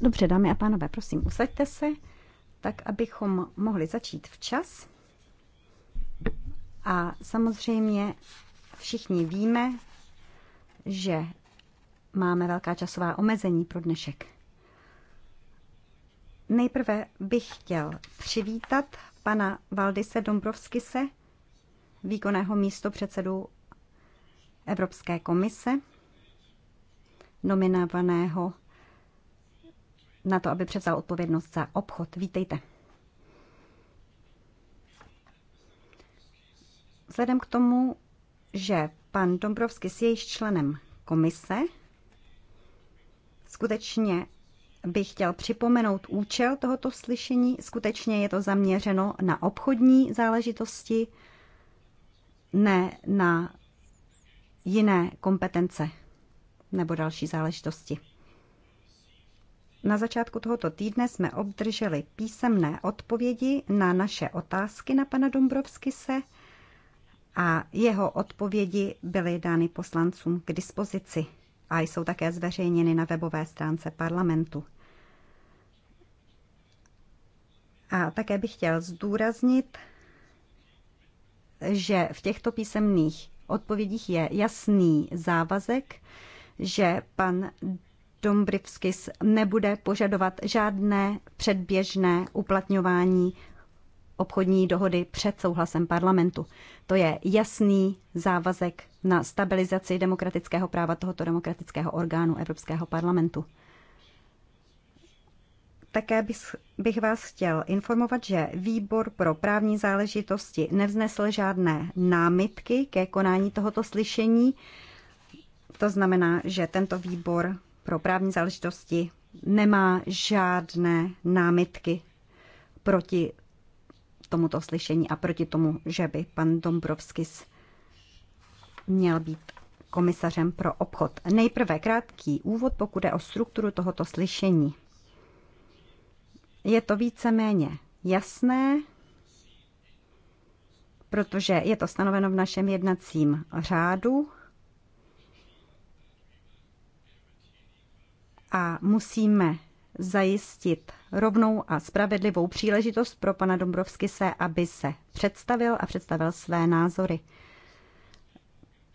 Dobře, dámy a pánové, prosím, usaďte se, tak abychom mohli začít včas. A samozřejmě všichni víme, že máme velká časová omezení pro dnešek. Nejprve bych chtěl přivítat pana Valdise Dombrovskise, výkonného místo předsedu Evropské komise, nominovaného na to, aby převzal odpovědnost za obchod. Vítejte. Vzhledem k tomu, že pan Dombrovský je již členem komise, skutečně bych chtěl připomenout účel tohoto slyšení. Skutečně je to zaměřeno na obchodní záležitosti, ne na jiné kompetence nebo další záležitosti. Na začátku tohoto týdne jsme obdrželi písemné odpovědi na naše otázky na pana Dombrovskise a jeho odpovědi byly dány poslancům k dispozici a jsou také zveřejněny na webové stránce parlamentu. A také bych chtěl zdůraznit, že v těchto písemných odpovědích je jasný závazek, že pan Dombrivskis nebude požadovat žádné předběžné uplatňování obchodní dohody před souhlasem parlamentu. To je jasný závazek na stabilizaci demokratického práva tohoto demokratického orgánu Evropského parlamentu. Také bych vás chtěl informovat, že výbor pro právní záležitosti nevznesl žádné námitky ke konání tohoto slyšení. To znamená, že tento výbor pro právní záležitosti nemá žádné námitky proti tomuto slyšení a proti tomu, že by pan Dombrovskis měl být komisařem pro obchod. Nejprve krátký úvod, pokud je o strukturu tohoto slyšení je to víceméně jasné, protože je to stanoveno v našem jednacím řádu a musíme zajistit rovnou a spravedlivou příležitost pro pana se, aby se představil a představil své názory.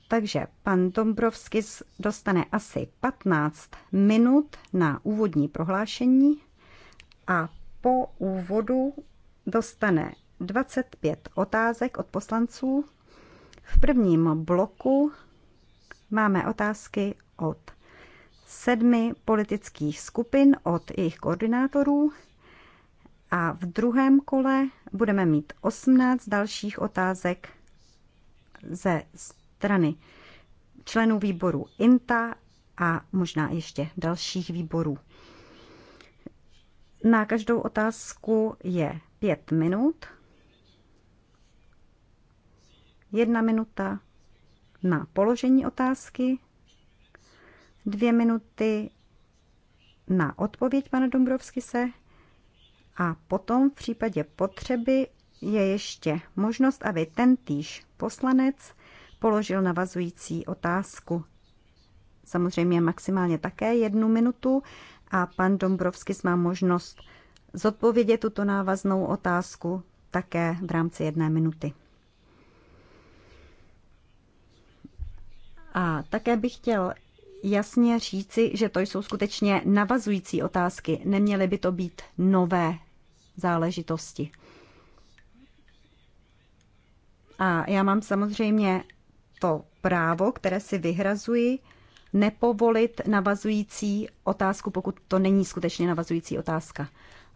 Takže pan Dombrovsky dostane asi 15 minut na úvodní prohlášení a po úvodu dostane 25 otázek od poslanců. V prvním bloku máme otázky od sedmi politických skupin, od jejich koordinátorů. A v druhém kole budeme mít 18 dalších otázek ze strany členů výboru INTA a možná ještě dalších výborů. Na každou otázku je pět minut. Jedna minuta na položení otázky, dvě minuty na odpověď pana Dombrovsky se a potom v případě potřeby je ještě možnost, aby tentýž poslanec položil navazující otázku. Samozřejmě maximálně také jednu minutu a pan Dombrovský má možnost zodpovědět tuto návaznou otázku také v rámci jedné minuty. A také bych chtěl jasně říci, že to jsou skutečně navazující otázky. Neměly by to být nové záležitosti. A já mám samozřejmě to právo, které si vyhrazuji, nepovolit navazující otázku, pokud to není skutečně navazující otázka.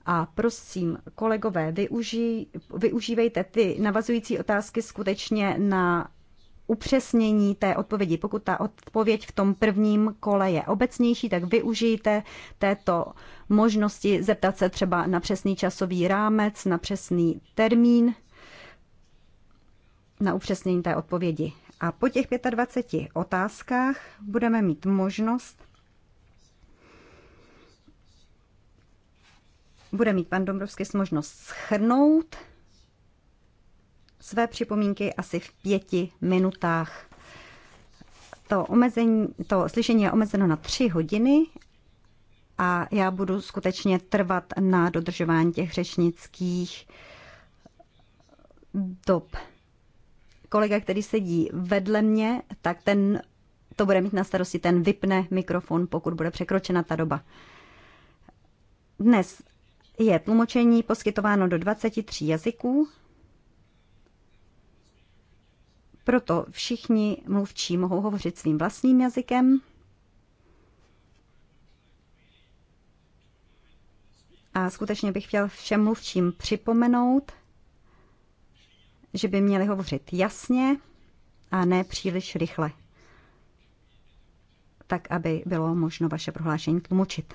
A prosím, kolegové, využij, využívejte ty navazující otázky skutečně na upřesnění té odpovědi. Pokud ta odpověď v tom prvním kole je obecnější, tak využijte této možnosti zeptat se třeba na přesný časový rámec, na přesný termín, na upřesnění té odpovědi. A po těch 25 otázkách budeme mít možnost bude mít pan Dombrovský možnost schrnout své připomínky asi v pěti minutách. To, omezení, to slyšení je omezeno na tři hodiny a já budu skutečně trvat na dodržování těch řečnických dob kolega, který sedí vedle mě, tak ten to bude mít na starosti, ten vypne mikrofon, pokud bude překročena ta doba. Dnes je tlumočení poskytováno do 23 jazyků, proto všichni mluvčí mohou hovořit svým vlastním jazykem. A skutečně bych chtěl všem mluvčím připomenout, že by měli hovořit jasně a ne příliš rychle, tak aby bylo možno vaše prohlášení tlumočit.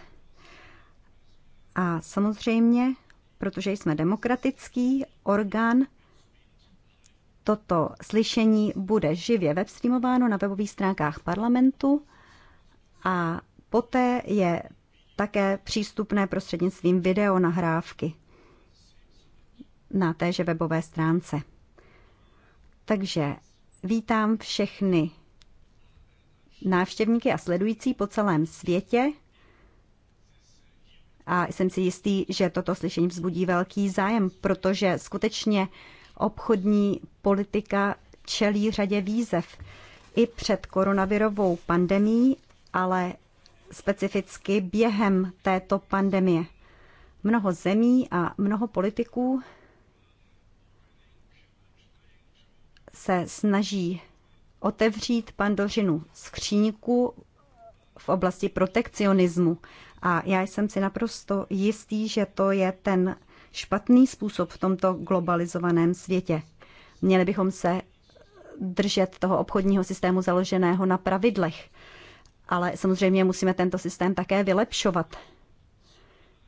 A samozřejmě, protože jsme demokratický orgán, toto slyšení bude živě webstreamováno na webových stránkách parlamentu a poté je také přístupné prostřednictvím videonahrávky na téže webové stránce. Takže vítám všechny návštěvníky a sledující po celém světě. A jsem si jistý, že toto slyšení vzbudí velký zájem, protože skutečně obchodní politika čelí řadě výzev i před koronavirovou pandemí, ale specificky během této pandemie. Mnoho zemí a mnoho politiků se snaží otevřít pandořinu skříňku v oblasti protekcionismu. A já jsem si naprosto jistý, že to je ten špatný způsob v tomto globalizovaném světě. Měli bychom se držet toho obchodního systému založeného na pravidlech. Ale samozřejmě musíme tento systém také vylepšovat.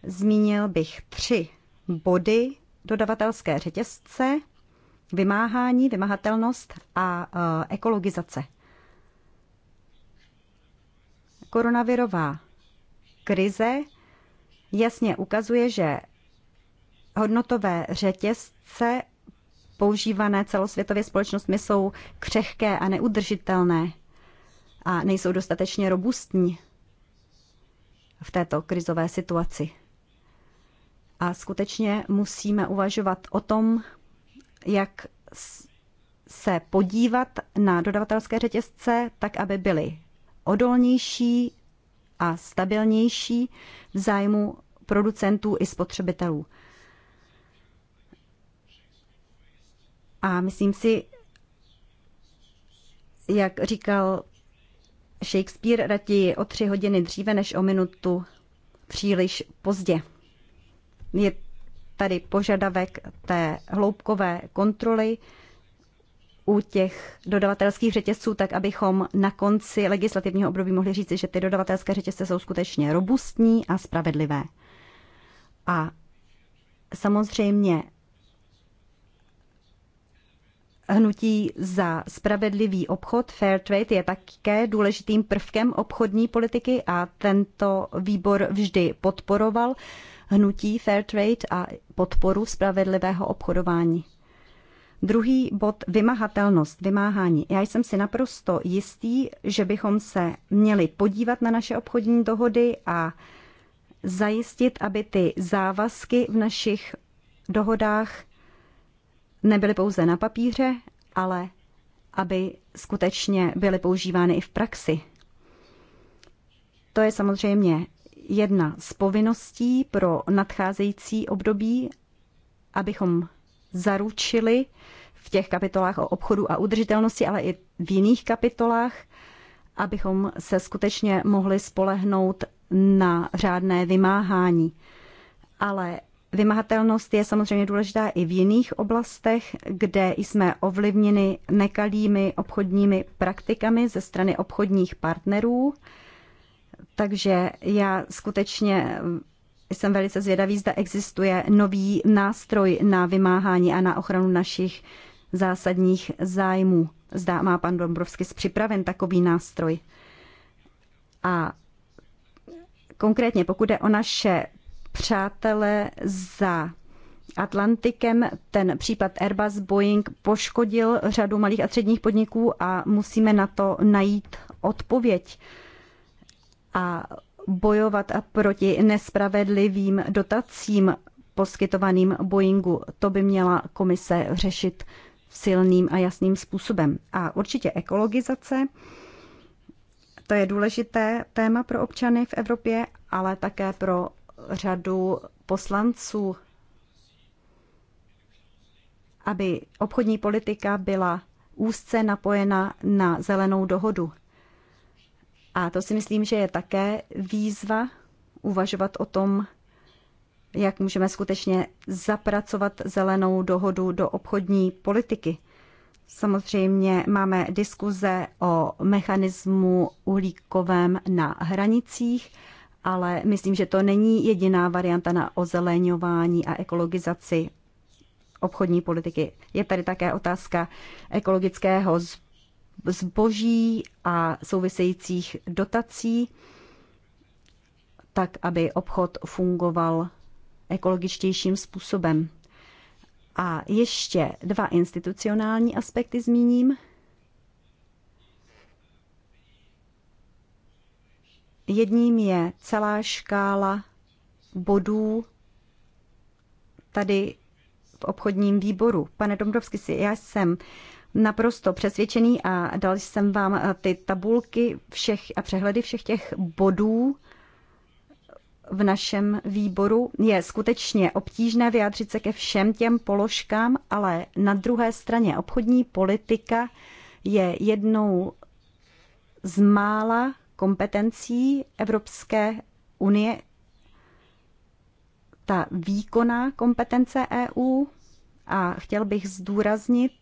Zmínil bych tři body dodavatelské řetězce, vymáhání, vymahatelnost a e, ekologizace. Koronavirová krize jasně ukazuje, že hodnotové řetězce používané celosvětově společnostmi jsou křehké a neudržitelné a nejsou dostatečně robustní v této krizové situaci. A skutečně musíme uvažovat o tom, jak se podívat na dodavatelské řetězce, tak aby byly odolnější a stabilnější v zájmu producentů i spotřebitelů. A myslím si, jak říkal Shakespeare, raději o tři hodiny dříve než o minutu příliš pozdě. Je tady požadavek té hloubkové kontroly u těch dodavatelských řetězců, tak abychom na konci legislativního období mohli říci, že ty dodavatelské řetězce jsou skutečně robustní a spravedlivé. A samozřejmě Hnutí za spravedlivý obchod Fair Trade je také důležitým prvkem obchodní politiky a tento výbor vždy podporoval hnutí Fair Trade a podporu spravedlivého obchodování. Druhý bod vymahatelnost, vymáhání. Já jsem si naprosto jistý, že bychom se měli podívat na naše obchodní dohody a zajistit, aby ty závazky v našich dohodách nebyly pouze na papíře, ale aby skutečně byly používány i v praxi. To je samozřejmě jedna z povinností pro nadcházející období, abychom zaručili v těch kapitolách o obchodu a udržitelnosti, ale i v jiných kapitolách, abychom se skutečně mohli spolehnout na řádné vymáhání. Ale Vymahatelnost je samozřejmě důležitá i v jiných oblastech, kde jsme ovlivněni nekalými obchodními praktikami ze strany obchodních partnerů. Takže já skutečně jsem velice zvědavý, zda existuje nový nástroj na vymáhání a na ochranu našich zásadních zájmů. Zda má pan Dombrovský připraven takový nástroj. A konkrétně pokud je o naše přátelé za Atlantikem, ten případ Airbus Boeing poškodil řadu malých a středních podniků a musíme na to najít odpověď a bojovat proti nespravedlivým dotacím poskytovaným Boeingu. To by měla komise řešit silným a jasným způsobem. A určitě ekologizace, to je důležité téma pro občany v Evropě, ale také pro řadu poslanců, aby obchodní politika byla úzce napojena na zelenou dohodu. A to si myslím, že je také výzva uvažovat o tom, jak můžeme skutečně zapracovat zelenou dohodu do obchodní politiky. Samozřejmě máme diskuze o mechanismu uhlíkovém na hranicích, ale myslím, že to není jediná varianta na ozeleňování a ekologizaci obchodní politiky. Je tady také otázka ekologického zboží a souvisejících dotací, tak aby obchod fungoval ekologičtějším způsobem. A ještě dva institucionální aspekty zmíním. Jedním je celá škála bodů tady v obchodním výboru. Pane Domrovsky, já jsem naprosto přesvědčený a dal jsem vám eh, ty tabulky všech a přehledy všech těch bodů v našem výboru. Je skutečně obtížné vyjádřit se ke všem těm položkám, ale na druhé straně obchodní politika je jednou z mála kompetencí Evropské unie, ta výkonná kompetence EU. A chtěl bych zdůraznit,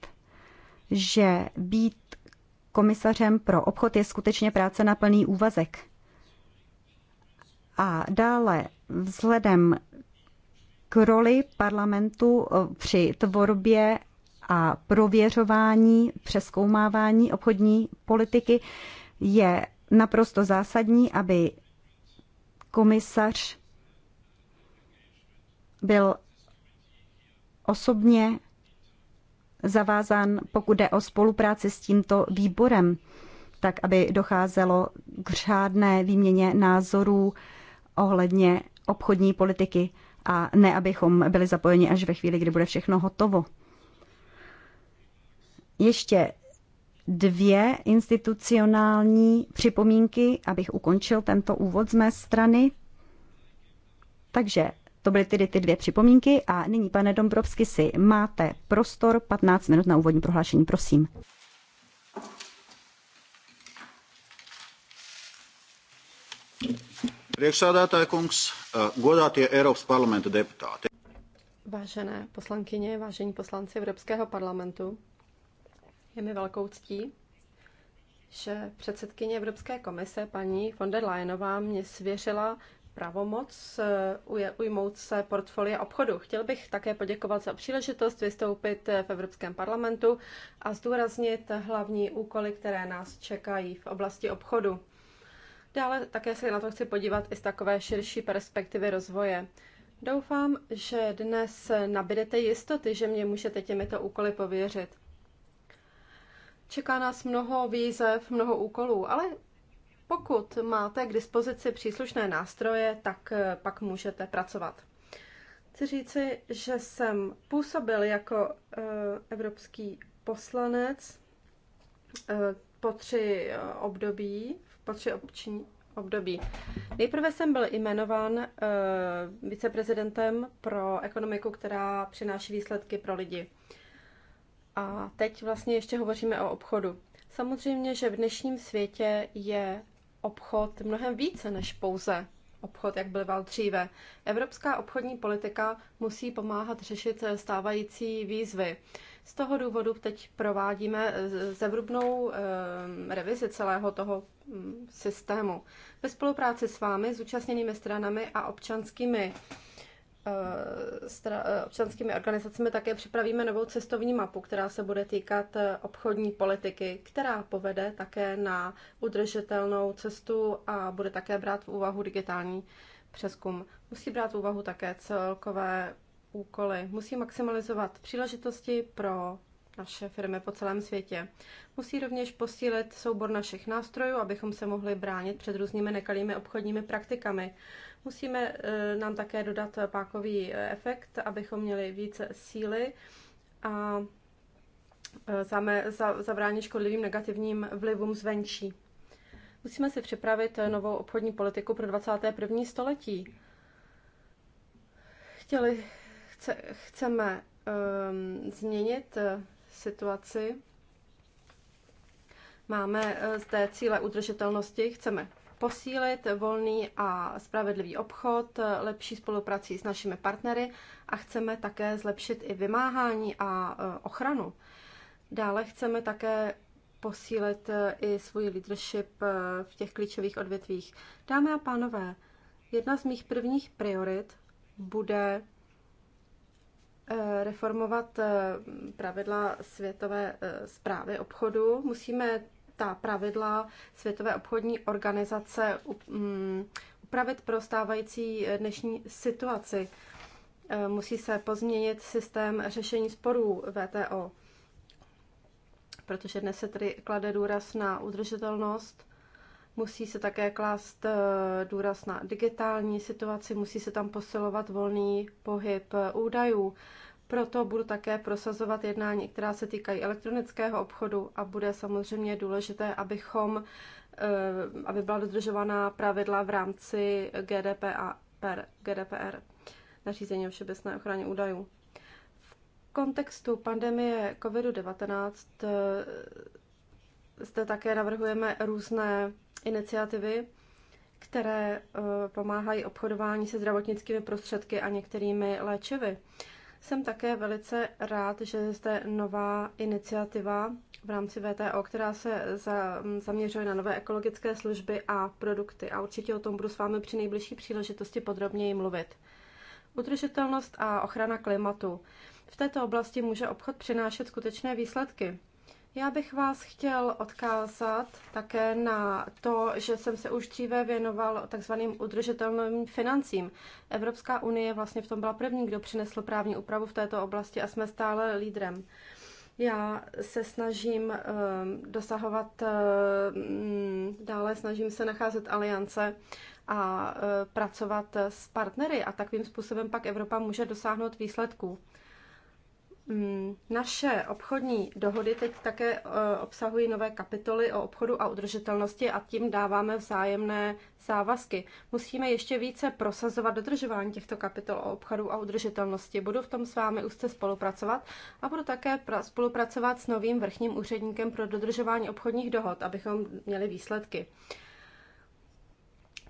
že být komisařem pro obchod je skutečně práce na plný úvazek. A dále vzhledem k roli parlamentu eh, při tvorbě a prověřování, přeskoumávání obchodní politiky je naprosto zásadní, aby komisař byl osobně zavázán, pokud jde o spolupráci s tímto výborem, tak aby docházelo k řádné výměně názorů ohledně obchodní politiky a ne, abychom byli zapojeni až ve chvíli, kdy bude všechno hotovo. Ještě dvě institucionální připomínky, abych ukončil tento úvod z mé strany. Takže to byly tedy ty dvě připomínky a nyní, pane Dombrovsky, si máte prostor 15 minut na úvodní prohlášení, prosím. Eh, Vážené poslankyně, vážení poslanci Evropského parlamentu, je mi velkou ctí, že předsedkyně Evropské komise paní von der Leyenová mě svěřila pravomoc eh, ujmout se portfolia obchodu. Chtěl bych také poděkovat za příležitost vystoupit eh, v Evropském parlamentu a zdůraznit hlavní úkoly, které nás čekají v oblasti obchodu. Dále také se na to chci podívat i z takové širší perspektivy rozvoje. Doufám, že dnes nabídete jistoty, že mě můžete těmito úkoly pověřit. Čeká nás mnoho výzev, mnoho úkolů, ale pokud máte k dispozici příslušné nástroje, tak eh, pak můžete pracovat. Chci říci, že jsem působil jako eh, evropský poslanec eh, po tři období, po tři obční období. Nejprve jsem byl jmenován viceprezidentem pro ekonomiku, která přináší výsledky pro lidi. A teď vlastně ještě hovoříme o obchodu. Samozřejmě, že v dnešním světě je obchod mnohem více než pouze obchod, jak byl dříve. Evropská obchodní politika musí pomáhat řešit stávající výzvy. Z toho důvodu teď provádíme e, zevrubnou e, revizi celého toho mm, systému. Ve spolupráci s vámi, zúčastněnými stranami a občanskými Eh, eh, občanskými organizacemi také připravíme novou cestovní mapu, která se bude týkat eh, obchodní politiky, která povede také na udržitelnou cestu a bude také brát v úvahu digitální přeskum. Musí brát v úvahu také celkové úkoly. Musí maximalizovat příležitosti pro naše firmy po celém světě. Musí rovněž posílit soubor našich nástrojů, abychom se mohli bránit před různými nekalými obchodními praktikami. Musíme eh, nám také dodat pákový eh, efekt, abychom měli více síly a eh, zabránit škodlivým negativním vlivům zvenčí. Musíme si připravit novou obchodní politiku pro 21. století. Chtěli, chce, chceme um, změnit situaci. Máme zde cíle udržitelnosti, chceme posílit volný a spravedlivý obchod, lepší spolupráci s našimi partnery a chceme také zlepšit i vymáhání a e, ochranu. Dále chceme také posílit e, i svůj leadership e, v těch klíčových odvětvích. Dámy a pánové, jedna z mých prvních priorit bude reformovat pravidla světové zprávy obchodu. Musíme ta pravidla Světové obchodní organizace mm, upravit pro stávající eh, dnešní situaci. Eh, musí se pozměnit systém řešení sporů VTO, protože dnes se tedy klade důraz na udržitelnost, musí se také klást eh, důraz na digitální situaci, musí se tam posilovat volný pohyb údajů. Proto budu také prosazovat jednání, která se týkají elektronického obchodu a bude samozřejmě důležité, abychom, eh, aby byla dodržována pravidla v rámci GDPR, GDPR nařízení o všeobecné ochraně údajů. V kontextu pandemie COVID-19 eh, zde také navrhujeme různé iniciativy, které eh, pomáhají obchodování se zdravotnickými prostředky a některými léčivy. Jsem také velice rád, že je zde nová iniciativa v rámci VTO, která se za, zaměřuje na nové ekologické služby a produkty. A určitě o tom budu s vámi při nejbližší příležitosti podrobněji mluvit. Udržitelnost a ochrana klimatu. V této oblasti může obchod přinášet skutečné výsledky. Já bych vás chtěl odkázat také na to, že jsem se už dříve věnoval takzvaným udržitelným financím. Evropská unie vlastně v tom byla první, kdo přinesl právní úpravu v této oblasti a jsme stále lídrem. Já se snažím eh, dosahovat, eh, dále snažím se nacházet aliance a eh, pracovat s partnery a takovým způsobem pak Evropa může dosáhnout výsledků. Mm, naše obchodní dohody teď také eh, obsahují nové kapitoly o obchodu a udržitelnosti a tím dáváme vzájemné závazky. Musíme ještě více prosazovat dodržování těchto kapitol o obchodu a udržitelnosti. Budu v tom s vámi úzce spolupracovat a budu také spolupracovat s novým vrchním úředníkem pro dodržování obchodních dohod, abychom měli výsledky.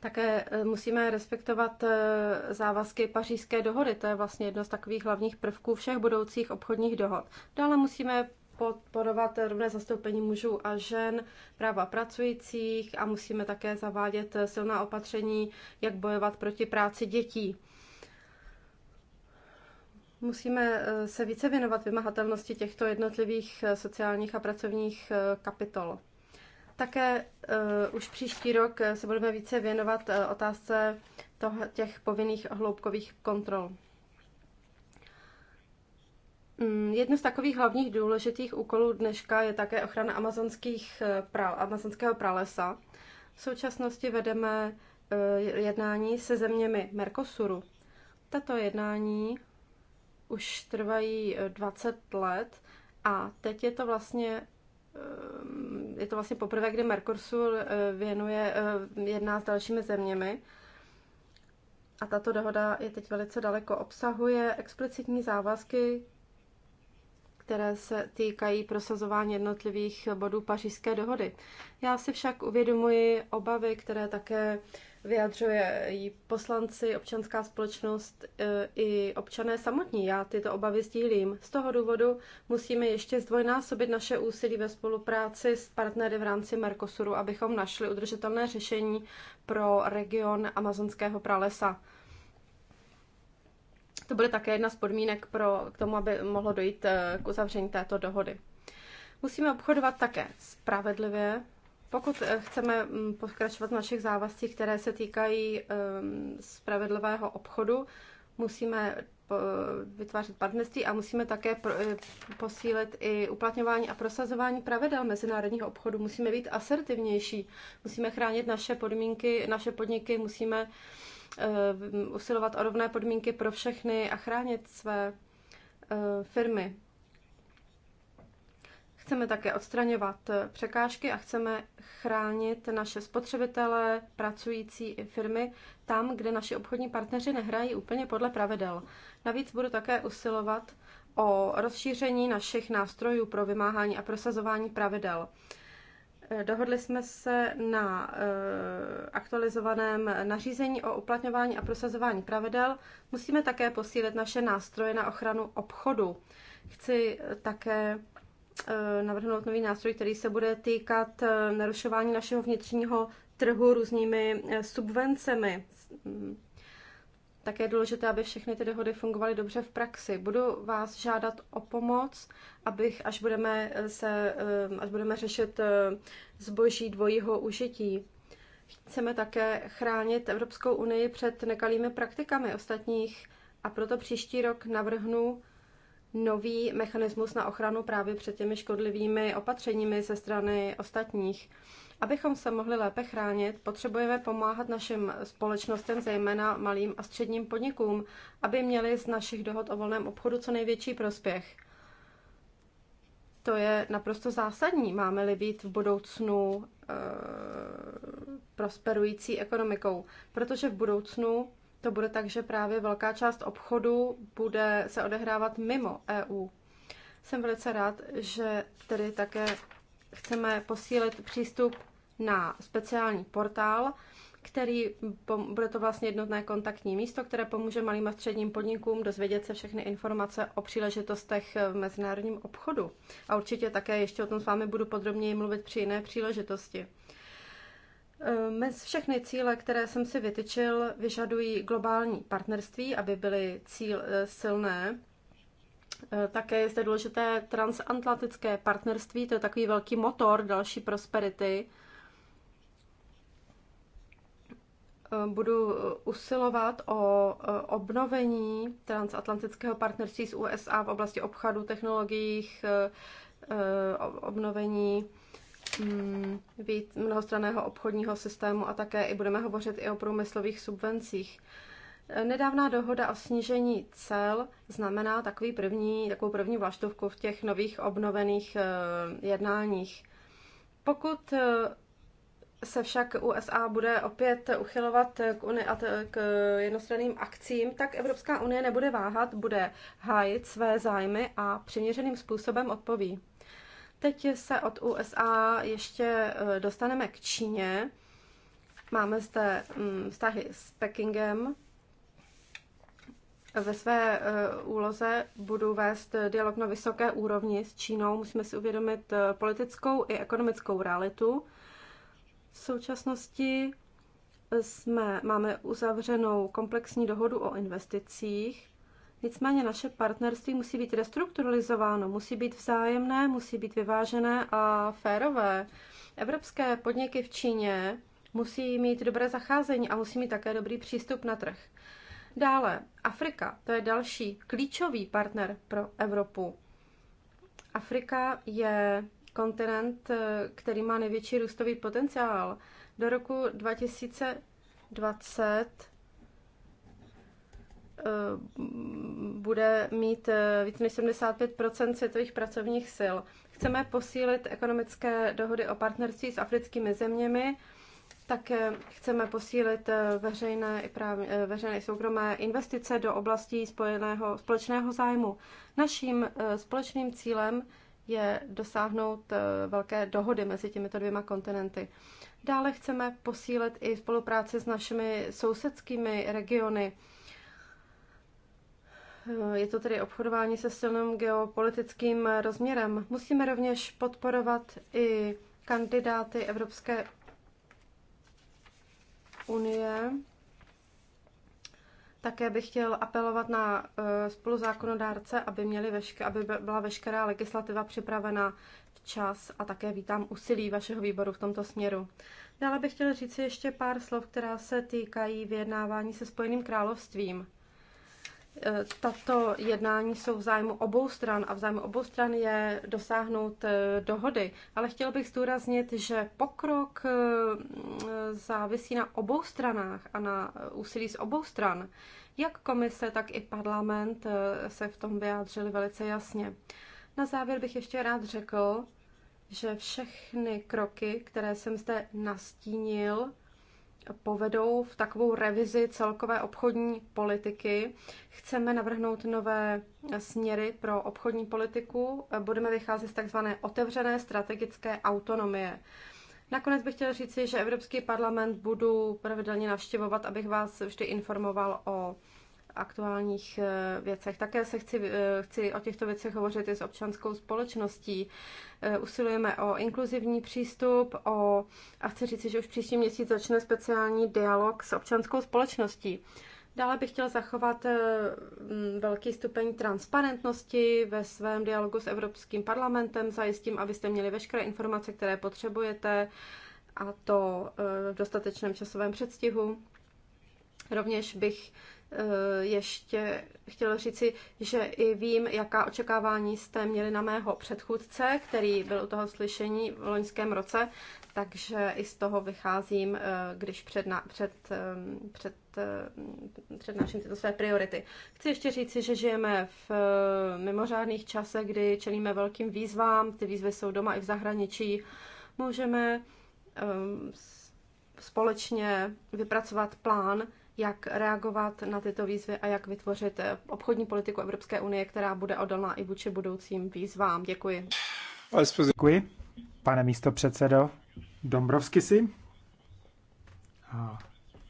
Také eh, musíme respektovat eh, závazky pařížské dohody, to je vlastně jedno z takových hlavních prvků všech budoucích obchodních dohod. Dále musíme podporovat rovné zastoupení mužů a žen, práva pracujících a musíme také zavádět eh, silná opatření, jak bojovat proti práci dětí. Musíme se více věnovat vymahatelnosti těchto jednotlivých sociálních a pracovních kapitol. Také uh, už příští rok se budeme více věnovat uh, otázce toho, těch povinných hloubkových kontrol. Mm, jedno z takových hlavních důležitých úkolů dneška je také ochrana amazonských eh, prál, amazonského pralesa. V současnosti vedeme jednání se zeměmi Mercosuru. Tato jednání už trvají 20 let a teď je to vlastně Ehm, je to vlastně poprvé, kdy Mercosur eh, věnuje, eh, jedná s dalšími zeměmi. A tato dohoda je teď velice daleko. Obsahuje explicitní závazky, které se týkají prosazování jednotlivých bodů pařížské dohody. Já si však uvědomuji obavy, které také vyjadřuje i poslanci, občanská společnost e, i občané samotní. Já tyto obavy sdílím. Z toho důvodu musíme ještě zdvojnásobit naše úsilí ve spolupráci s partnery v rámci Mercosuru, abychom našli udržitelné řešení pro region amazonského pralesa. To bude také jedna z podmínek pro, k tomu, aby mohlo dojít e, k uzavření této dohody. Musíme obchodovat také spravedlivě, pokud eh, chceme mm, pokračovat v našich závazcích, které se týkají ehm, spravedlivého obchodu, musíme eh, vytvářet partnerství a musíme také eh, posílit i uplatňování a prosazování pravidel mezinárodního obchodu. Musíme být asertivnější, musíme chránit naše podmínky, naše podniky, musíme usilovat o rovné podmínky pro všechny a chránit své firmy. Chceme také odstraňovat eh, překážky a chceme chránit naše spotřebitele, pracující i firmy tam, kde naši obchodní partneři nehrají úplně podle pravidel. Navíc budu také usilovat o rozšíření našich nástrojů pro vymáhání a prosazování pravidel. Eh, dohodli jsme se na eh, aktualizovaném nařízení o uplatňování a prosazování pravidel. Musíme také posílit naše nástroje na ochranu obchodu. Chci také Eh, navrhnout nový nástroj, který se bude týkat eh, narušování našeho vnitřního trhu různými eh, subvencemi. Mm. Také je důležité, aby všechny ty dohody fungovaly dobře v praxi. Budu vás žádat o pomoc, abych, až budeme, se, až budeme řešit zboží dvojího užití. Chceme také chránit Evropskou unii před nekalými praktikami ostatních a proto příští rok navrhnu nový mechanismus na ochranu právě před těmi škodlivými opatřeními ze strany ostatních. Abychom se mohli lépe chránit, potřebujeme pomáhat našim společnostem, zejména malým a středním podnikům, aby měli z našich dohod o volném obchodu co největší prospěch. To je naprosto zásadní, máme-li být v budoucnu e, prosperující ekonomikou, protože v budoucnu to bude tak, že právě velká část obchodu bude se odehrávat mimo EU. Jsem velice rád, že tedy také chceme posílit přístup na speciální portál, který bude to vlastně jednotné kontaktní místo, které pomůže malým a středním podnikům dozvědět se všechny informace o příležitostech v mezinárodním obchodu. A určitě také ještě o tom s vámi budu podrobněji mluvit při jiné příležitosti. Ehm, mez všechny cíle, které jsem si vytyčil, vyžadují globální partnerství, aby byly cíl eh, silné. Eh, také je zde důležité transatlantické partnerství, to je takový velký motor další prosperity. Ehm, budu eh, usilovat o obnovení transatlantického partnerství s USA v oblasti obchodu, technologiích, obnovení Mm, víc mnohostraného obchodního systému a také i budeme hovořit i o průmyslových subvencích. Nedávná dohoda o snížení cel znamená takový první, takovou první vlaštovku v těch nových obnovených eh, jednáních. Pokud eh, se však USA bude opět uchylovat k, uni- k jednostranným akcím, tak Evropská unie nebude váhat, bude hájit své zájmy a přiměřeným způsobem odpoví. Teď se od USA ještě eh, dostaneme k Číně. Máme zde mm, vztahy s Pekingem. Ve své eh, úloze budu vést dialog na vysoké úrovni s Čínou. Musíme si uvědomit eh, politickou i ekonomickou realitu. V současnosti jsme, máme uzavřenou komplexní dohodu o investicích, Nicméně naše partnerství musí být restrukturalizováno, musí být vzájemné, musí být vyvážené a férové. Evropské podniky v Číně musí mít dobré zacházení a musí mít také dobrý přístup na trh. Dále, Afrika, to je další klíčový partner pro Evropu. Afrika je kontinent, který má největší růstový potenciál. Do roku 2020 Eh, bude mít eh, víc než 75 světových pracovních sil. Chceme posílit ekonomické dohody o partnerství s africkými zeměmi, také chceme posílit eh, veřejné i, právě, veřejné i soukromé investice do oblastí spojeného, společného zájmu. Naším společným cílem je dosáhnout velké dohody mezi těmito dvěma kontinenty. Dále chceme posílit i spolupráci s našimi sousedskými regiony Eh, je to tedy obchodování se silným geopolitickým rozměrem. Musíme rovněž podporovat i kandidáty Evropské unie. Také bych chtěl apelovat na eh, spoluzákonodárce, aby, měli veške, aby byla veškerá legislativa připravena včas a také vítám úsilí vašeho výboru v tomto směru. Dále bych chtěl říct ještě pár slov, která se týkají vyjednávání se Spojeným královstvím. Eh, tato jednání jsou v zájmu obou stran a v zájmu obou stran je dosáhnout eh, dohody. Ale chtěl bych zdůraznit, že pokrok eh, mm, závisí na obou stranách a na úsilí z obou stran. Jak komise, tak i parlament se v tom vyjádřili velice jasně. Na závěr bych ještě rád řekl, že všechny kroky, které jsem zde nastínil, povedou v takovou revizi celkové obchodní politiky. Chceme navrhnout nové směry pro obchodní politiku. Budeme vycházet z takzvané otevřené strategické autonomie. Nakonec bych chtěl říci, že Evropský parlament budu pravidelně navštěvovat, abych vás vždy informoval o aktuálních eh, věcech. Také se chci, eh, chci o těchto věcech hovořit i s občanskou společností. Eh, usilujeme o inkluzivní přístup, o, a chci říct, že už příští měsíc začne speciální dialog s občanskou společností. Dále bych chtěl zachovat velký stupeň transparentnosti ve svém dialogu s Evropským parlamentem. Zajistím, abyste měli veškeré informace, které potřebujete, a to v dostatečném časovém předstihu. Rovněž bych Eh, ještě chtěl říci, že i vím, jaká očekávání jste měli na mého předchůdce, který byl u toho slyšení v loňském roce, takže i z toho vycházím, eh, když před, na, před, ehm, před, ehm, přednáším tyto své priority. Chci ještě říci, že žijeme v eh, mimořádných časech, kdy čelíme velkým výzvám, ty výzvy jsou doma i v zahraničí. Můžeme ehm, společně vypracovat plán, jak reagovat na tyto výzvy a jak vytvořit eh, obchodní politiku Evropské unie, která bude odolná i vůči budoucím výzvám. Děkuji. Děkuji, pane místo předsedo Dombrovsky si.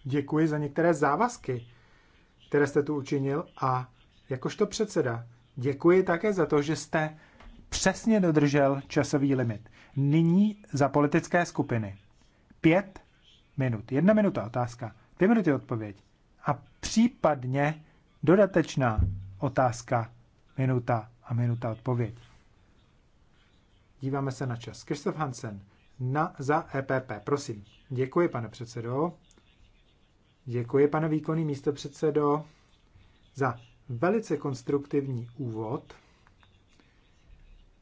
děkuji za některé závazky, které jste tu učinil a jakožto předseda děkuji také za to, že jste přesně dodržel časový limit. Nyní za politické skupiny. Pět minut. Jedna minuta otázka. Dvě minuty odpověď. A případně dodatečná otázka, minuta a minuta odpověď. Díváme se na čas. Kristof Hansen na, za EPP, prosím. Děkuji, pane předsedo. Děkuji, pane výkonný předsedo, za velice konstruktivní úvod.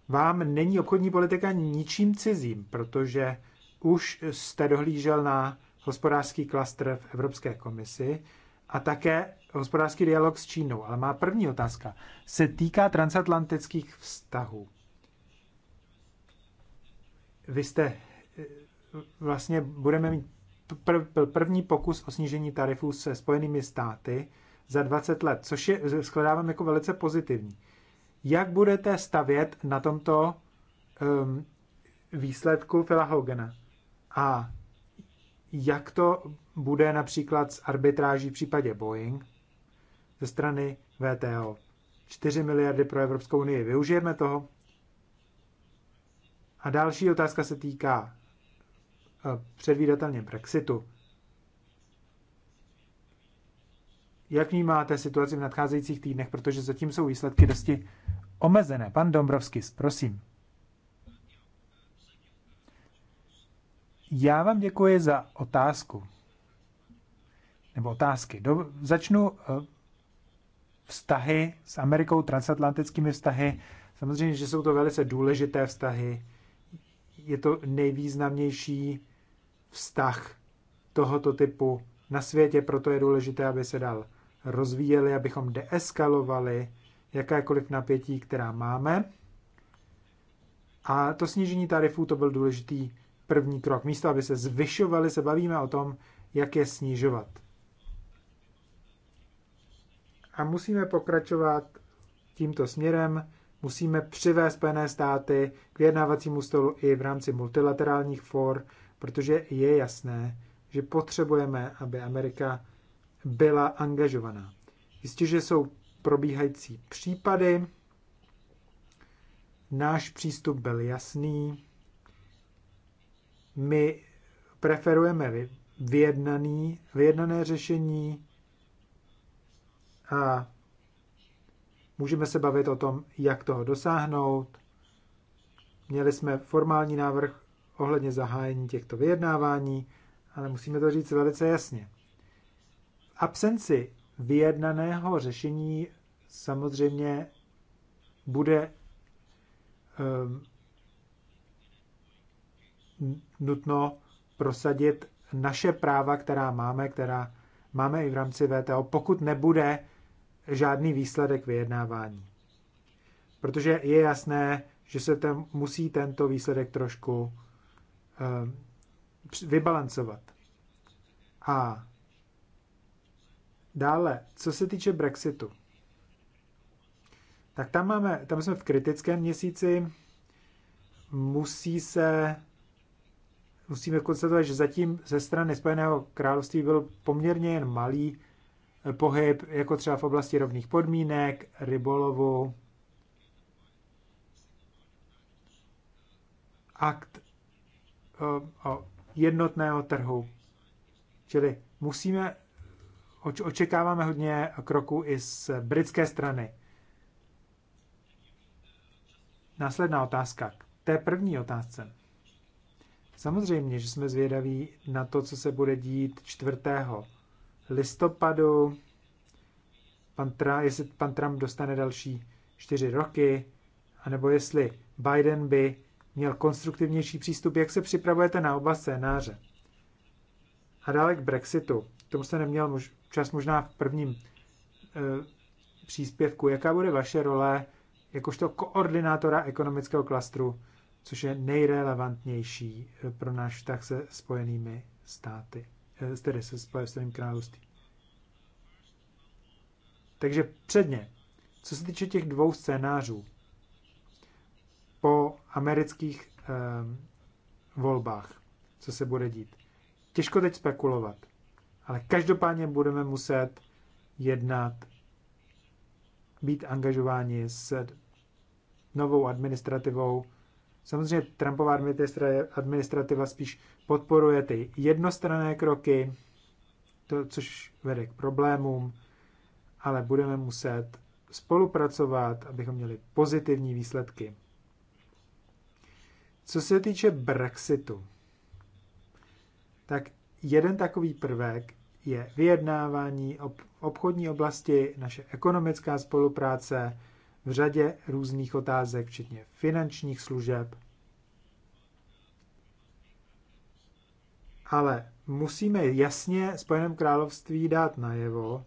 Vám není obchodní politika ničím cizím, protože už jste dohlížel na hospodářský klastr v Evropské komisi a také hospodářský dialog s Čínou. Ale má první otázka se týká transatlantických vztahů. Vy jste eh, vlastně budeme mít byl první pokus o snížení tarifů se Spojenými státy za 20 let, což je, skladávám jako velice pozitivní. Jak budete stavět na tomto um, výsledku Phila Hogana? A jak to bude například s arbitráží v případě Boeing ze strany VTO. 4 miliardy pro Evropskou unii, využijeme toho? A další otázka se týká eh, předvídatelně Brexitu. Jak vnímáte situaci v nadcházejících týdnech, protože zatím jsou výsledky dosti omezené? Pan Dombrovskis, prosím. Já vám děkuji za otázku. Nebo otázky. Do, začnu eh, vztahy s Amerikou, transatlantickými vztahy. Samozřejmě, že jsou to velice důležité vztahy. Je to nejvýznamnější vztah tohoto typu na světě, proto je důležité, aby se dal rozvíjeli, abychom deeskalovali jakékoliv napětí, která máme. A to snížení tarifů to byl důležitý první krok. Místo, aby se zvyšovaly, se bavíme o tom, jak je snižovat. A musíme pokračovat tímto směrem, musíme přivést Spojené státy k vyjednávacímu stolu i v rámci multilaterálních for, protože je jasné, že potřebujeme, aby Amerika byla angažovaná. Jistě, že jsou probíhající případy. Náš přístup byl jasný. My preferujeme vyjednaný, vyjednané řešení a můžeme se bavit o tom, jak toho dosáhnout. Měli jsme formální návrh ohledně zahájení těchto vyjednávání, ale musíme to říct velice jasně. V absenci vyjednaného řešení samozřejmě bude um, nutno prosadit naše práva, která máme, která máme i v rámci VTO, pokud nebude žádný výsledek vyjednávání. Protože je jasné, že se tam musí tento výsledek trošku uh, vybalancovat. A dále, co se týče Brexitu, tak tam, máme, tam jsme v kritickém měsíci, musí se musíme konstatovat, že zatím ze strany Spojeného království byl poměrně jen malý eh, pohyb, jako třeba v oblasti rovných podmínek, rybolovu, akt o, eh, o jednotného trhu. Čili musíme, oč, očekáváme hodně kroku i z britské strany. Následná otázka. K té první otázce. Samozřejmě, že jsme zvědaví na to, co se bude dít 4. listopadu, pan Trump, jestli pan Trump dostane další čtyři roky, anebo jestli Biden by měl konstruktivnější přístup, jak se připravujete na oba scénáře. A dále k Brexitu. K tomu jste neměl mož, čas možná v prvním e, příspěvku. Jaká bude vaše role jakožto koordinátora ekonomického klastru což je nejrelevantnější eh, pro náš vztah se spojenými státy, eh, tedy se spojeným království. Takže předně, co se týče těch dvou scénářů, po amerických eh, volbách, co se bude dít. Těžko teď spekulovat, ale každopádně budeme muset jednat, být angažováni s novou administrativou, Samozřejmě Trumpová administrativa spíš podporuje ty jednostranné kroky, to, což vede k problémům, ale budeme muset spolupracovat, abychom měli pozitivní výsledky. Co se týče Brexitu, tak jeden takový prvek je vyjednávání ob obchodní oblasti, naše ekonomická spolupráce, v řadě různých otázek, včetně finančních služeb. Ale musíme jasně Spojeném království dát najevo,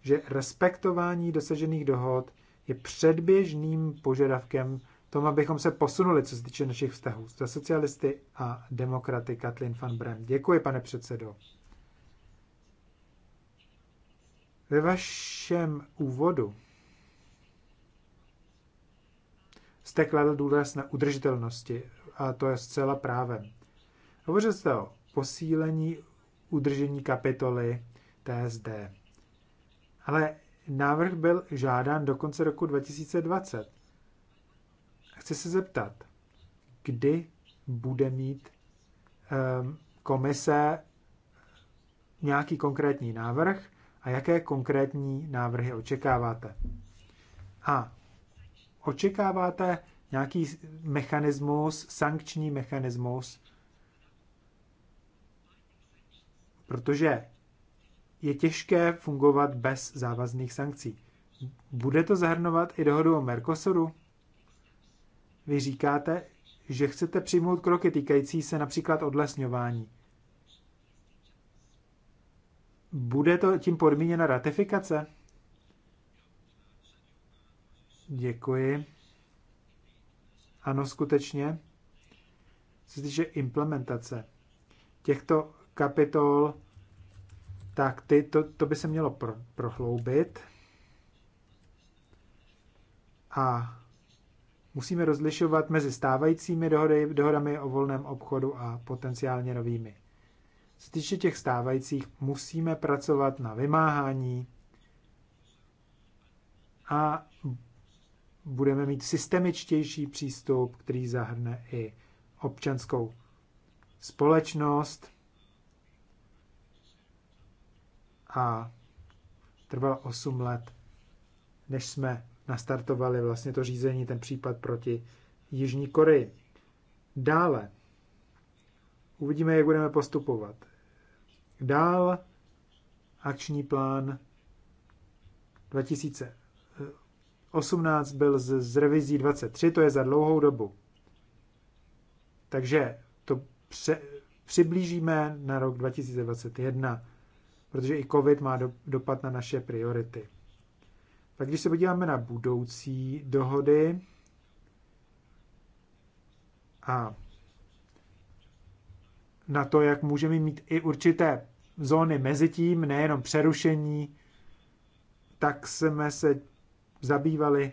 že respektování dosažených dohod je předběžným požadavkem tom, abychom se posunuli, co se týče našich vztahů. Za socialisty a demokraty Katlin van Brem. Děkuji, pane předsedo. Ve vašem úvodu jste kladl důraz na udržitelnosti a to je zcela právem. Hovořil jste o posílení udržení kapitoly TSD. Ale návrh byl žádán do konce roku 2020. Chci se zeptat, kdy bude mít um, komise nějaký konkrétní návrh a jaké konkrétní návrhy očekáváte. A Očekáváte nějaký mechanismus, sankční mechanismus, protože je těžké fungovat bez závazných sankcí. Bude to zahrnovat i dohodu o Mercosuru? Vy říkáte, že chcete přijmout kroky týkající se například odlesňování. Bude to tím podmíněna ratifikace? Děkuji. Ano, skutečně. Co se týče implementace těchto kapitol, tak ty, to, to by se mělo pro, prohloubit. A musíme rozlišovat mezi stávajícími dohody, dohodami o volném obchodu a potenciálně novými. Co týče těch stávajících, musíme pracovat na vymáhání a budeme mít systemičtější přístup, který zahrne i občanskou společnost a trvalo 8 let, než jsme nastartovali vlastně to řízení, ten případ proti Jižní Koreji. Dále uvidíme, jak budeme postupovat. Dál akční plán 2000 18 byl z, z revizí 23, to je za dlouhou dobu. Takže to pře, přiblížíme na rok 2021, protože i COVID má do, dopad na naše priority. Tak když se podíváme na budoucí dohody a na to, jak můžeme mít i určité zóny mezi tím, nejenom přerušení, tak jsme se zabývali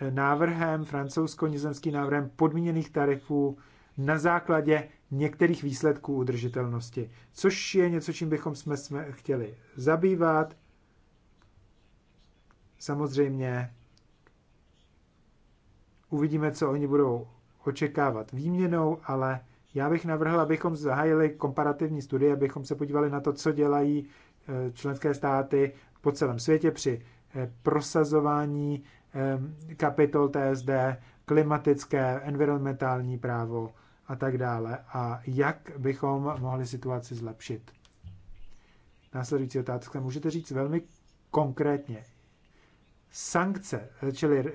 eh, návrhem, francouzsko-nizemským návrhem podmíněných tarifů na základě některých výsledků udržitelnosti, což je něco, čím bychom jsme, chtěli zabývat. Samozřejmě uvidíme, co oni budou očekávat výměnou, ale já bych navrhl, abychom zahájili komparativní studie, abychom se podívali na to, co dělají eh, členské státy po celém světě při prosazování kapitol TSD, klimatické, environmentální právo a tak dále. A jak bychom mohli situaci zlepšit? Následující otázka. Můžete říct velmi konkrétně. Sankce, čili eh,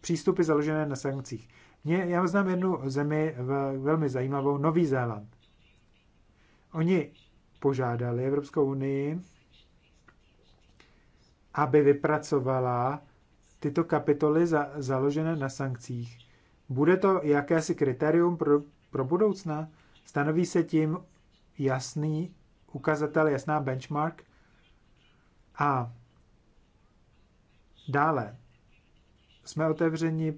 přístupy založené na sankcích. Mě, já znám jednu zemi v, velmi zajímavou, Nový Zéland. Oni požádali Evropskou unii aby vypracovala tyto kapitoly za, založené na sankcích. Bude to jakési kritérium pro, pro budoucna? Stanoví se tím jasný ukazatel, jasná benchmark? A dále jsme otevřeni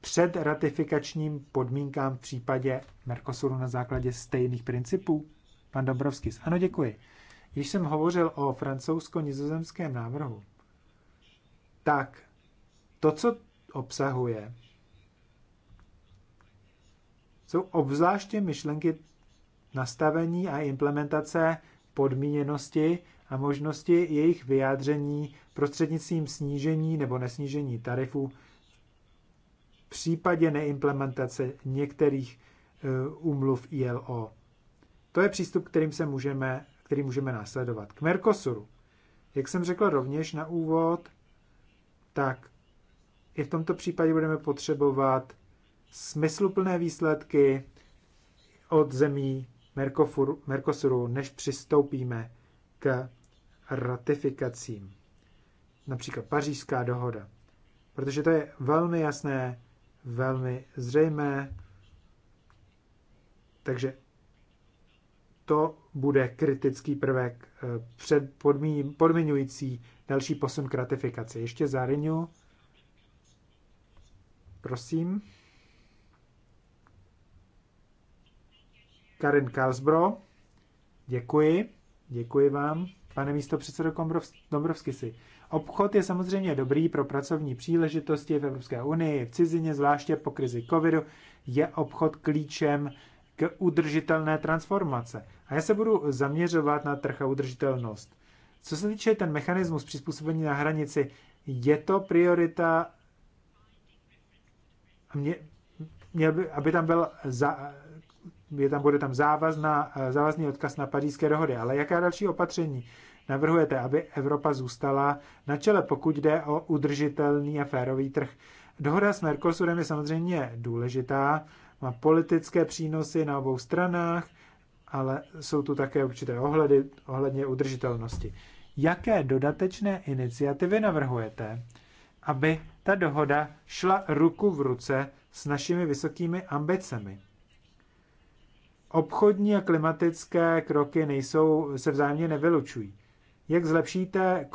před ratifikačním podmínkám v případě Mercosuru na základě stejných principů? Pan Dobrovský, ano, děkuji. Již jsem hovořil o francouzsko-nizozemském návrhu tak to, co obsahuje, jsou obzvláště myšlenky nastavení a implementace podmíněnosti a možnosti jejich vyjádření prostřednictvím snížení nebo nesnížení tarifů v případě neimplementace některých umluv eh, ILO. To je přístup, kterým se můžeme, který můžeme následovat. K Mercosuru. Jak jsem řekl rovněž na úvod, tak i v tomto případě budeme potřebovat smysluplné výsledky od zemí Mercosuru, než přistoupíme k ratifikacím. Například pařížská dohoda. Protože to je velmi jasné, velmi zřejmé. Takže to bude kritický prvek eh, před podmiňující další posun k ratifikaci. Ještě zareňu. Prosím. Karin Karlsbro, děkuji. Děkuji vám, pane místo předsedo Dombrovsky si. Obchod je samozřejmě dobrý pro pracovní příležitosti v Evropské unii, v cizině, zvláště po krizi covidu, je obchod klíčem k udržitelné transformace. A já se budu zaměřovat na trh a udržitelnost. Co se týče ten mechanismus přizpůsobení na hranici, je to priorita, mě, mě, by, aby tam byl za, je tam, bude tam závazná, závazný odkaz na pařížské dohody. Ale jaká další opatření navrhujete, aby Evropa zůstala na čele, pokud jde o udržitelný a férový trh? Dohoda s Mercosurem je samozřejmě důležitá, má politické přínosy na obou stranách, ale jsou tu také určité ohledy ohledně udržitelnosti. Jaké dodatečné iniciativy navrhujete, aby ta dohoda šla ruku v ruce s našimi vysokými ambicemi? Obchodní a klimatické kroky nejsou, se vzájemně nevylučují. Jak zlepšíte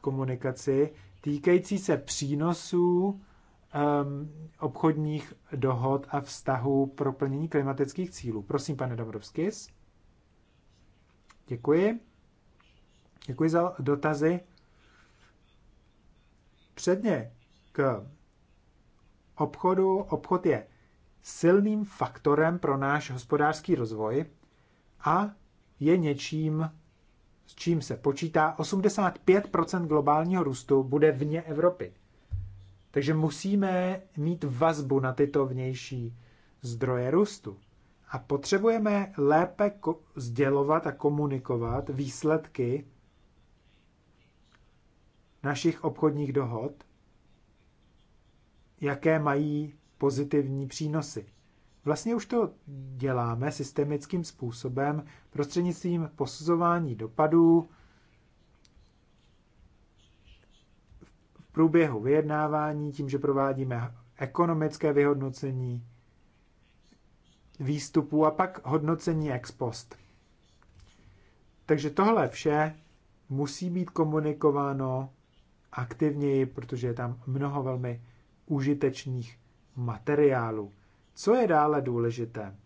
komunikaci týkající se přínosů Um, obchodních dohod a vztahů pro plnění klimatických cílů. Prosím, pane Dobrovskis. Děkuji. Děkuji za dotazy. Předně k obchodu. Obchod je silným faktorem pro náš hospodářský rozvoj a je něčím, s čím se počítá 85 globálního růstu bude vně Evropy. Takže musíme mít vazbu na tyto vnější zdroje růstu. A potřebujeme lépe sdělovat a komunikovat výsledky našich obchodních dohod, jaké mají pozitivní přínosy. Vlastně už to děláme systemickým způsobem prostřednictvím posuzování dopadů, průběhu vyjednávání, tím, že provádíme ekonomické vyhodnocení výstupů a pak hodnocení ex post. Takže tohle vše musí být komunikováno aktivněji, protože je tam mnoho velmi užitečných materiálů. Co je dále důležité,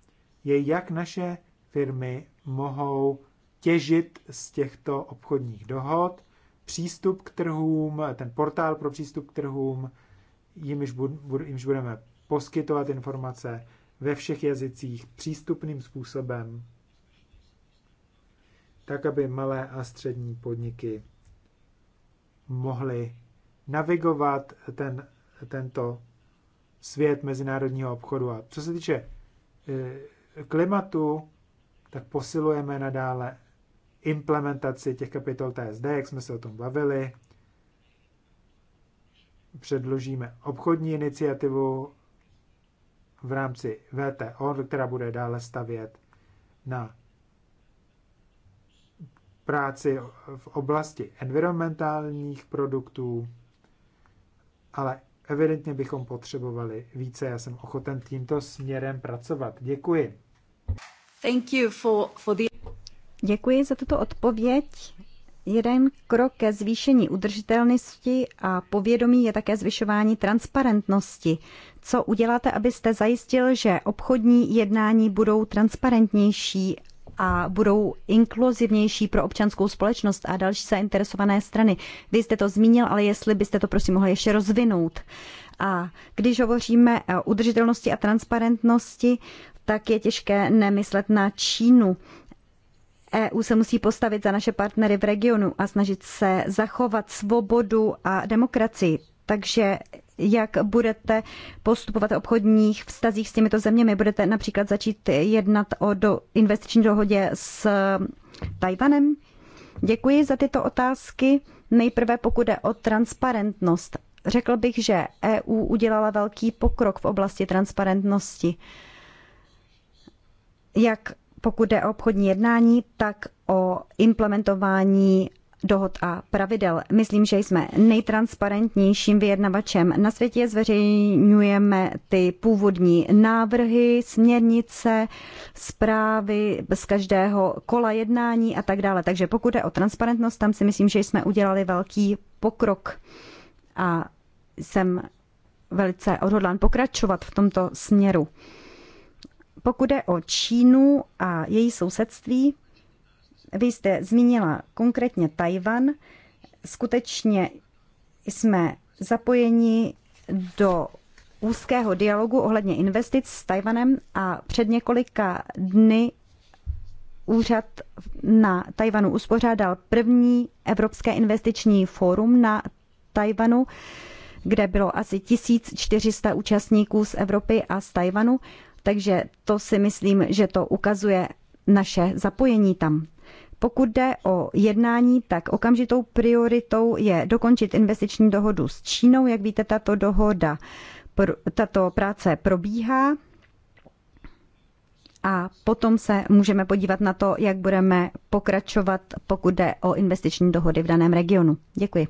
je jak naše firmy mohou těžit z těchto obchodních dohod přístup k trhům, ten portál pro přístup k trhům, jimž, bud, jimž budeme poskytovat informace ve všech jazycích přístupným způsobem, tak aby malé a střední podniky mohly navigovat ten, tento svět mezinárodního obchodu. A co se týče eh, klimatu, tak posilujeme nadále implementaci těch kapitol TSD, jak jsme se o tom bavili. Předložíme obchodní iniciativu v rámci VTO, která bude dále stavět na práci v oblasti environmentálních produktů, ale evidentně bychom potřebovali více. Já jsem ochoten tímto směrem pracovat. Děkuji. Thank you for, for the... Děkuji za tuto odpověď. Jeden krok ke zvýšení udržitelnosti a povědomí je také zvyšování transparentnosti. Co uděláte, abyste zajistil, že obchodní jednání budou transparentnější a budou inkluzivnější pro občanskou společnost a další zainteresované strany? Vy jste to zmínil, ale jestli byste to prosím mohli ještě rozvinout. A když hovoříme o udržitelnosti a transparentnosti, tak je těžké nemyslet na Čínu. EU se musí postavit za naše partnery v regionu a snažit se zachovat svobodu a demokracii. Takže jak budete postupovat v obchodních vztazích s těmito zeměmi? Budete například začít jednat o do investiční dohodě s Tajvanem? Děkuji za tyto otázky. Nejprve pokud jde o transparentnost. Řekl bych, že EU udělala velký pokrok v oblasti transparentnosti. Jak pokud jde o obchodní jednání, tak o implementování dohod a pravidel. Myslím, že jsme nejtransparentnějším vyjednavačem na světě. Zveřejňujeme ty původní návrhy, směrnice, zprávy z každého kola jednání a tak dále. Takže pokud je o transparentnost, tam si myslím, že jsme udělali velký pokrok a jsem velice odhodlán pokračovat v tomto směru. Pokud jde o Čínu a její sousedství, vy jste zmínila konkrétně Tajvan. Skutečně jsme zapojeni do úzkého dialogu ohledně investic s Tajvanem a před několika dny úřad na Tajvanu uspořádal první Evropské investiční fórum na Tajvanu, kde bylo asi 1400 účastníků z Evropy a z Tajvanu. Takže to si myslím, že to ukazuje naše zapojení tam. Pokud jde o jednání, tak okamžitou prioritou je dokončit investiční dohodu s Čínou. Jak víte, tato dohoda, tato práce probíhá a potom se můžeme podívat na to, jak budeme pokračovat, pokud jde o investiční dohody v daném regionu. Děkuji.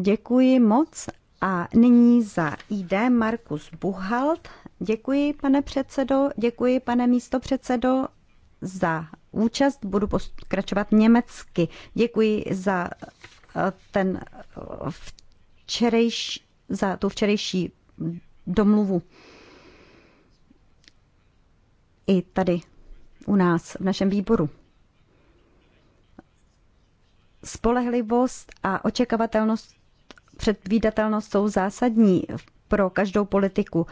Děkuji moc a nyní za ID Markus Buchalt Děkuji, pane předsedo, děkuji, pane místo předsedo za účast. Budu pokračovat německy. Děkuji za eh, ten eh, včerejší, za tu včerejší domluvu. I tady u nás v našem výboru. Spolehlivost a očekavatelnost, předvídatelnost jsou zásadní pro každou politiku.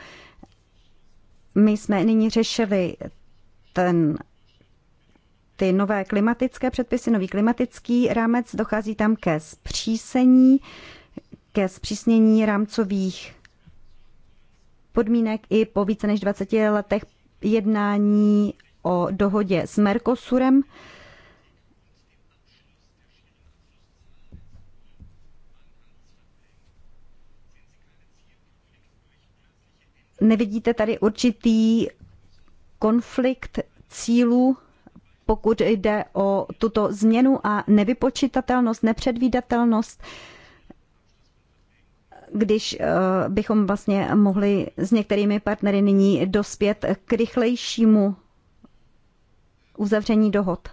My jsme nyní řešili ten ty nové klimatické předpisy, nový klimatický rámec, dochází tam ke zpřísení, ke zpřísnění rámcových podmínek i po více než 20 letech jednání o dohodě s Mercosurem. Nevidíte tady určitý konflikt cílů, pokud jde o tuto změnu a nevypočitatelnost, nepředvídatelnost? když eh, bychom vlastně mohli s některými partnery nyní dospět k rychlejšímu uzavření dohod.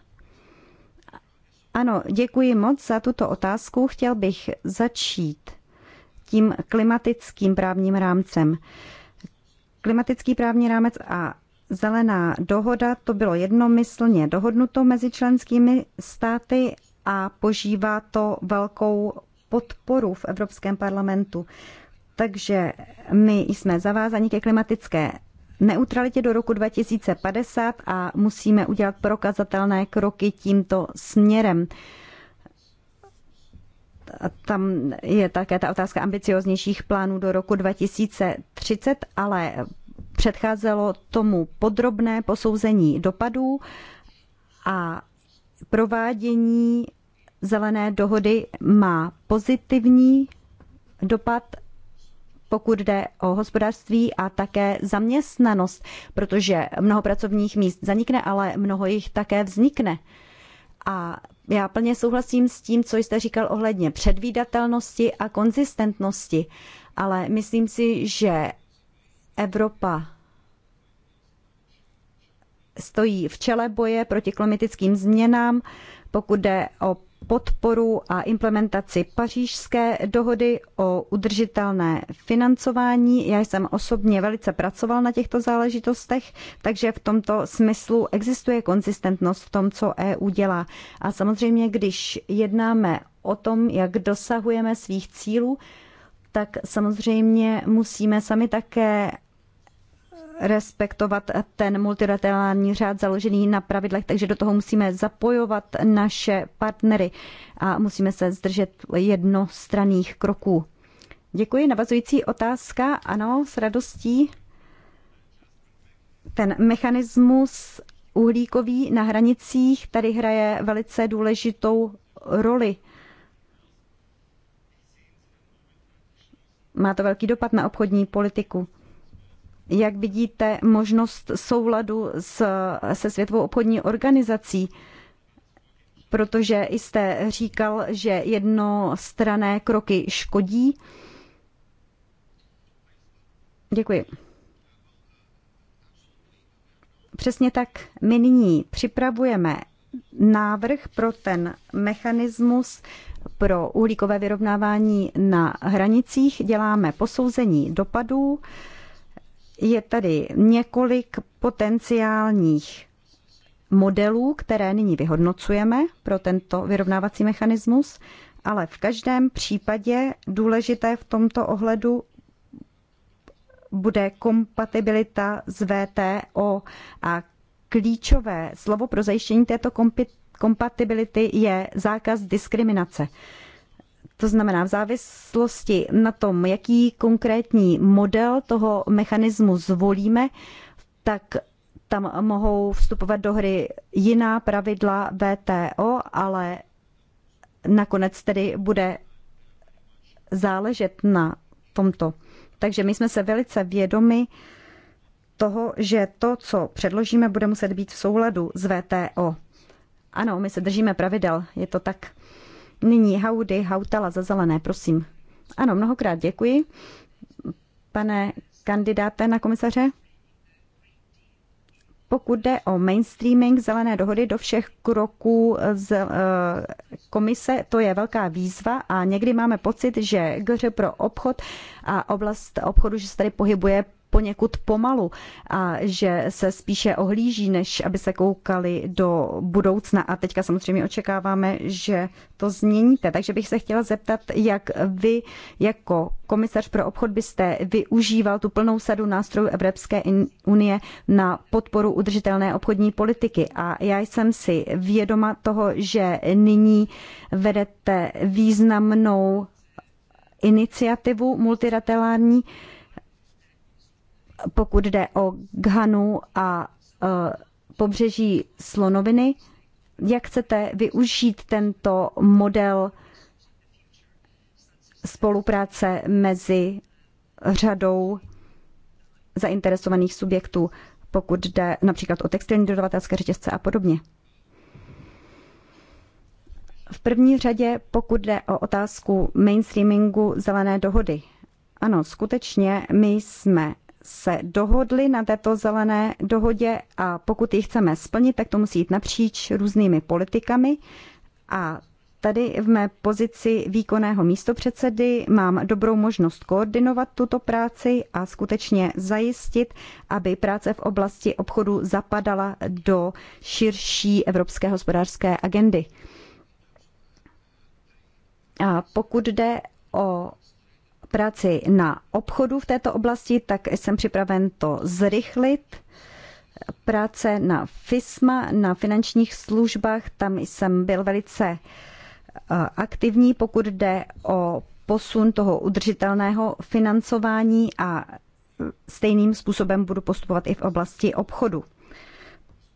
Ano, děkuji moc za tuto otázku. Chtěl bych začít tím klimatickým právním rámcem. Klimatický právní rámec a zelená dohoda, to bylo jednomyslně dohodnuto mezi členskými státy a požívá to velkou podporu v Evropském parlamentu. Takže my jsme zavázáni ke klimatické neutralitě do roku 2050 a musíme udělat prokazatelné kroky tímto směrem tam je také ta otázka ambicioznějších plánů do roku 2030, ale předcházelo tomu podrobné posouzení dopadů a provádění zelené dohody má pozitivní dopad pokud jde o hospodářství a také zaměstnanost, protože mnoho pracovních míst zanikne, ale mnoho jich také vznikne. A já plně souhlasím s tím, co jste říkal ohledně předvídatelnosti a konzistentnosti, ale myslím si, že Evropa stojí v čele boje proti klimatickým změnám, pokud jde o podporu a implementaci pařížské dohody o udržitelné financování. Já jsem osobně velice pracoval na těchto záležitostech, takže v tomto smyslu existuje konzistentnost v tom, co EU dělá. A samozřejmě, když jednáme o tom, jak dosahujeme svých cílů, tak samozřejmě musíme sami také respektovat ten multilaterální řád založený na pravidlech, takže do toho musíme zapojovat naše partnery a musíme se zdržet jednostranných kroků. Děkuji. Navazující otázka. Ano, s radostí. Ten mechanismus uhlíkový na hranicích tady hraje velice důležitou roli. Má to velký dopad na obchodní politiku. Jak vidíte možnost souladu s, se Světovou obchodní organizací? Protože jste říkal, že jednostrané kroky škodí. Děkuji. Přesně tak my nyní připravujeme návrh pro ten mechanismus pro uhlíkové vyrovnávání na hranicích. Děláme posouzení dopadů. Je tady několik potenciálních modelů, které nyní vyhodnocujeme pro tento vyrovnávací mechanismus, ale v každém případě důležité v tomto ohledu bude kompatibilita s VTO a klíčové slovo pro zajištění této kompatibility je zákaz diskriminace. To znamená, v závislosti na tom, jaký konkrétní model toho mechanismu zvolíme, tak tam mohou vstupovat do hry jiná pravidla VTO, ale nakonec tedy bude záležet na tomto. Takže my jsme se velice vědomi toho, že to, co předložíme, bude muset být v souladu s VTO. Ano, my se držíme pravidel, je to tak. Nyní Haudy Hautala za zelené, prosím. Ano, mnohokrát děkuji. Pane kandidáte na komisaře? Pokud jde o mainstreaming zelené dohody do všech kroků z eh, komise, to je velká výzva a někdy máme pocit, že GŘ pro obchod a oblast obchodu, že se tady pohybuje poněkud pomalu a že se spíše ohlíží, než aby se koukali do budoucna. A teďka samozřejmě očekáváme, že to změníte. Takže bych se chtěla zeptat, jak vy jako komisař pro obchod byste využíval tu plnou sadu nástrojů Evropské unie na podporu udržitelné obchodní politiky. A já jsem si vědoma toho, že nyní vedete významnou iniciativu multilaterální pokud jde o Ghanu a e, pobřeží slonoviny, jak chcete využít tento model spolupráce mezi řadou zainteresovaných subjektů, pokud jde například o textilní dodavatelské řetězce a podobně. V první řadě, pokud jde o otázku mainstreamingu zelené dohody. Ano, skutečně my jsme se dohodli na této zelené dohodě a pokud ji chceme splnit, tak to musí jít napříč různými politikami. A tady v mé pozici výkonného místopředsedy mám dobrou možnost koordinovat tuto práci a skutečně zajistit, aby práce v oblasti obchodu zapadala do širší evropské hospodářské agendy. A pokud jde o práci na obchodu v této oblasti, tak jsem připraven to zrychlit. Práce na FISMA, na finančních službách, tam jsem byl velice eh, aktivní, pokud jde o posun toho udržitelného financování a eh, stejným způsobem budu postupovat i v oblasti obchodu.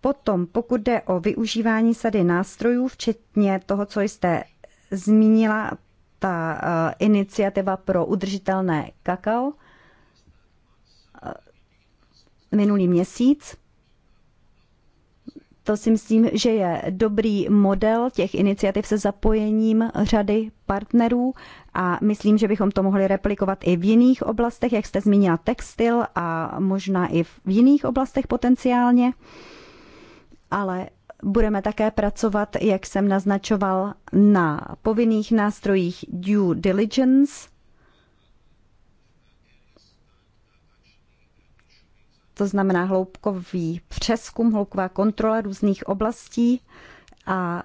Potom, pokud jde o využívání sady nástrojů, včetně toho, co jste zmínila, ta eh, iniciativa pro udržitelné kakao eh, minulý měsíc. To si myslím, že je dobrý model těch iniciativ se zapojením řady partnerů a myslím, že bychom to mohli replikovat i v jiných oblastech, jak jste zmínila textil a možná i v jiných oblastech potenciálně. Ale Budeme také pracovat, jak jsem naznačoval, na povinných nástrojích due diligence, to znamená hloubkový přeskum, hloubková kontrola různých oblastí a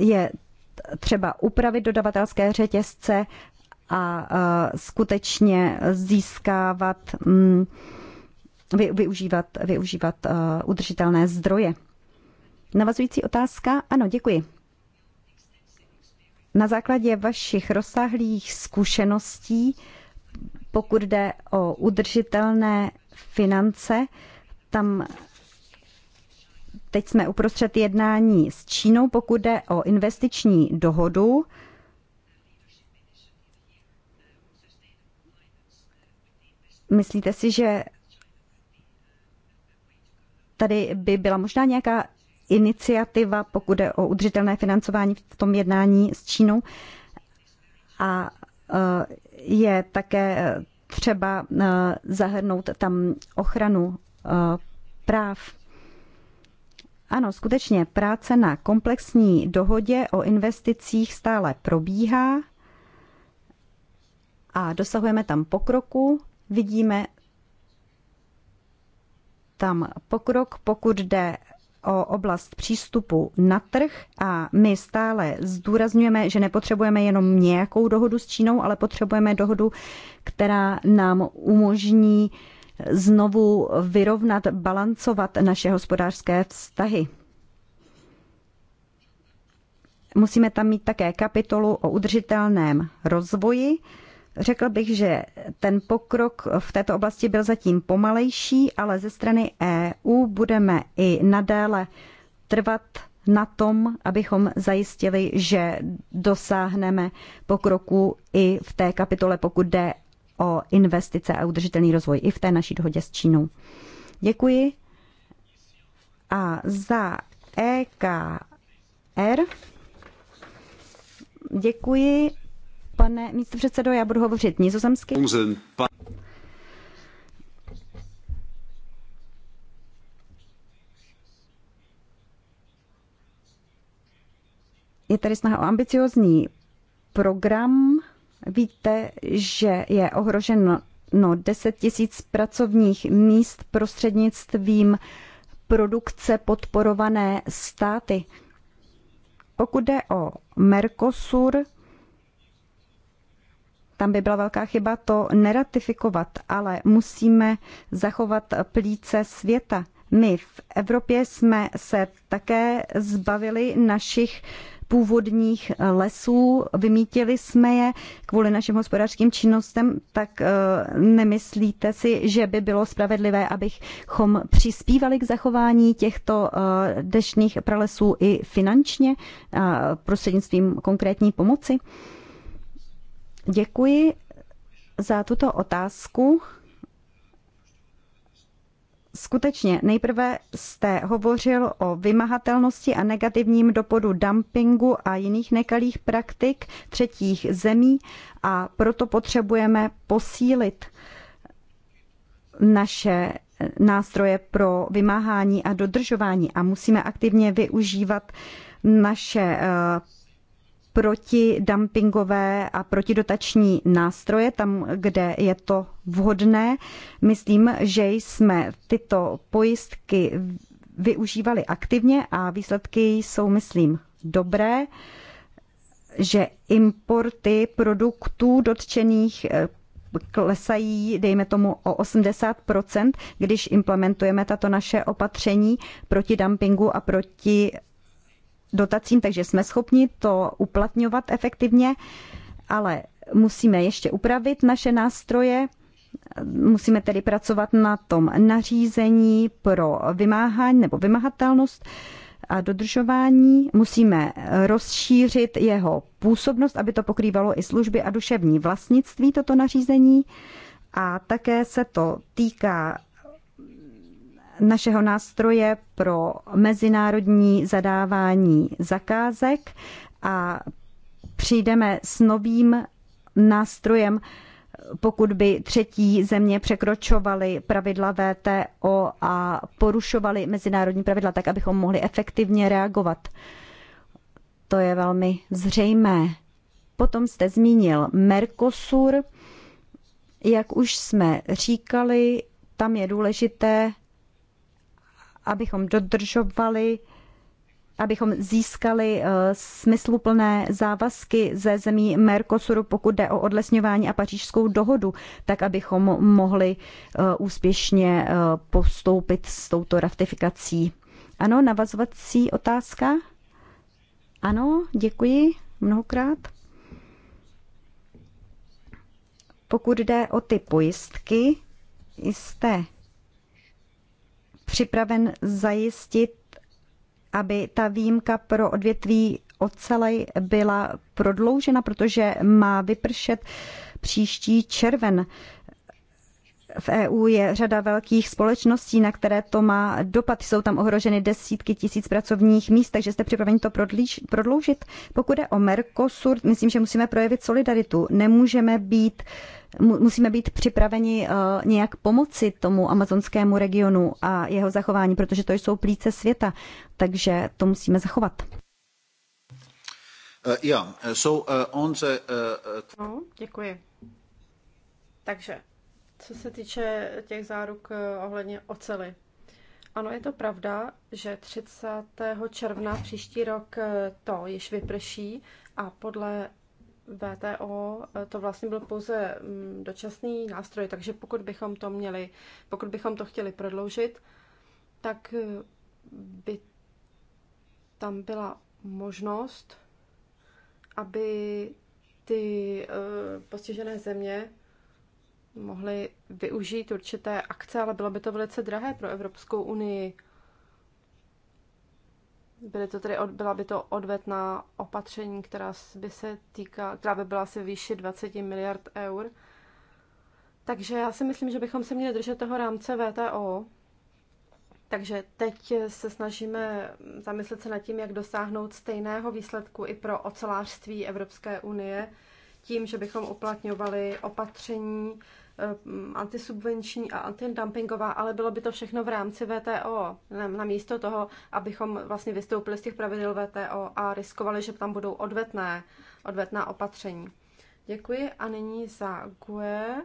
je třeba upravit dodavatelské řetězce a skutečně získávat mm, využívat, využívat eh, udržitelné zdroje. Navazující otázka? Ano, děkuji. Na základě vašich rozsáhlých zkušeností, pokud jde o udržitelné finance, tam teď jsme uprostřed jednání s Čínou, pokud jde o investiční dohodu. Myslíte si, že tady by byla možná nějaká iniciativa, pokud jde o udržitelné financování v tom jednání s Čínou. A eh, je také eh, třeba eh, zahrnout tam ochranu práv. Ano, skutečně práce na komplexní dohodě o investicích stále probíhá a dosahujeme tam pokroku. Vidíme, tam pokrok, pokud jde o oblast přístupu na trh a my stále zdůrazňujeme, že nepotřebujeme jenom nějakou dohodu s Čínou, ale potřebujeme dohodu, která nám umožní znovu vyrovnat, balancovat naše hospodářské vztahy. Musíme tam mít také kapitolu o udržitelném rozvoji, Řekl bych, že ten pokrok v této oblasti byl zatím pomalejší, ale ze strany EU budeme i nadále trvat na tom, abychom zajistili, že dosáhneme pokroku i v té kapitole, pokud jde o investice a udržitelný rozvoj, i v té naší dohodě s Čínou. Děkuji. A za EKR děkuji Pane místopředsedo, já budu hovořit nizozemsky. Je tady snaha o ambiciozní program. Víte, že je ohroženo no, 10 tisíc pracovních míst prostřednictvím produkce podporované státy. Pokud jde o Mercosur, tam by byla velká chyba to neratifikovat, ale musíme zachovat plíce světa. My v Evropě jsme se také zbavili našich původních lesů, vymítili jsme je kvůli našim hospodářským činnostem, tak eh, nemyslíte si, že by bylo spravedlivé, abychom přispívali k zachování těchto eh, deštných pralesů i finančně eh, prostřednictvím konkrétní pomoci? Děkuji za tuto otázku. Skutečně, nejprve jste hovořil o vymahatelnosti a negativním dopadu dumpingu a jiných nekalých praktik třetích zemí a proto potřebujeme posílit naše nástroje pro vymáhání a dodržování a musíme aktivně využívat naše eh, protidumpingové a protidotační nástroje tam, kde je to vhodné. Myslím, že jsme tyto pojistky využívali aktivně a výsledky jsou, myslím, dobré že importy produktů dotčených eh, klesají, dejme tomu, o 80 když implementujeme tato naše opatření proti dumpingu a proti dotacím, takže jsme schopni to uplatňovat efektivně, ale musíme ještě upravit naše nástroje, musíme tedy pracovat na tom nařízení pro vymáhání nebo vymahatelnost a dodržování. Musíme rozšířit jeho působnost, aby to pokrývalo i služby a duševní vlastnictví, toto nařízení. A také se to týká našeho nástroje pro mezinárodní zadávání zakázek a přijdeme s novým nástrojem, pokud by třetí země překročovaly pravidla VTO a porušovaly mezinárodní pravidla, tak abychom mohli efektivně reagovat. To je velmi zřejmé. Potom jste zmínil Mercosur. Jak už jsme říkali, tam je důležité abychom dodržovali abychom získali eh, smysluplné závazky ze zemí Mercosuru, pokud jde o odlesňování a pařížskou dohodu, tak abychom mohli eh, úspěšně eh, postoupit s touto ratifikací. Ano, navazovací otázka? Ano, děkuji mnohokrát. Pokud jde o ty pojistky, jste připraven zajistit, aby ta výjimka pro odvětví ocelej byla prodloužena, protože má vypršet příští červen v EU je řada velkých společností, na které to má dopad. Jsou tam ohroženy desítky tisíc pracovních míst, takže jste připraveni to prodloužit. Pokud je o Mercosur, myslím, že musíme projevit solidaritu. Nemůžeme být musíme být připraveni eh, nějak pomoci tomu amazonskému regionu a jeho zachování, protože to jsou plíce světa, takže to musíme zachovat. Uh, eh, yeah. so, uh, on the, uh... no, děkuji. Takže co se týče těch záruk eh, ohledně ocely. Ano, je to pravda, že 30. června příští rok eh, to již vyprší a podle VTO eh, to vlastně byl pouze mm, dočasný nástroj, takže pokud bychom to měli, pokud bychom to chtěli prodloužit, tak by tam byla možnost, aby ty postižené země mohli využít určité akce, ale bylo by to velice drahé pro Evropskou unii. Byly to tedy, od, byla by to odvetná opatření, která by se týka, která by byla asi výši 20 miliard eur. Takže já si myslím, že bychom se měli držet toho rámce VTO. Takže teď se snažíme zamyslet se nad tím, jak dosáhnout stejného výsledku i pro ocelářství Evropské unie, tím, že bychom uplatňovali opatření eh, antisubvenční a antidumpingová, ale bylo by to všechno v rámci VTO, na místo toho, abychom vlastně vystoupili z těch pravidel VTO a riskovali, že tam budou odvetné, odvetná opatření. Děkuji a nyní za GUE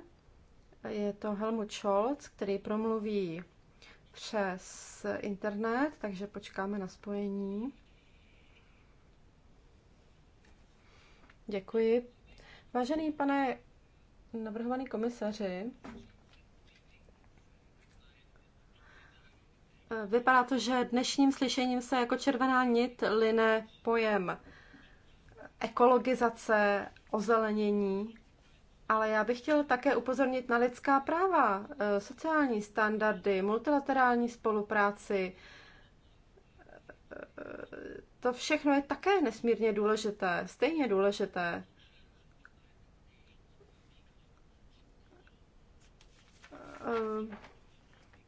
je to Helmut Scholz, který promluví přes internet, takže počkáme na spojení. Děkuji, Vážený pane navrhovaný komisaři, vypadá to, že dnešním slyšením se jako červená nit line pojem ekologizace, ozelenění, ale já bych chtěl také upozornit na lidská práva, eh, sociální standardy, multilaterální spolupráci. Eh, to všechno je také nesmírně důležité, stejně důležité. Ehm,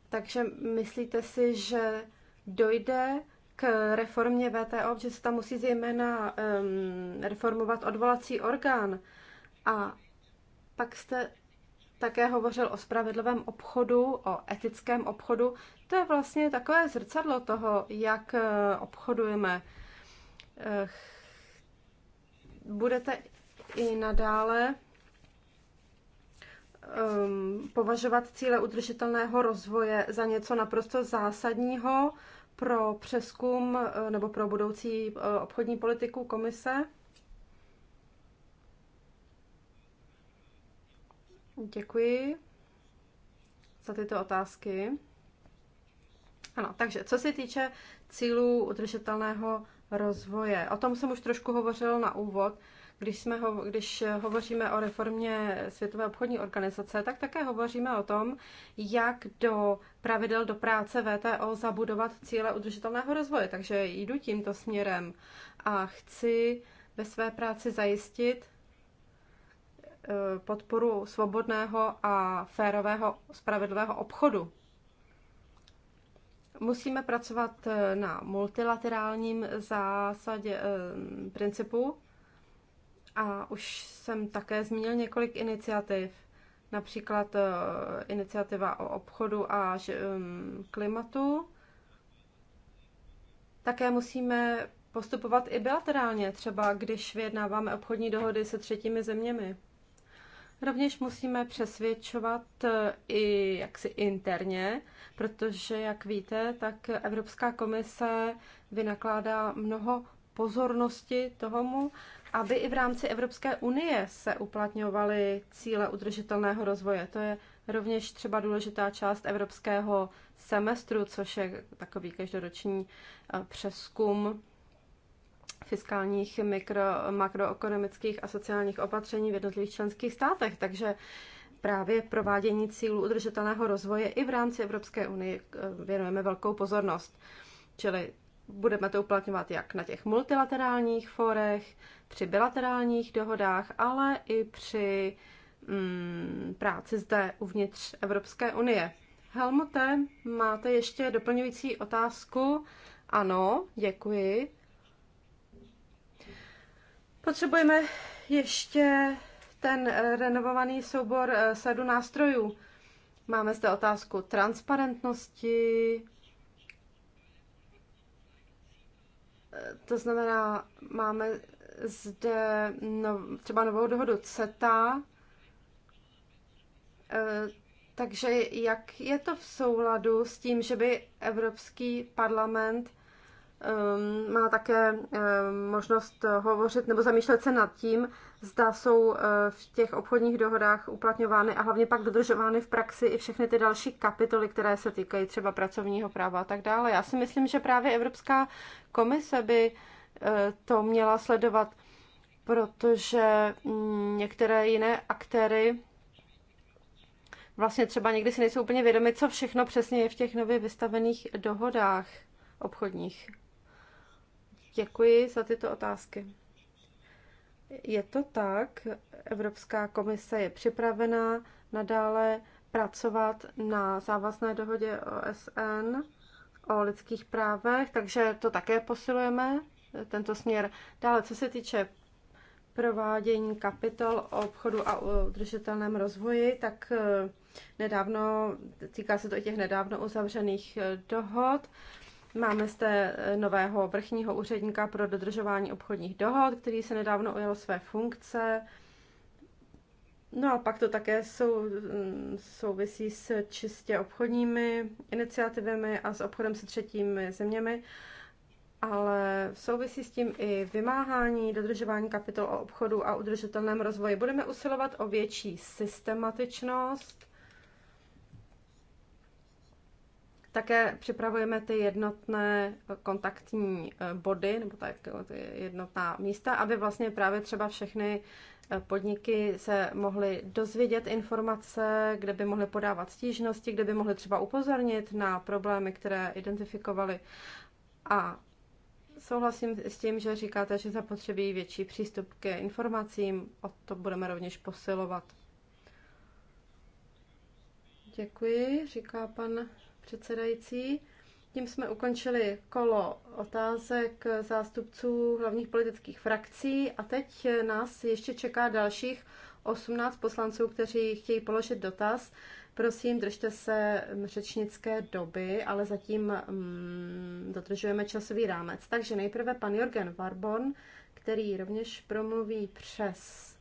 takže myslíte si, že dojde k reformě VTO, že se tam musí zejména um, reformovat odvolací orgán. A pak jste také hovořil o spravedlivém obchodu, o etickém obchodu. To je vlastně takové zrcadlo toho, jak eh, obchodujeme. Eh, budete i nadále um, považovat cíle udržitelného rozvoje za něco naprosto zásadního pro přeskum uh, nebo pro budoucí uh, obchodní politiku komise? Děkuji za tyto otázky. Ano, takže co se týče cílů udržitelného rozvoje, o tom jsem už trošku hovořil na úvod. Když, jsme ho, když hovoříme o reformě Světové obchodní organizace, tak také hovoříme o tom, jak do pravidel do práce VTO zabudovat cíle udržitelného rozvoje. Takže jdu tímto směrem a chci ve své práci zajistit eh, podporu svobodného a férového, spravedlivého obchodu musíme pracovat eh, na multilaterálním zásadě eh, principu a už jsem také zmínil několik iniciativ, například eh, iniciativa o obchodu a mm, klimatu. Také musíme postupovat i bilaterálně, třeba když vyjednáváme obchodní dohody se třetími zeměmi. Rovněž musíme přesvědčovat eh, i jaksi interně, protože, jak víte, tak Evropská komise vynakládá mnoho pozornosti tomu, aby i v rámci Evropské unie se uplatňovaly cíle udržitelného rozvoje. To je rovněž třeba důležitá část evropského semestru, což je takový každoroční eh, přeskum fiskálních mikro, makroekonomických a sociálních opatření v jednotlivých členských státech. Takže právě provádění cílů udržitelného rozvoje i v rámci Evropské unie eh, věnujeme velkou pozornost. Čili Budeme to uplatňovat jak na těch multilaterálních forech, při bilaterálních dohodách, ale i při mm, práci zde uvnitř Evropské unie. Helmute, máte ještě doplňující otázku? Ano, děkuji. Potřebujeme ještě ten renovovaný soubor eh, sadu nástrojů. Máme zde otázku transparentnosti, To znamená, máme zde no, třeba novou dohodu CETA, e, takže jak je to v souladu s tím, že by Evropský parlament Ehm, má také ehm, možnost eh, hovořit nebo zamýšlet se nad tím, zda jsou eh, v těch obchodních dohodách uplatňovány a hlavně pak dodržovány v praxi i všechny ty další kapitoly, které se týkají třeba pracovního práva a tak dále. Já si myslím, že právě Evropská komise by eh, to měla sledovat, protože mm, některé jiné aktéry vlastně třeba někdy si nejsou úplně vědomi, co všechno přesně je v těch nově vystavených dohodách obchodních. Děkuji za tyto otázky. Je to tak, Evropská komise je připravená nadále pracovat na závazné dohodě OSN o lidských právech, takže to také posilujeme, tento směr. Dále, co se týče provádění kapitol o obchodu a o udržitelném rozvoji, tak eh, nedávno, týká se to i těch nedávno uzavřených eh, dohod, Máme zde e, nového vrchního úředníka pro dodržování obchodních dohod, který se nedávno ujal své funkce. No a pak to také sou, mm, souvisí s čistě obchodními iniciativami a s obchodem se třetími zeměmi, ale souvisí s tím i vymáhání, dodržování kapitol o obchodu a udržitelném rozvoji. Budeme usilovat o větší systematičnost Také připravujeme ty jednotné kontaktní eh, body, nebo tak ty jednotná místa, aby vlastně právě třeba všechny eh, podniky se mohly dozvědět informace, kde by mohly podávat stížnosti, kde by mohly třeba upozornit na problémy, které identifikovali. A souhlasím s tím, že říkáte, že zapotřebí větší přístup ke informacím, o to budeme rovněž posilovat. Děkuji, říká pan předsedající. Tím jsme ukončili kolo otázek zástupců hlavních politických frakcí a teď nás ještě čeká dalších 18 poslanců, kteří chtějí položit dotaz. Prosím, držte se řečnické doby, ale zatím mm, dodržujeme časový rámec. Takže nejprve pan Jorgen Varbon, který rovněž promluví přes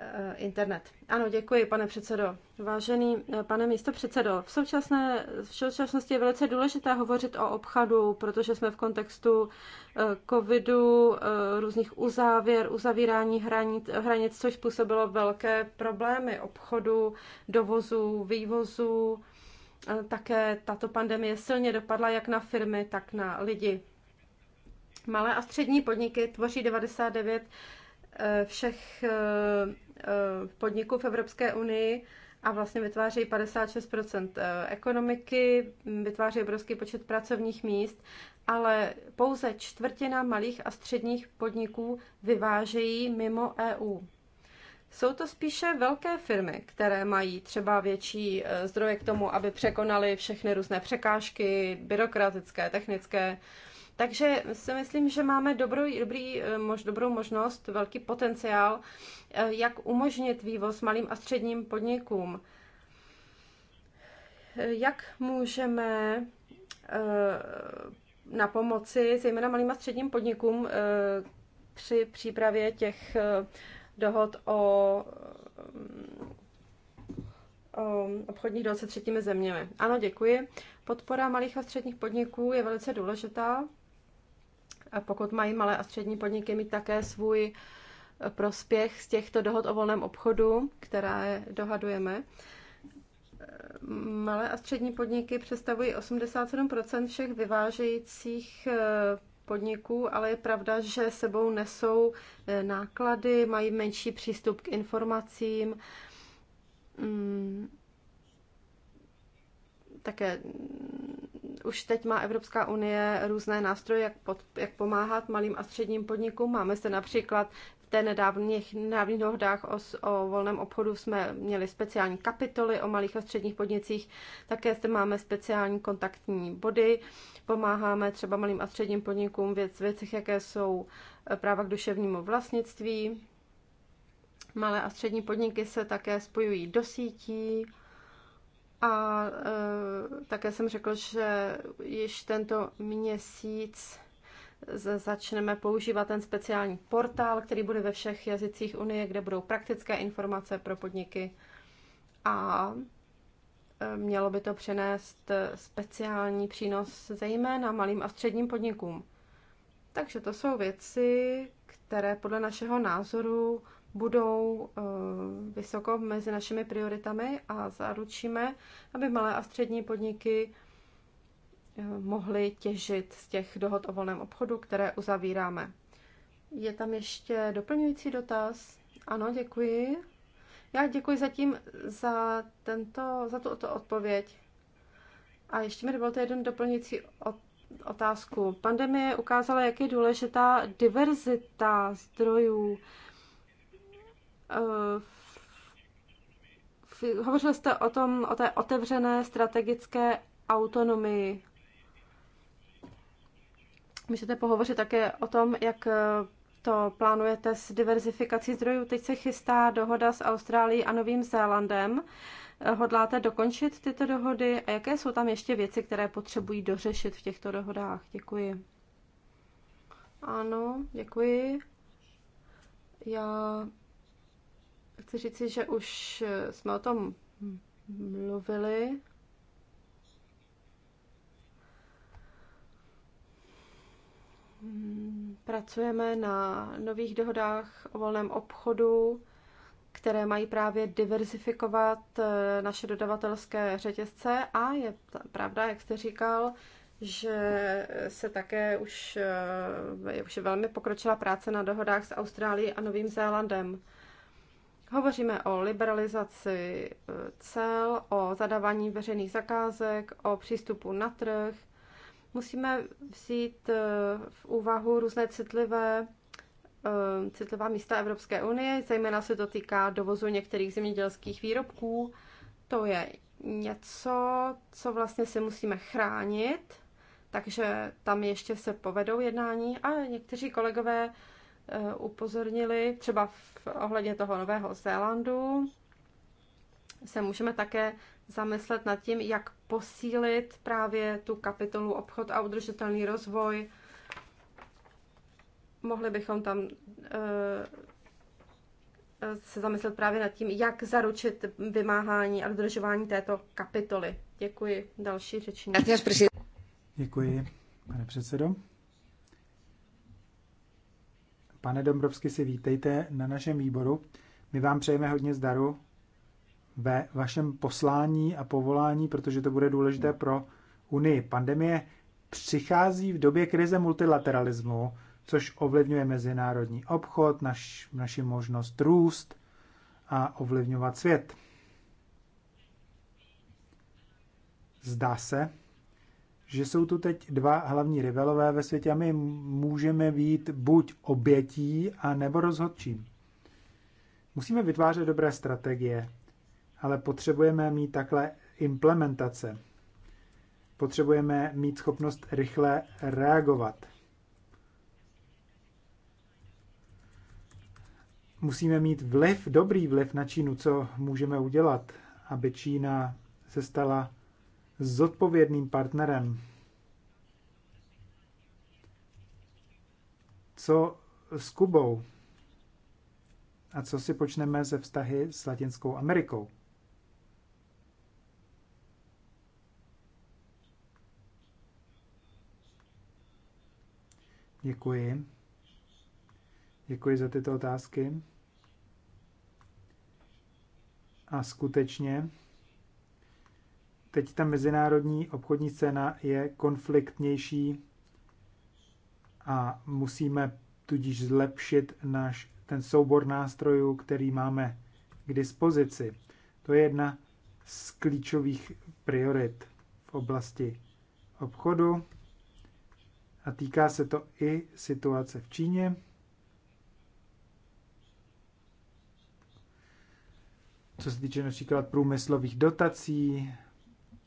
Eh, internet. Ano, děkuji, pane předsedo. Vážený eh, pane místo předsedo, v současné v současnosti je velice důležité hovořit o obchodu, protože jsme v kontextu eh, covidu, různých uzávěr, uzavírání hranic, hranic což způsobilo velké problémy obchodu, dovozu, vývozu. Také tato pandemie silně dopadla jak na firmy, tak na lidi. Malé a střední podniky tvoří 99 všech Eh, podniků v Evropské unii a vlastně vytvářejí 56 eh, ekonomiky, vytvářejí obrovský počet pracovních míst, ale pouze čtvrtina malých a středních podniků vyvážejí mimo EU. Jsou to spíše velké firmy, které mají třeba větší eh, zdroje k tomu, aby překonaly všechny různé překážky, byrokratické, technické, takže si myslím, že máme dobrou, dobrý, eh, mož, dobrou možnost, velký potenciál, eh, jak umožnit vývoz malým a středním podnikům. Eh, jak můžeme na pomoci, zejména malým a středním podnikům, při přípravě těch dohod o obchodních dohod se třetími zeměmi. Ano, děkuji. Podpora malých a středních podniků je velice důležitá a pokud mají malé a střední podniky mít také svůj eh, prospěch z těchto dohod o volném obchodu, které dohadujeme, eh, malé a střední podniky představují 87 všech vyvážejících eh, podniků, ale je pravda, že sebou nesou náklady, mají menší přístup k informacím, mm, také už teď má Evropská unie různé nástroje, jak, pod, jak pomáhat malým a středním podnikům. Máme se například v té nedávných, nedávných dohodách o, o volném obchodu jsme měli speciální kapitoly o malých a středních podnicích. Také zde máme speciální kontaktní body. Pomáháme třeba malým a středním podnikům věc, věcech, jaké jsou eh, práva k duševnímu vlastnictví. Malé a střední podniky se také spojují do sítí a e, také jsem řekl, že již tento měsíc začneme používat ten speciální portál, který bude ve všech jazycích Unie, kde budou praktické informace pro podniky a eh, mělo by to přinést eh, speciální přínos zejména malým a středním podnikům. Takže to jsou věci, které podle našeho názoru budou eh, vysoko mezi našimi prioritami a zaručíme, aby malé a střední podniky eh, mohly těžit z těch dohod o volném obchodu, které uzavíráme. Je tam ještě doplňující dotaz? Ano, děkuji. Já děkuji zatím za, tento, za tuto odpověď. A ještě mi dovolte jeden doplňující otázku. Pandemie ukázala, jak je důležitá diverzita zdrojů Eh, hovořil jste o tom, o té otevřené strategické autonomii. Můžete pohovořit také o tom, jak eh, to plánujete s diverzifikací zdrojů. Teď se chystá dohoda s Austrálií a Novým Zélandem. Eh, hodláte dokončit tyto dohody a jaké jsou tam ještě věci, které potřebují dořešit v těchto dohodách? Děkuji. Ano, děkuji. Já Chci říci, že už eh, jsme o tom mluvili. Pracujeme na nových dohodách o volném obchodu, které mají právě diverzifikovat eh, naše dodavatelské řetězce a je pravda, jak jste říkal, že se také už, eh, už je velmi pokročila práce na dohodách s Austrálií a Novým Zélandem. Hovoříme o liberalizaci eh, cel, o zadávání veřejných zakázek, o přístupu na trh. Musíme vzít eh, v úvahu různé citlivé eh, citlivá místa Evropské unie, zejména se to týká dovozu některých zemědělských výrobků. To je něco, co vlastně si musíme chránit, takže tam ještě se povedou jednání a někteří kolegové Eh, upozornili, třeba v ohledně toho Nového Zélandu, se můžeme také zamyslet nad tím, jak posílit právě tu kapitolu obchod a udržitelný rozvoj. Mohli bychom tam uh, se zamyslet právě nad tím, jak zaručit vymáhání a dodržování této kapitoly. Děkuji. Další řečník. Děkuji, pane předsedo. Pane Dombrovsky, si vítejte na našem výboru. My vám přejeme hodně zdaru ve vašem poslání a povolání, protože to bude důležité pro Unii. Pandemie přichází v době krize multilateralismu, což ovlivňuje mezinárodní obchod, naš, naši možnost růst a ovlivňovat svět. Zdá se, že jsou tu teď dva hlavní rivalové ve světě a my můžeme být buď obětí, a nebo rozhodčím. Musíme vytvářet dobré strategie, ale potřebujeme mít takhle implementace. Potřebujeme mít schopnost rychle reagovat. Musíme mít vliv, dobrý vliv na Čínu, co můžeme udělat, aby Čína se stala zodpovědným partnerem. Co s Kubou? A co si počneme ze vztahy s Latinskou Amerikou? Děkuji. Děkuji za tyto otázky. A skutečně Teď ta mezinárodní obchodní scéna je konfliktnější a musíme tudíž zlepšit náš ten soubor nástrojů, který máme k dispozici. To je jedna z klíčových priorit v oblasti obchodu a týká se to i situace v Číně. Co se týče například průmyslových dotací,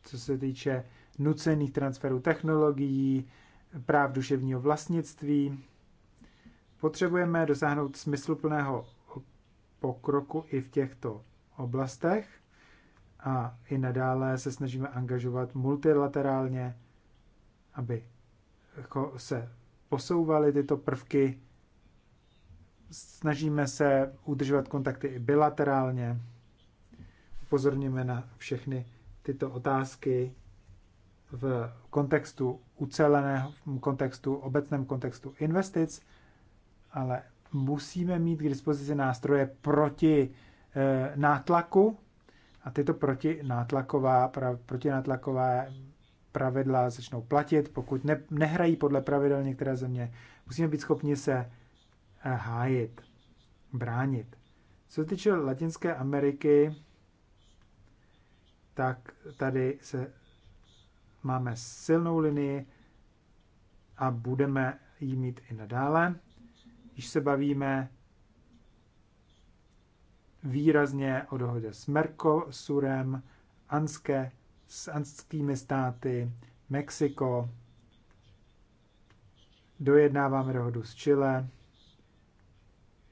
co se týče nucených transferů technologií, práv duševního vlastnictví. Potřebujeme dosáhnout smysluplného pokroku i v těchto oblastech a i nadále se snažíme angažovat multilaterálně, aby se posouvaly tyto prvky. Snažíme se udržovat kontakty i bilaterálně. Upozorníme na všechny tyto otázky v kontextu uceleného, v kontextu, obecném kontextu investic, ale musíme mít k dispozici nástroje proti e, nátlaku a tyto proti nátlaková pra, protinátlaková pravidla začnou platit, pokud ne, nehrají podle pravidel některé země. Musíme být schopni se e, hájit, bránit. Co se týče Latinské Ameriky, tak tady se máme silnou linii a budeme ji mít i nadále. Když se bavíme výrazně o dohodě s Mercosurem, Anské, s anskými státy, Mexiko, dojednáváme dohodu s Chile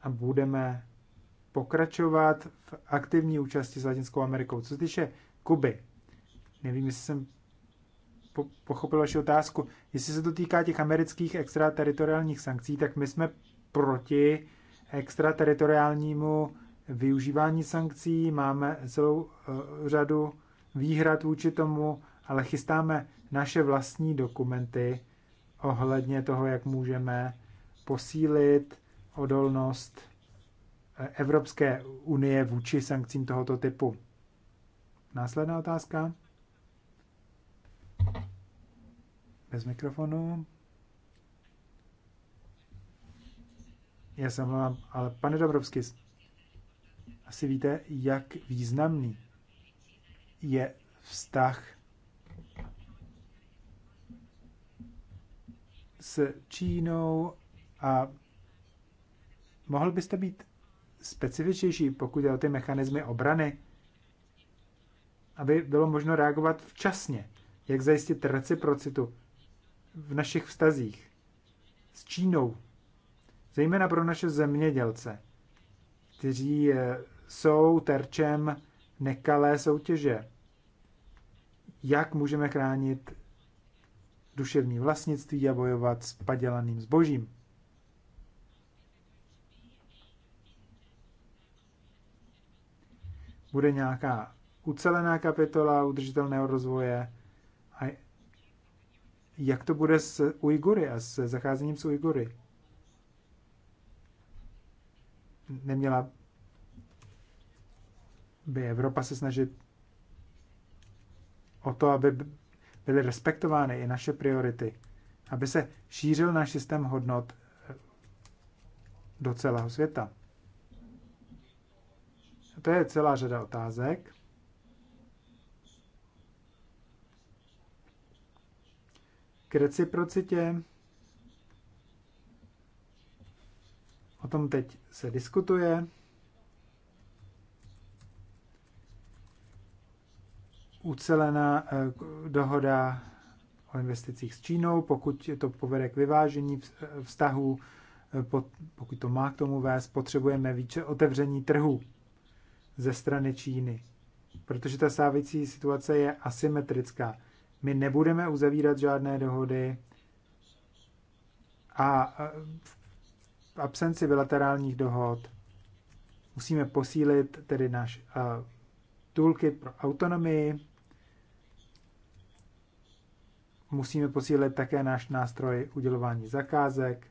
a budeme pokračovat v aktivní účasti s Latinskou Amerikou. Co se týče Kuby. Nevím, jestli jsem pochopil vaši otázku. Jestli se to týká těch amerických extrateritoriálních sankcí, tak my jsme proti extrateritoriálnímu využívání sankcí, máme celou uh, řadu výhrad vůči tomu, ale chystáme naše vlastní dokumenty ohledně toho, jak můžeme posílit odolnost eh, Evropské unie vůči sankcím tohoto typu. Následná otázka. Bez mikrofonu. Já jsem vám, ale pane Dobrovsky, asi víte, jak významný je vztah s Čínou a mohl byste být specifičnější, pokud je o ty mechanismy obrany aby bylo možno reagovat včasně, jak zajistit reciprocitu v našich vztazích s Čínou, zejména pro naše zemědělce, kteří eh, jsou terčem nekalé soutěže. Jak můžeme chránit duševní vlastnictví a bojovat s padělaným zbožím? Bude nějaká ucelená kapitola udržitelného rozvoje a jak to bude s Ujgury a s zacházením s Ujgury. Neměla by Evropa se snažit o to, aby byly respektovány i naše priority, aby se šířil náš systém hodnot do celého světa. To je celá řada otázek. k reciprocitě. O tom teď se diskutuje. Ucelená eh, dohoda o investicích s Čínou, pokud to povede k vyvážení eh, vztahů, eh, pokud to má k tomu vést, potřebujeme více otevření trhu ze strany Číny, protože ta sávící situace je asymetrická. My nebudeme uzavírat žádné dohody a v absenci bilaterálních dohod musíme posílit tedy náš uh, toolkit pro autonomii, musíme posílit také náš nástroj udělování zakázek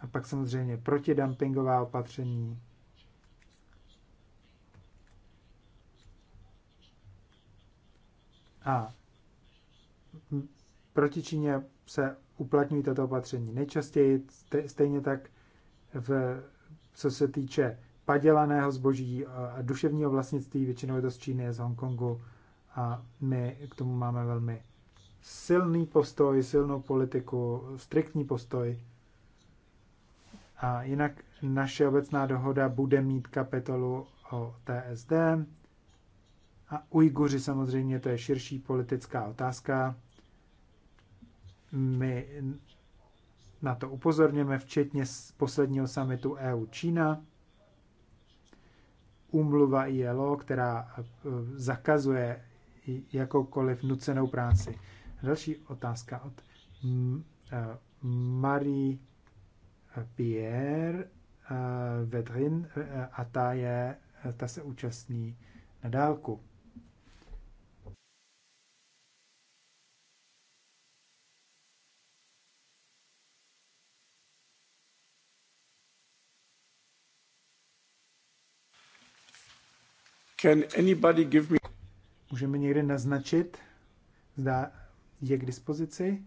a pak samozřejmě protidumpingová opatření A proti Číně se uplatňují tato opatření. Nejčastěji stejně tak, v, co se týče padělaného zboží a duševního vlastnictví, většinou je to z Číny, z Hongkongu a my k tomu máme velmi silný postoj, silnou politiku, striktní postoj. A jinak naše obecná dohoda bude mít kapitolu o TSD, a Ujguři samozřejmě, to je širší politická otázka. My na to upozorněme, včetně z posledního samitu EU-Čína. umluva ILO, která e, zakazuje jakoukoliv nucenou práci. Další otázka od mm, e, Marie e, Pierre Vedrin a ta, je, ta se účastní na dálku. Can anybody give me... Může mi naznačit, zda je k dispozici?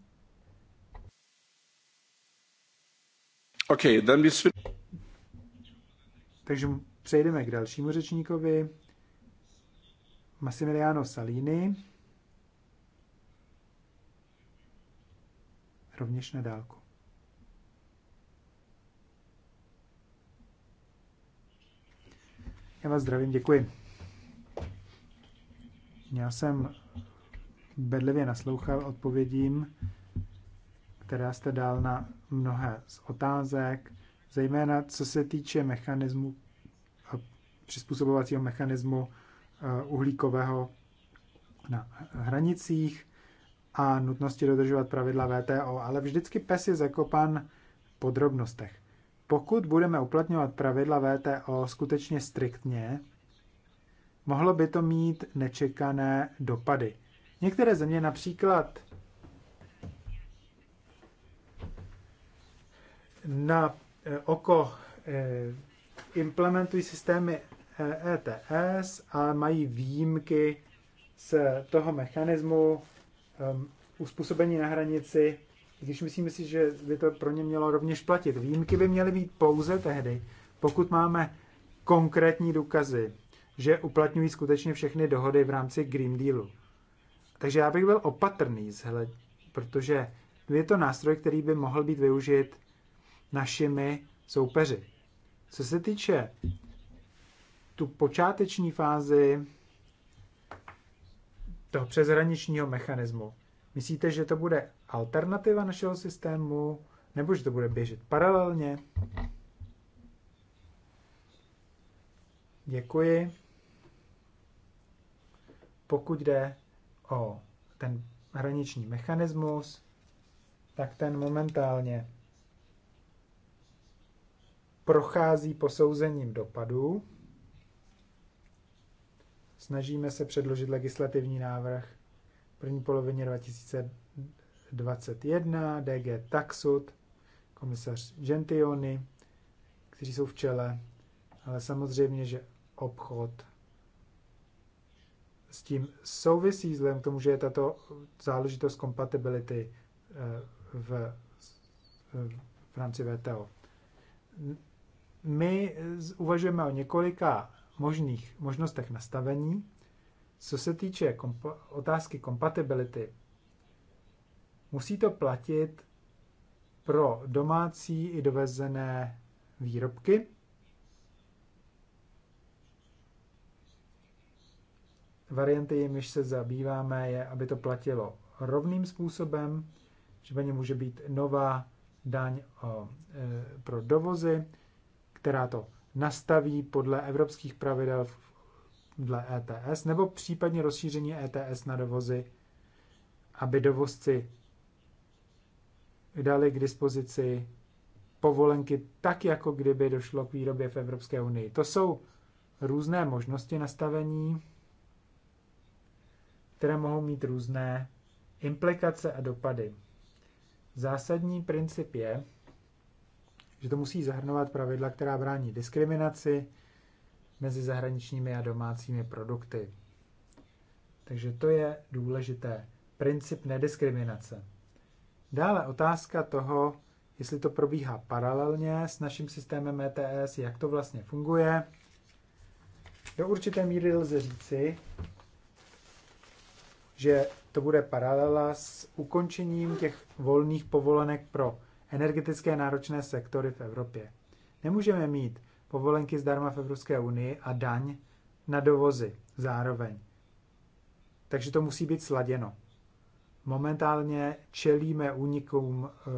Okay, then we... Takže přejdeme k dalšímu řečníkovi. Massimiliano Salini. Rovněž na dálku. Já vás zdravím, děkuji. Já jsem bedlivě naslouchal odpovědím, která jste dal na mnohé z otázek, zejména co se týče mechanismu, eh, přizpůsobovacího mechanismu eh, uhlíkového na hranicích a nutnosti dodržovat pravidla VTO, ale vždycky pes je zakopan v podrobnostech. Pokud budeme uplatňovat pravidla VTO skutečně striktně, mohlo by to mít nečekané dopady. Některé země například na eh, oko eh, implementují systémy ETS eh, e a mají výjimky z toho mechanismu ehm, uspůsobení na hranici, když myslíme si, že by to pro ně mělo rovněž platit. Výjimky by měly být pouze tehdy, pokud máme konkrétní důkazy že uplatňují skutečně všechny dohody v rámci Green Dealu. Takže já bych byl opatrný, zhled, protože je to nástroj, který by mohl být využit našimi soupeři. Co se týče tu počáteční fázi toho přeshraničního mechanismu, myslíte, že to bude alternativa našeho systému, nebo že to bude běžet paralelně? Děkuji. Pokud jde o ten hraniční mechanismus, tak ten momentálně prochází posouzením dopadů. Snažíme se předložit legislativní návrh v první polovině 2021, DG Taxud, komisař Gentiony, kteří jsou v čele, ale samozřejmě, že obchod s tím souvisí, vzhledem k tomu, že je tato záležitost kompatibility eh, v, eh, v rámci VTO. My uvažujeme o několika možných možnostech nastavení. Co se týče kompa- otázky kompatibility, musí to platit pro domácí i dovezené výrobky, varianty, jimiž se zabýváme, je, aby to platilo rovným způsobem, případně může být nová daň o, e, pro dovozy, která to nastaví podle evropských pravidel dle ETS, nebo případně rozšíření ETS na dovozy, aby dovozci dali k dispozici povolenky tak, jako kdyby došlo k výrobě v Evropské unii. To jsou různé možnosti nastavení které mohou mít různé implikace a dopady. Zásadní princip je, že to musí zahrnovat pravidla, která brání diskriminaci mezi zahraničními a domácími produkty. Takže to je důležité. Princip nediskriminace. Dále otázka toho, jestli to probíhá paralelně s naším systémem ETS, jak to vlastně funguje. Do určité míry lze říci, že to bude paralela s ukončením těch volných povolenek pro energetické náročné sektory v Evropě. Nemůžeme mít povolenky zdarma v Evropské unii a daň na dovozy zároveň. Takže to musí být sladěno. Momentálně čelíme únikům eh,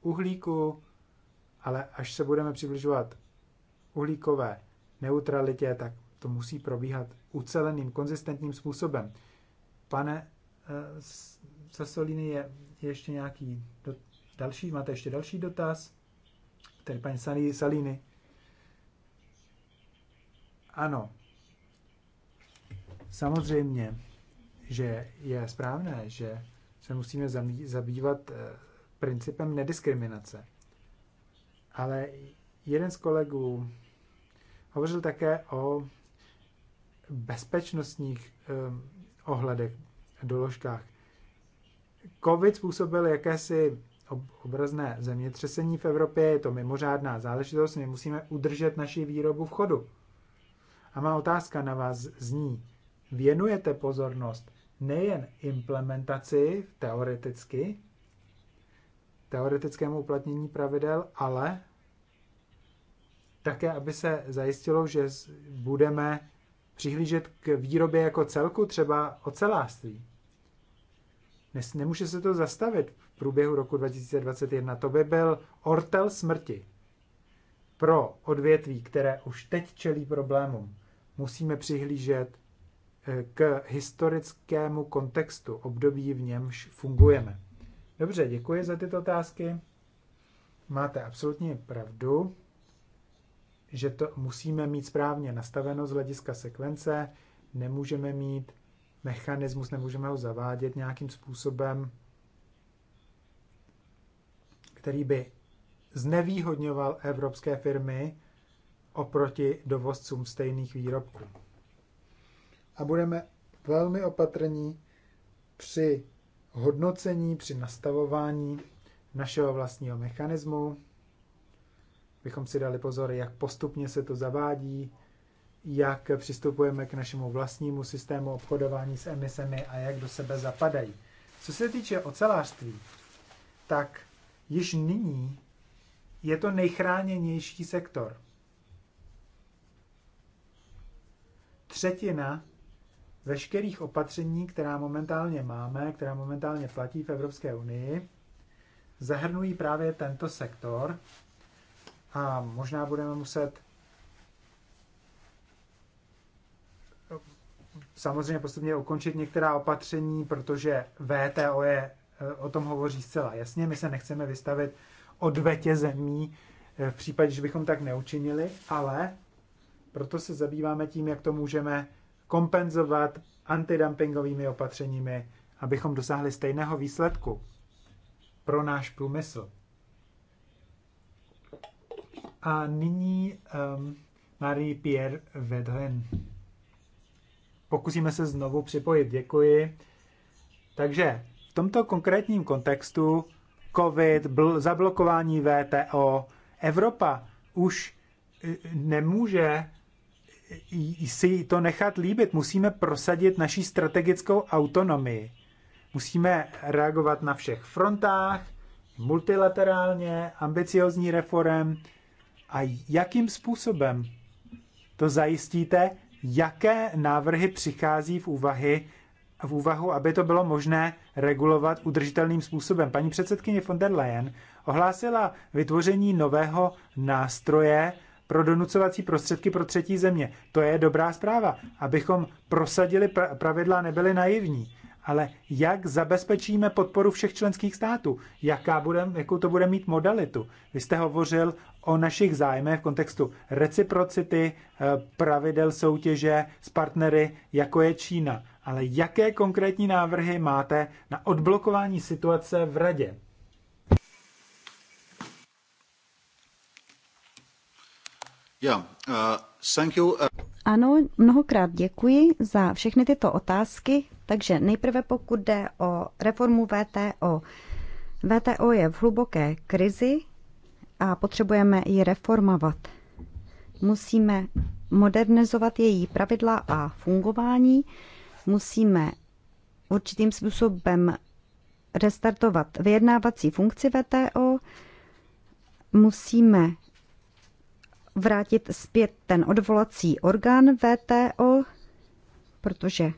uhlíku, ale až se budeme přibližovat uhlíkové neutralitě, tak to musí probíhat uceleným, konzistentním způsobem. Pane eh, Sasolini, je ještě nějaký do, další, máte ještě další dotaz? Tedy paní Salini. Ano. Samozřejmě, že je správné, že se musíme zabývat eh, principem nediskriminace. Ale jeden z kolegů hovořil také o bezpečnostních ehm, ohledech a doložkách. COVID způsobil jakési obrazné zemětřesení v Evropě, je to mimořádná záležitost, my musíme udržet naši výrobu v chodu. A má otázka na vás zní, věnujete pozornost nejen implementaci teoreticky, teoretickému uplatnění pravidel, ale také, aby se zajistilo, že budeme přihlížet k výrobě jako celku, třeba ocelářství. Nemůže se to zastavit v průběhu roku 2021. To by byl ortel smrti. Pro odvětví, které už teď čelí problémům, musíme přihlížet eh, k historickému kontextu období, v němž fungujeme. Dobře, děkuji za tyto otázky. Máte absolutně pravdu že to musíme mít správně nastaveno z hlediska sekvence, nemůžeme mít mechanismus, nemůžeme ho zavádět nějakým způsobem, který by znevýhodňoval evropské firmy oproti dovozcům stejných výrobků. A budeme velmi opatrní při hodnocení, při nastavování našeho vlastního mechanismu, bychom si dali pozor, jak postupně se to zavádí, jak přistupujeme k našemu vlastnímu systému obchodování s emisemi a jak do sebe zapadají. Co se týče ocelářství, tak již nyní je to nejchráněnější sektor. Třetina veškerých opatření, která momentálně máme, která momentálně platí v Evropské unii, zahrnují právě tento sektor a možná budeme muset samozřejmě postupně ukončit některá opatření, protože VTO je, eh, o tom hovoří zcela jasně. My se nechceme vystavit odvetě zemí eh, v případě, že bychom tak neučinili, ale proto se zabýváme tím, jak to můžeme kompenzovat antidumpingovými opatřeními, abychom dosáhli stejného výsledku pro náš průmysl. A nyní um, Marie-Pierre Vedren. Pokusíme se znovu připojit. Děkuji. Takže v tomto konkrétním kontextu COVID, bl- zablokování VTO, Evropa už e, nemůže e, si to nechat líbit. Musíme prosadit naší strategickou autonomii. Musíme reagovat na všech frontách, multilaterálně, ambiciozní reformy a jakým způsobem to zajistíte, jaké návrhy přichází v úvahy v úvahu, aby to bylo možné regulovat udržitelným způsobem. Paní předsedkyně von der Leyen ohlásila vytvoření nového nástroje pro donucovací prostředky pro třetí země. To je dobrá zpráva, abychom prosadili pravidla a nebyli naivní ale jak zabezpečíme podporu všech členských států? Jaká bude, jakou to bude mít modalitu? Vy jste hovořil o našich zájmech v kontextu reciprocity, eh, pravidel soutěže s partnery, jako je Čína. Ale jaké konkrétní návrhy máte na odblokování situace v radě? Ja, eh, Uh, ano, mnohokrát děkuji za všechny tyto otázky. Takže nejprve pokud jde o reformu VTO. VTO je v hluboké krizi a potřebujeme ji reformovat. Musíme modernizovat její pravidla a fungování, musíme určitým způsobem restartovat vyjednávací funkci VTO, musíme vrátit zpět ten odvolací orgán VTO, protože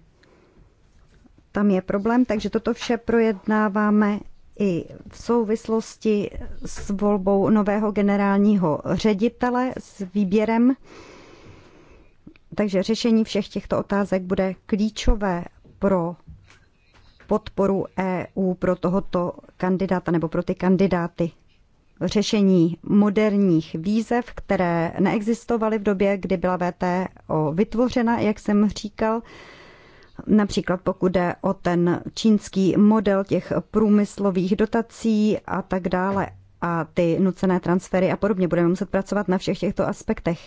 tam je problém, takže toto vše projednáváme i v souvislosti s volbou nového generálního ředitele, s výběrem. Takže řešení všech těchto otázek bude klíčové pro podporu EU pro tohoto kandidáta nebo pro ty kandidáty řešení moderních výzev, které neexistovaly v době, kdy byla VTO vytvořena, jak jsem říkal. Například pokud jde o ten čínský model těch průmyslových dotací a tak dále a ty nucené transfery a podobně. Budeme muset pracovat na všech těchto aspektech.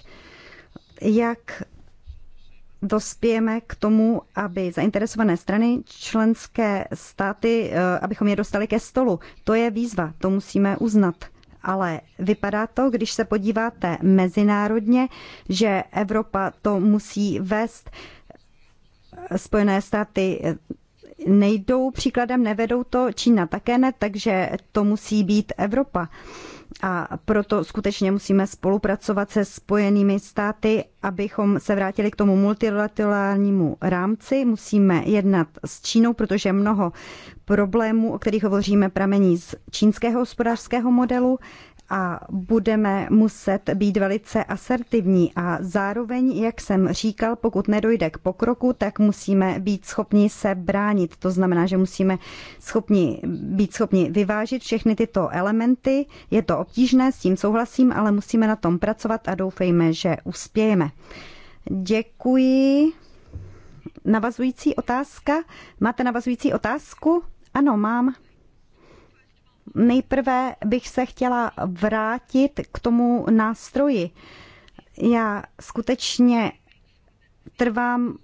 Jak dospějeme k tomu, aby zainteresované strany, členské státy, eh, abychom je dostali ke stolu. To je výzva, to musíme uznat ale vypadá to, když se podíváte mezinárodně, že Evropa to musí vést. Spojené státy nejdou příkladem, nevedou to, Čína také ne, takže to musí být Evropa. A proto skutečně musíme spolupracovat se spojenými státy, abychom se vrátili k tomu multilaterálnímu rámci. Musíme jednat s Čínou, protože mnoho problémů, o kterých hovoříme, pramení z čínského hospodářského modelu a budeme muset být velice asertivní a zároveň, jak jsem říkal, pokud nedojde k pokroku, tak musíme být schopni se bránit. To znamená, že musíme schopni, být schopni vyvážit všechny tyto elementy. Je to obtížné, s tím souhlasím, ale musíme na tom pracovat a doufejme, že uspějeme. Děkuji. Navazující otázka? Máte navazující otázku? Ano, mám. Nejprve bych se chtěla vrátit k tomu nástroji. Já skutečně trvám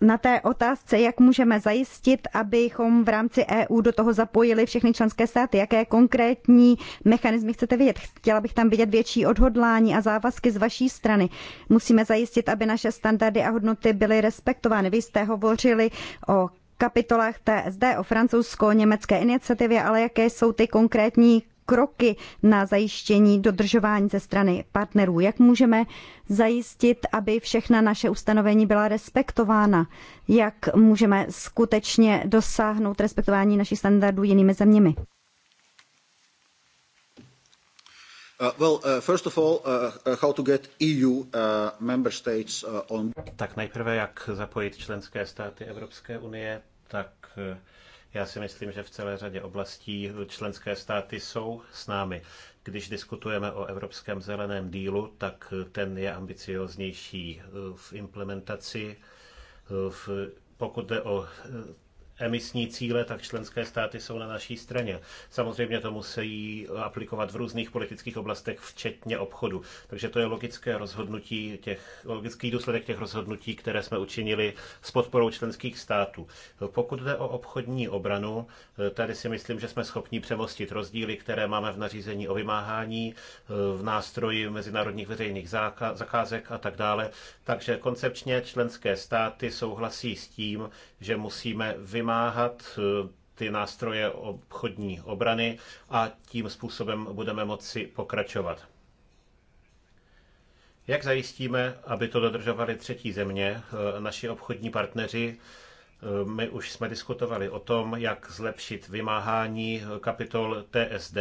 na té otázce, jak můžeme zajistit, abychom v rámci EU do toho zapojili všechny členské státy. Jaké konkrétní mechanizmy chcete vidět? Chtěla bych tam vidět větší odhodlání a závazky z vaší strany. Musíme zajistit, aby naše standardy a hodnoty byly respektovány. Vy jste hovořili o kapitolách TSD o francouzsko-německé iniciativě, ale jaké jsou ty konkrétní kroky na zajištění dodržování ze strany partnerů? Jak můžeme zajistit, aby všechna naše ustanovení byla respektována? Jak můžeme skutečně dosáhnout respektování našich standardů jinými zeměmi? Tak nejprve, jak zapojit členské státy Evropské unie tak eh, já si myslím, že v celé řadě oblastí členské státy jsou s námi. Když diskutujeme o Evropském zeleném dílu, tak eh, ten je ambicioznější eh, v implementaci. V, pokud jde o emisní cíle, tak členské státy jsou na naší straně. Samozřejmě to musí aplikovat v různých politických oblastech, včetně obchodu. Takže to je logické rozhodnutí těch, logický důsledek těch rozhodnutí, které jsme učinili s podporou členských států. Pokud jde o obchodní obranu, tady si myslím, že jsme schopni přemostit rozdíly, které máme v nařízení o vymáhání, v nástroji mezinárodních veřejných zakázek a tak dále. Takže koncepčně členské státy souhlasí s tím, že musíme vymáhat vymáhat eh, ty nástroje obchodní obrany a tím způsobem budeme moci pokračovat. Jak zajistíme, aby to dodržovali třetí země, eh, naši obchodní partneři? Eh, my už jsme diskutovali o tom, jak zlepšit vymáhání kapitol TSD,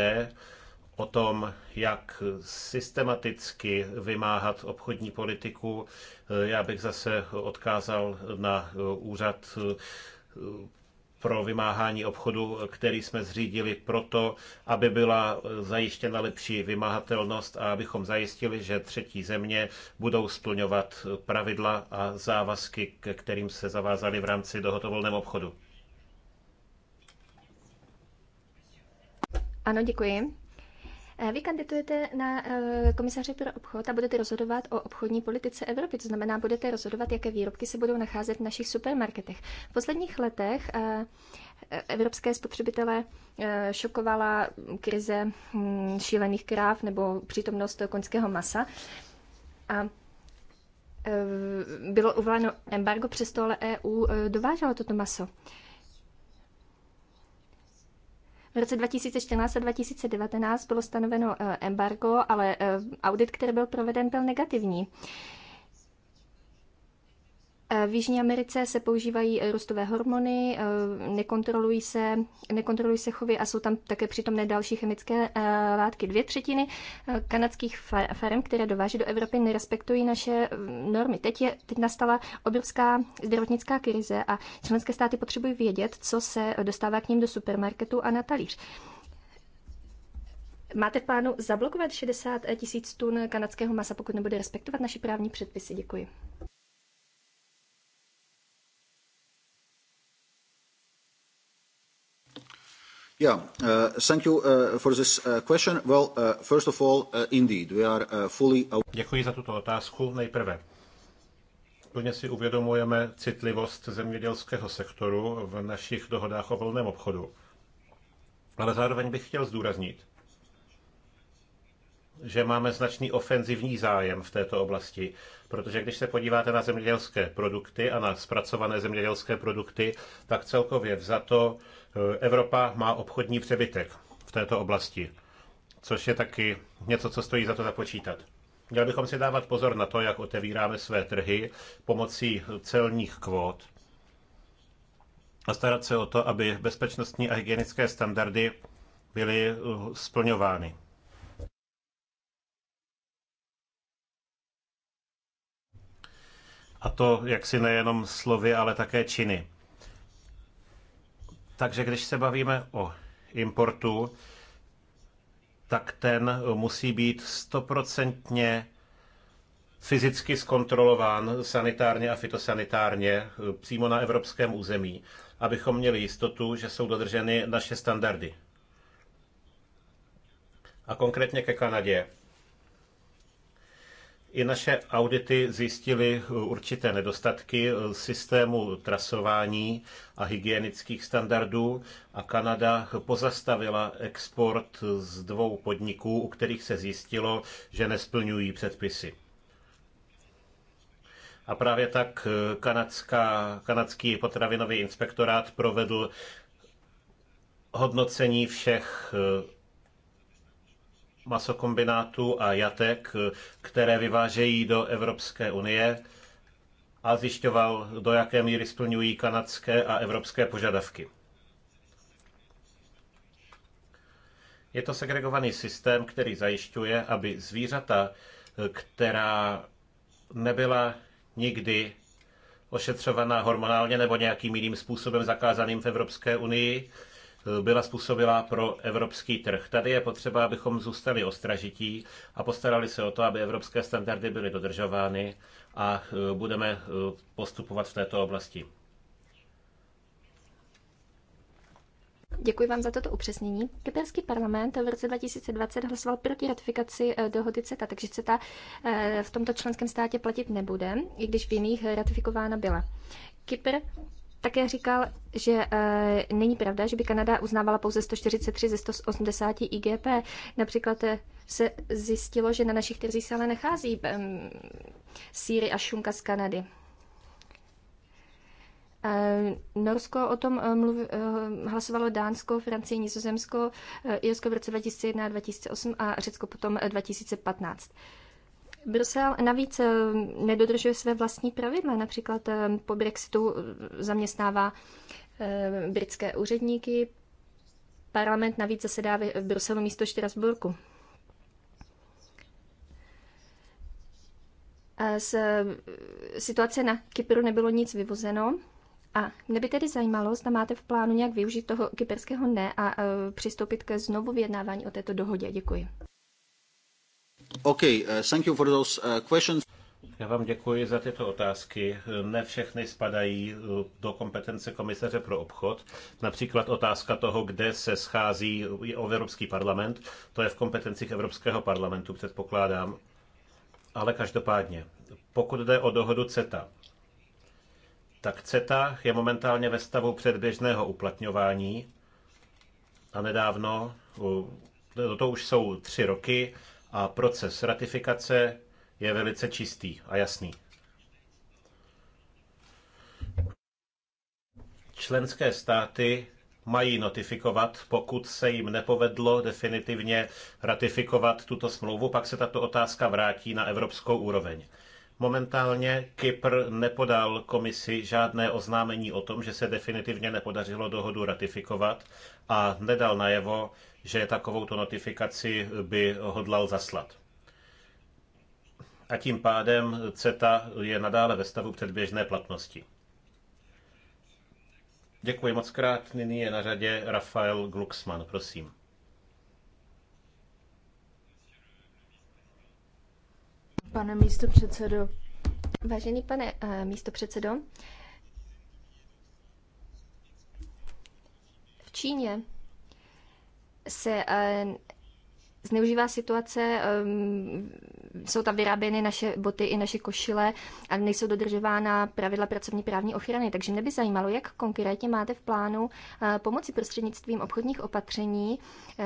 o tom, jak systematicky vymáhat obchodní politiku. Já bych zase odkázal na úřad pro vymáhání obchodu, který jsme zřídili proto, aby byla zajištěna lepší vymahatelnost a abychom zajistili, že třetí země budou splňovat pravidla a závazky, k kterým se zavázali v rámci dohotovolném obchodu. Ano, děkuji. Eh, vy kandidujete na eh, komisaře pro obchod a budete rozhodovat o obchodní politice Evropy, to znamená, budete rozhodovat, jaké výrobky se budou nacházet v našich supermarketech. V posledních letech eh, evropské spotřebitele šokovala krize hm, šílených kráv nebo přítomnost koňského masa. A bylo uvoleno embargo, přesto ale EU dovážela toto maso. V roce 2014 a 2019 bylo stanoveno eh, embargo, ale eh, audit, který byl proveden, byl negativní. E, v Jižní Americe se používají e, rostové hormony, e, nekontrolují se, nekontrolují se chovy a jsou tam také přitomné další chemické látky. Dvě třetiny kanadských farm, které dováží do Evropy, nerespektují naše mm, normy. Teď, je, teď nastala obrovská zdravotnická krize a členské státy potřebují vědět, co se dostává k ním do supermarketu a na talíř. Máte v plánu zablokovat 60 tisíc tun kanadského masa, pokud nebude respektovat naše právní předpisy? Děkuji. Yeah, uh, thank you uh, for this uh, question. Well, uh, first of all, uh, indeed, we are uh, fully... Děkuji za tuto otázku. Nejprve, plně si uvědomujeme citlivost zemědělského sektoru v našich dohodách o volném obchodu. Ale zároveň bych chtěl zdůraznit, že máme značný ofenzivní zájem v této oblasti, protože když se podíváte na zemědělské produkty a na zpracované zemědělské produkty, tak celkově vzato eh, Evropa má obchodní přebytek v této oblasti, což je taky něco, co stojí za to započítat. Měli bychom si dávat pozor na to, jak otevíráme své trhy pomocí celních kvót a starat se o to, aby bezpečnostní a hygienické standardy byly eh, splňovány. A to jaksi nejenom slovy, ale také činy. Takže když se bavíme o importu, tak ten musí být stoprocentně fyzicky zkontrolován sanitárně a fitosanitárně přímo na evropském území, abychom měli jistotu, že jsou dodrženy naše standardy. A konkrétně ke Kanadě. I naše audity zjistily uh, určité nedostatky uh, systému trasování a hygienických standardů a Kanada pozastavila export uh, z dvou podniků, u kterých se zjistilo, že nesplňují předpisy. A právě tak kanadská, kanadský potravinový inspektorát provedl hodnocení všech masokombinátů a jatek, které vyvážejí do Evropské unie a zjišťoval, do jaké míry splňují kanadské a evropské požadavky. Je to segregovaný systém, který zajišťuje, aby zvířata, která nebyla nikdy ošetřovaná hormonálně nebo nějakým jiným způsobem zakázaným v Evropské unii, byla způsobila pro evropský trh. Tady je potřeba, abychom zůstali ostražití a postarali se o to, aby evropské standardy byly dodržovány a e, budeme e, postupovat v této oblasti. Děkuji vám za toto upřesnění. Kyperský parlament v roce 2020 hlasoval proti ratifikaci e, dohody CETA, takže CETA v tomto členském státě platit nebude, i když v jiných ratifikována byla. Kypr také říkal, že e, není pravda, že by Kanada uznávala pouze 143 ze 180 IGP. Například eh, se zjistilo, že na našich trzích se ale nachází e, ehm, síry a šunka z Kanady. Eh, Norsko o tom mluv, hlasovalo Dánsko, Francie, Nizozemsko, Irsko v roce 2001 a 2008 a Řecko potom 2015. Brusel navíc eh, nedodržuje své vlastní pravidla. Například eh, po Brexitu eh, zaměstnává britské úředníky. Parlament navíc zasedá v Bruselu místo Štrasburku. Z situace na Kypru nebylo nic vyvozeno. A mě by tedy zajímalo, zda máte v plánu nějak využít toho kyperského ne a přistoupit ke znovu vyjednávání o této dohodě. Děkuji. Okay, uh, thank you for those uh, questions. Já vám děkuji za tyto otázky. Ne všechny spadají uh, do kompetence komisaře pro obchod. Například otázka toho, kde se schází Evropský parlament. To je v kompetencích Evropského parlamentu, předpokládám. Ale každopádně, pokud jde o dohodu CETA, tak CETA je momentálně ve stavu předběžného uplatňování a nedávno, uh, to už jsou tři roky, a proces ratifikace je velice čistý a jasný. Členské státy mají notifikovat, pokud se jim nepovedlo definitivně ratifikovat tuto smlouvu, pak se tato otázka vrátí na evropskou úroveň. Momentálně Kypr nepodal komisi žádné oznámení o tom, že se definitivně nepodařilo dohodu ratifikovat a nedal najevo, že takovouto notifikaci by hodlal zaslat. A tím pádem CETA je nadále ve stavu předběžné platnosti. Děkuji moc krát. Nyní je na řadě Rafael Glucksmann, prosím. Pane místo předsedo. Vážený pane uh, eh, místo předsedo, v Číně se eh, zneužívá situace, eh, jsou tam vyráběny naše boty i naše košile a nejsou dodržována pravidla pracovní právní ochrany. Takže mě by zajímalo, jak konkrétně máte v plánu eh, pomoci prostřednictvím obchodních opatření,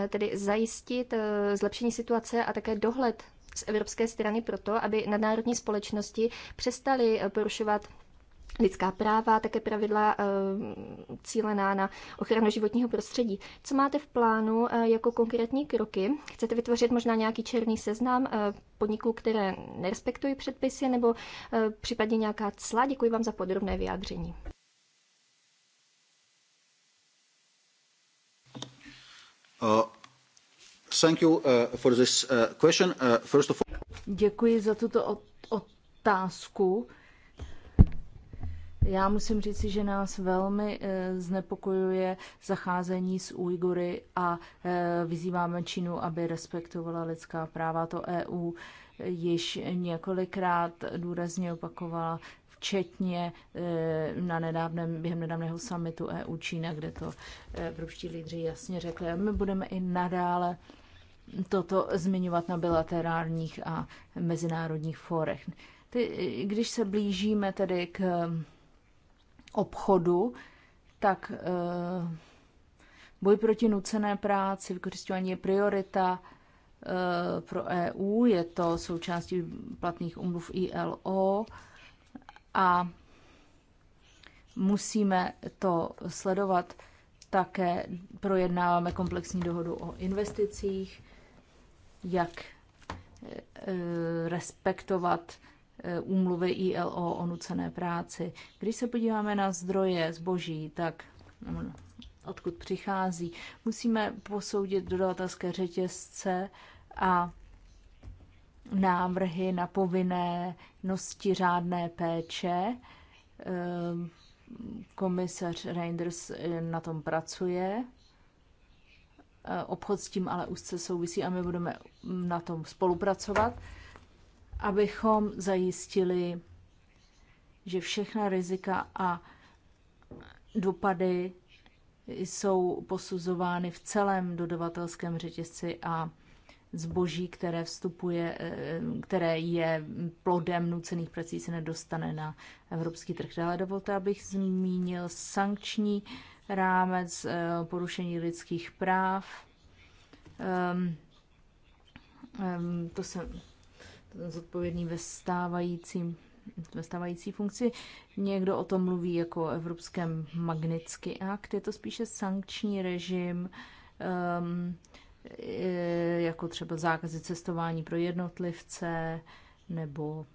tedy zajistit zlepšení situace a také dohled z evropské strany proto, aby nadnárodní společnosti přestaly porušovat lidská práva, také pravidla eh, cílená na ochranu životního prostředí. Co máte v plánu eh, jako konkrétní kroky? Chcete vytvořit možná nějaký černý seznam eh, podniků, které nerespektují předpisy, nebo případně nějaká cla? Děkuji vám za podrobné vyjádření. Uh, uh, uh, Děkuji za tuto otázku. Já musím říci, že nás velmi eh, znepokojuje zacházení s Ujgury a eh, vyzýváme Čínu, aby respektovala lidská práva. To EU již několikrát důrazně opakovala, včetně eh, na nedávném, během nedávného samitu EU Čína, kde to evropští lídři jasně řekli. A my budeme i nadále toto zmiňovat na bilaterálních a mezinárodních fórech. Ty, když se blížíme tedy k obchodu, tak eh, boj proti nucené práci, vykořišťování je priorita eh, pro EU, je to součástí platných umluv ILO a musíme to sledovat. Také projednáváme komplexní dohodu o investicích, jak eh, respektovat Eh, úmluvy ILO o nucené práci. Když se podíváme na zdroje zboží, tak mm, odkud přichází, musíme posoudit dodavatelské řetězce a návrhy na povinné nosti řádné péče. Eh, komisař Reinders eh, na tom pracuje. Obchod s tím ale úzce souvisí a my budeme mm, na tom spolupracovat abychom zajistili, že všechna rizika a dopady jsou posuzovány v celém dodavatelském řetězci a zboží, které vstupuje, eh, které je plodem nucených prací, se nedostane na evropský trh. Dále dovolte, abych zmínil sankční rámec eh, porušení lidských práv. Ehm, ehm, to se zodpovědný ve stávajícím ve stávající funkci. Někdo o tom mluví jako o evropském magnický akt. Je to spíše sankční režim, um, jako třeba zákazy cestování pro jednotlivce nebo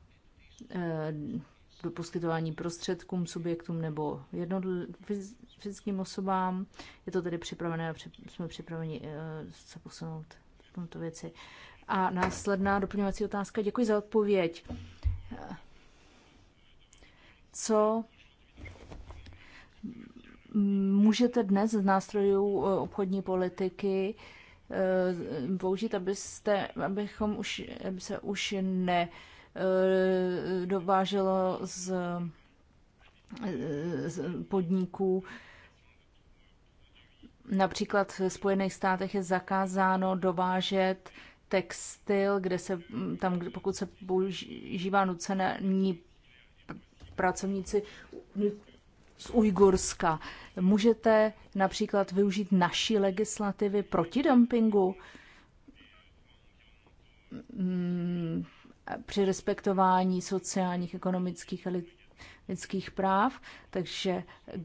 um, poskytování prostředkům, subjektům nebo jednotl- fyzickým osobám. Je to tedy připravené a při- jsme připraveni uh, se posunout v tomto věci. A následná doplňovací otázka. Děkuji za odpověď. Co můžete dnes z nástrojů eh, obchodní politiky eh, použít, abyste, abychom už, aby se už ne eh, dováželo z, z podniků. Například v Spojených státech je zakázáno dovážet textil, kde se, mm, tam, pokud se používá nucení pracovníci z Ujgurska, můžete například využít naší legislativy proti dumpingu mm, při respektování sociálních, ekonomických a lidských práv, takže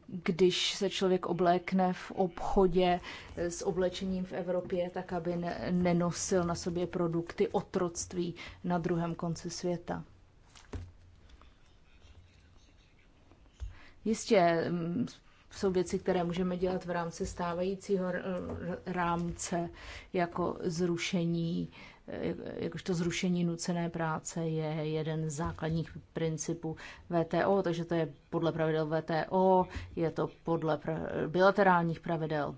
když se člověk oblékne v obchodě s oblečením v Evropě, tak aby nenosil na sobě produkty otroctví na druhém konci světa. Jistě mm, jsou věci, které můžeme dělat v rámci stávajícího rámce, jako zrušení jakožto zrušení nucené práce je jeden z základních principů VTO, takže to je podle pravidel VTO, je to podle bilaterálních pravidel.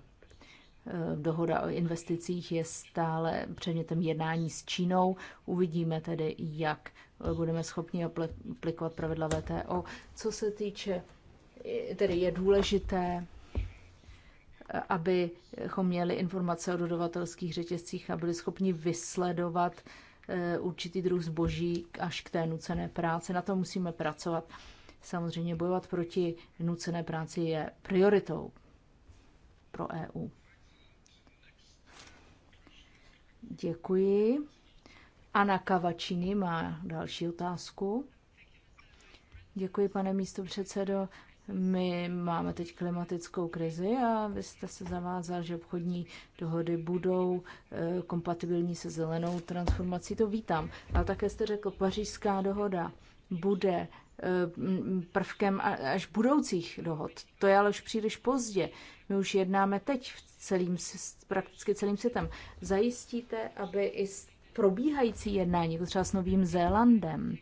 Eh, dohoda o investicích je stále předmětem jednání s Čínou. Uvidíme tedy, jak eh, budeme schopni aplikovat pravidla VTO. Co se týče, eh, tedy je důležité abychom měli informace o dodavatelských řetězcích a byli schopni vysledovat eh, určitý druh zboží až k té nucené práci. Na to musíme pracovat. Samozřejmě bojovat proti nucené práci je prioritou pro EU. Děkuji. Anna Kavačiny má další otázku. Děkuji, pane místo předsedo. My máme teď klimatickou krizi a vy jste se zavázal, že obchodní dohody budou eh, kompatibilní se zelenou transformací. To vítám. Ale také jste řekl, pařížská dohoda bude eh, prvkem až budoucích dohod. To je ale už příliš pozdě. My už jednáme teď v celým, prakticky celým světem. Zajistíte, aby i probíhající jednání, jako třeba s Novým Zélandem,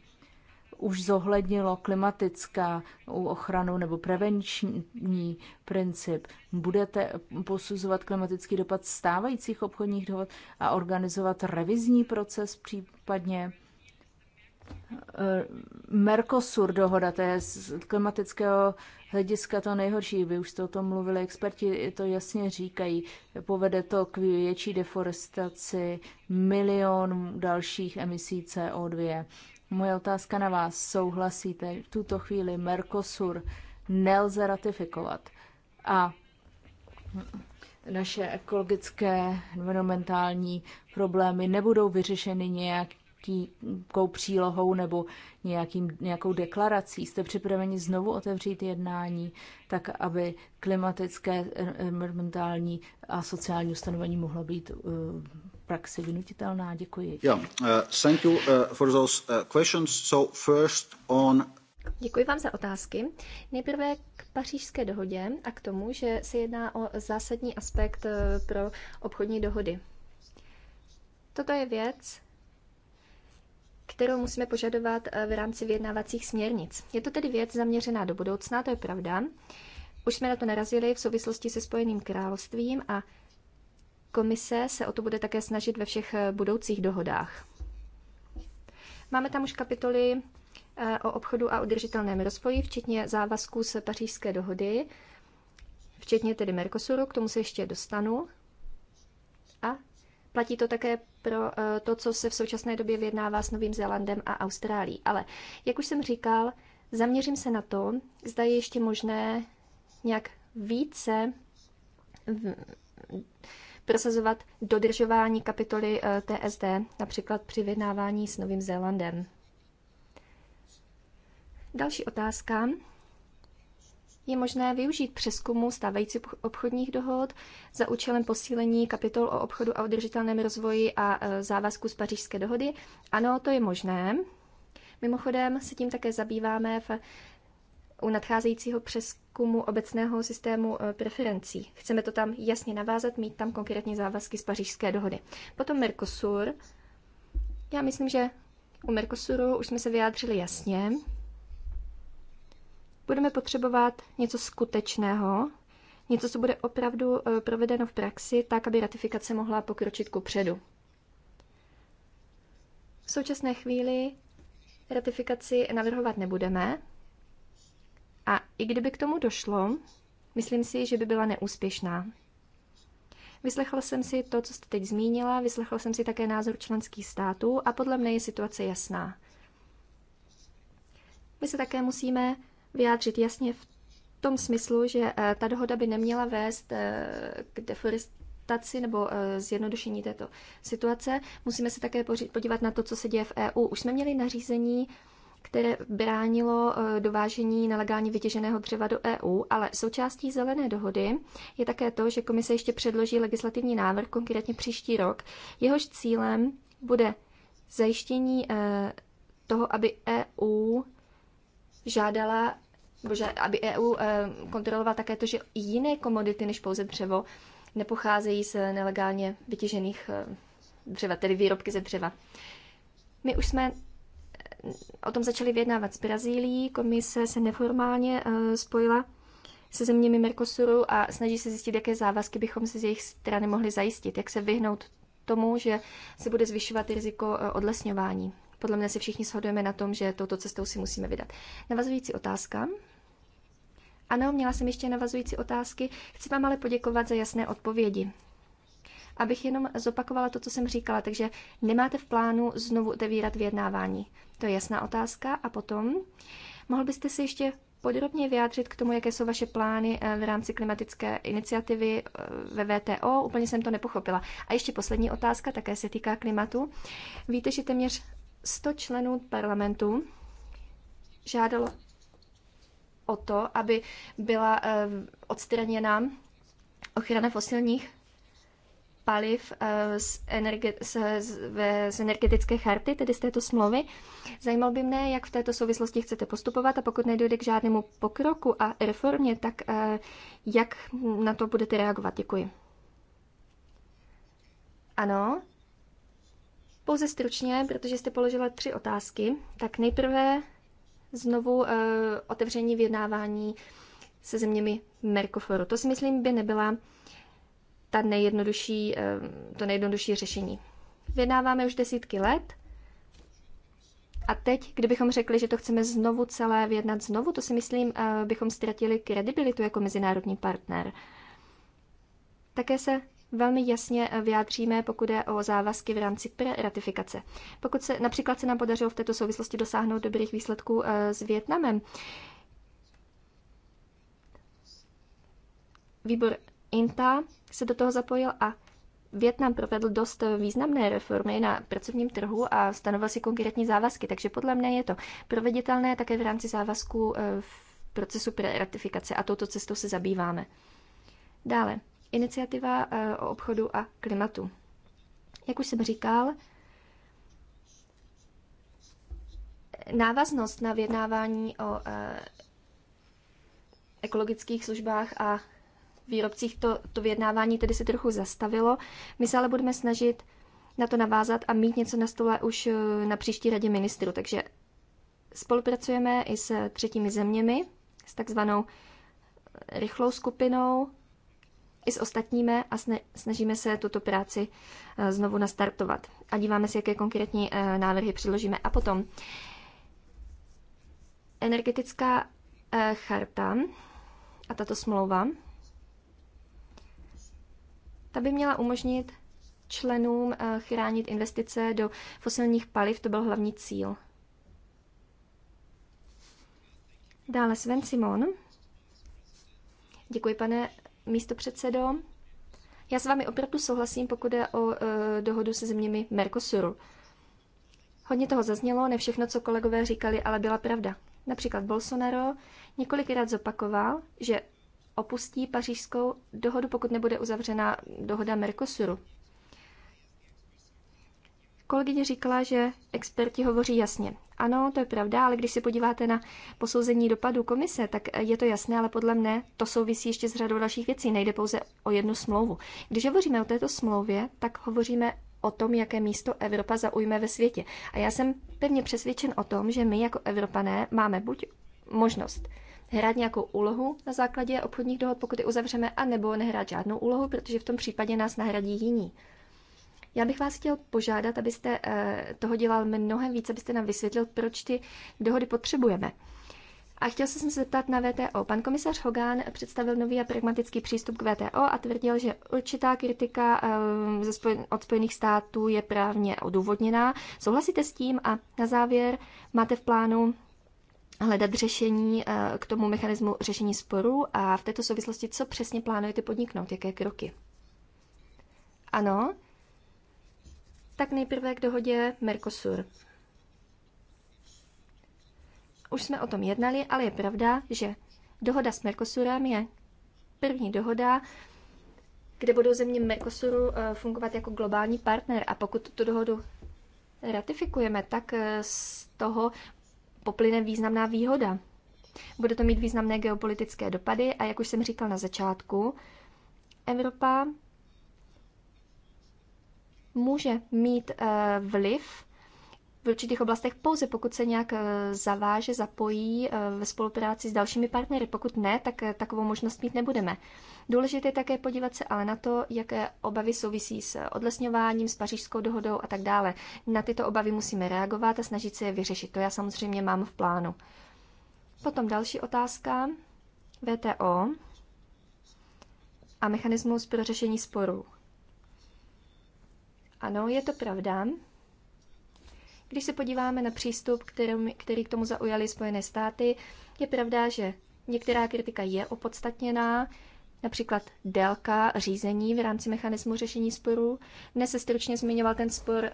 už zohlednilo klimatická ochranu nebo prevenční princip. Budete posuzovat klimatický dopad stávajících obchodních dohod a organizovat revizní proces případně. Eh, Mercosur dohoda, to je z klimatického hlediska to nejhorší. Vy už jste o tom mluvili, experti to jasně říkají. Povede to k větší deforestaci, milion dalších emisí CO2 Moje otázka na vás. Souhlasíte, v tuto chvíli Mercosur nelze ratifikovat a naše ekologické, environmentální problémy nebudou vyřešeny nějakou přílohou nebo nějakým, nějakou deklarací. Jste připraveni znovu otevřít jednání, tak aby klimatické, environmentální a sociální ustanovení mohlo být eh, praxi vynutitelná? Děkuji. Yeah, uh, thank you uh, for those uh, questions. So first on Děkuji vám za otázky. Nejprve k pařížské dohodě a k tomu, že se jedná o zásadní aspekt uh, pro obchodní dohody. Toto je věc, kterou musíme požadovat uh, v rámci vyjednávacích směrnic. Je to tedy věc zaměřená do budoucna, to je pravda. Už jsme na to narazili v souvislosti se Spojeným královstvím a Komise se o to bude také snažit ve všech eh, budoucích dohodách. Máme tam už kapitoly eh, o obchodu a udržitelném rozvoji, včetně závazků z pařížské dohody, včetně tedy Mercosuru, k tomu se ještě dostanu. A platí to také pro eh, to, co se v současné době vyjednává s Novým Zélandem a Austrálií. Ale jak už jsem říkal, zaměřím se na to, zda je ještě možné nějak více prosazovat dodržování kapitoly eh, TSD, například při vyjednávání s Novým Zélandem. Další otázka. Je možné využít přeskumu stávajících obchodních dohod za účelem posílení kapitol o obchodu a udržitelném rozvoji a eh, závazku z pařížské dohody? Ano, to je možné. Mimochodem se tím také zabýváme v u nadcházejícího přeskumu obecného systému eh, preferencí. Chceme to tam jasně navázat, mít tam konkrétní závazky z pařížské dohody. Potom Mercosur. Já myslím, že u Mercosuru už jsme se vyjádřili jasně. Budeme potřebovat něco skutečného, něco, co bude opravdu eh, provedeno v praxi, tak, aby ratifikace mohla pokročit ku předu. V současné chvíli ratifikaci navrhovat nebudeme, a i kdyby k tomu došlo, myslím si, že by byla neúspěšná. Vyslechla jsem si to, co jste teď zmínila, vyslechla jsem si také názor členských států a podle mne je situace jasná. My se také musíme vyjádřit jasně v tom smyslu, že eh, ta dohoda by neměla vést eh, k deforestaci nebo eh, zjednodušení této situace. Musíme se také podívat na to, co se děje v EU. Už jsme měli nařízení které bránilo eh, dovážení nelegálně vytěženého dřeva do EU, ale součástí zelené dohody je také to, že komise ještě předloží legislativní návrh, konkrétně příští rok. Jehož cílem bude zajištění eh, toho, aby EU žádala, bože, aby EU eh, kontrolovala také to, že jiné komodity než pouze dřevo nepocházejí z nelegálně vytěžených dřeva, tedy výrobky ze dřeva. My už jsme o tom začali vyjednávat s Brazílií. Komise se neformálně eh, spojila se zeměmi Mercosuru a snaží se zjistit, jaké závazky bychom se z jejich strany mohli zajistit, jak se vyhnout tomu, že se bude zvyšovat riziko eh, odlesňování. Podle mě se všichni shodujeme na tom, že touto cestou si musíme vydat. Navazující otázka. Ano, měla jsem ještě navazující otázky. Chci vám ale poděkovat za jasné odpovědi abych jenom zopakovala to, co jsem říkala. Takže nemáte v plánu znovu otevírat vyjednávání. To je jasná otázka. A potom, mohl byste si ještě podrobně vyjádřit k tomu, jaké jsou vaše plány eh, v rámci klimatické iniciativy eh, ve VTO? Úplně jsem to nepochopila. A ještě poslední otázka, také se týká klimatu. Víte, že téměř 100 členů parlamentu žádalo o to, aby byla eh, odstraněna ochrana fosilních paliv eh, z, energe, z, z energetické charty, tedy z této smlouvy. Zajímal by mě, jak v této souvislosti chcete postupovat a pokud nedojde k žádnému pokroku a reformě, tak eh, jak na to budete reagovat? Děkuji. Ano. Pouze stručně, protože jste položila tři otázky, tak nejprve znovu uh, otevření vyjednávání se zeměmi Merkoforu. To si myslím by nebyla ta nejjednodušší, eh, to nejjednodušší řešení. Vydáváme už desítky let a teď, kdybychom řekli, že to chceme znovu celé vyjednat znovu, to si myslím, eh, bychom ztratili kredibilitu jako mezinárodní partner. Také se velmi jasně eh, vyjádříme, pokud je o závazky v rámci ratifikace. Pokud se například se nám podařilo v této souvislosti dosáhnout dobrých výsledků s Větnamem, výbor INTA se do toho zapojil a Větnam provedl dost významné reformy na pracovním trhu a stanovil si konkrétní závazky, takže podle mě je to proveditelné také v rámci závazků eh, v procesu pre ratifikace a touto cestou se zabýváme. Dále, iniciativa eh, o obchodu a klimatu. Jak už jsem říkal, návaznost na vyjednávání o eh, ekologických službách a výrobcích to, to vyjednávání tedy se trochu zastavilo. My se ale budeme snažit na to navázat a mít něco na stole už eh, na příští radě ministrů. Takže spolupracujeme i s třetími zeměmi, s takzvanou rychlou skupinou, i s ostatními a snažíme se tuto práci eh, znovu nastartovat. A díváme se, jaké konkrétní eh, návrhy předložíme. A potom energetická charta a tato smlouva ta by měla umožnit členům eh, chránit investice do fosilních paliv, to byl hlavní cíl. Dále Sven Simon. Děkuji, pane místopředsedo. Já s vámi opravdu souhlasím, pokud jde o e, dohodu se zeměmi Mercosuru. Hodně toho zaznělo, ne všechno, co kolegové říkali, ale byla pravda. Například Bolsonaro několikrát zopakoval, že opustí pařížskou dohodu, pokud nebude uzavřena dohoda Mercosuru. Kolegyně říkala, že experti hovoří jasně. Ano, to je pravda, ale když se podíváte na posouzení dopadů komise, tak je to jasné, ale podle mne to souvisí ještě s řadou dalších věcí. Nejde pouze o jednu smlouvu. Když hovoříme o této smlouvě, tak hovoříme o tom, jaké místo Evropa zaujme ve světě. A já jsem pevně přesvědčen o tom, že my jako Evropané máme buď možnost hrát nějakou úlohu na základě obchodních dohod, pokud je uzavřeme, a nebo nehrát žádnou úlohu, protože v tom případě nás nahradí jiní. Já bych vás chtěl požádat, abyste eh, toho dělal mnohem víc, abyste nám vysvětlil, proč ty dohody potřebujeme. A chtěl jsem se zeptat na VTO. Pan komisař Hogan představil nový a pragmatický přístup k VTO a tvrdil, že určitá kritika eh, od Spojených států je právně odůvodněná. Souhlasíte s tím a na závěr máte v plánu hledat řešení eh, k tomu mechanismu řešení sporů a v této souvislosti, co přesně plánujete podniknout, jaké kroky? Ano, tak nejprve k dohodě Mercosur. Už jsme o tom jednali, ale je pravda, že dohoda s Mercosurem je první dohoda, kde budou země Mercosuru eh, fungovat jako globální partner a pokud tu dohodu ratifikujeme, tak eh, z toho poplyne významná výhoda. Bude to mít významné geopolitické dopady a jak už jsem říkal na začátku, Evropa může mít eh, vliv v určitých oblastech pouze, pokud se nějak eh, zaváže, zapojí eh, ve spolupráci s dalšími partnery. Pokud ne, tak eh, takovou možnost mít nebudeme. Důležité je také podívat se ale na to, jaké obavy souvisí s odlesňováním, s pařížskou dohodou a tak dále. Na tyto obavy musíme reagovat a snažit se je vyřešit. To já samozřejmě mám v plánu. Potom další otázka. VTO a mechanismus pro řešení sporů. Ano, je to pravda. Když se podíváme na přístup, který, který k tomu zaujaly Spojené státy, je pravda, že některá kritika je opodstatněná, například délka řízení v rámci mechanismu řešení sporů. Dnes se stručně zmiňoval ten spor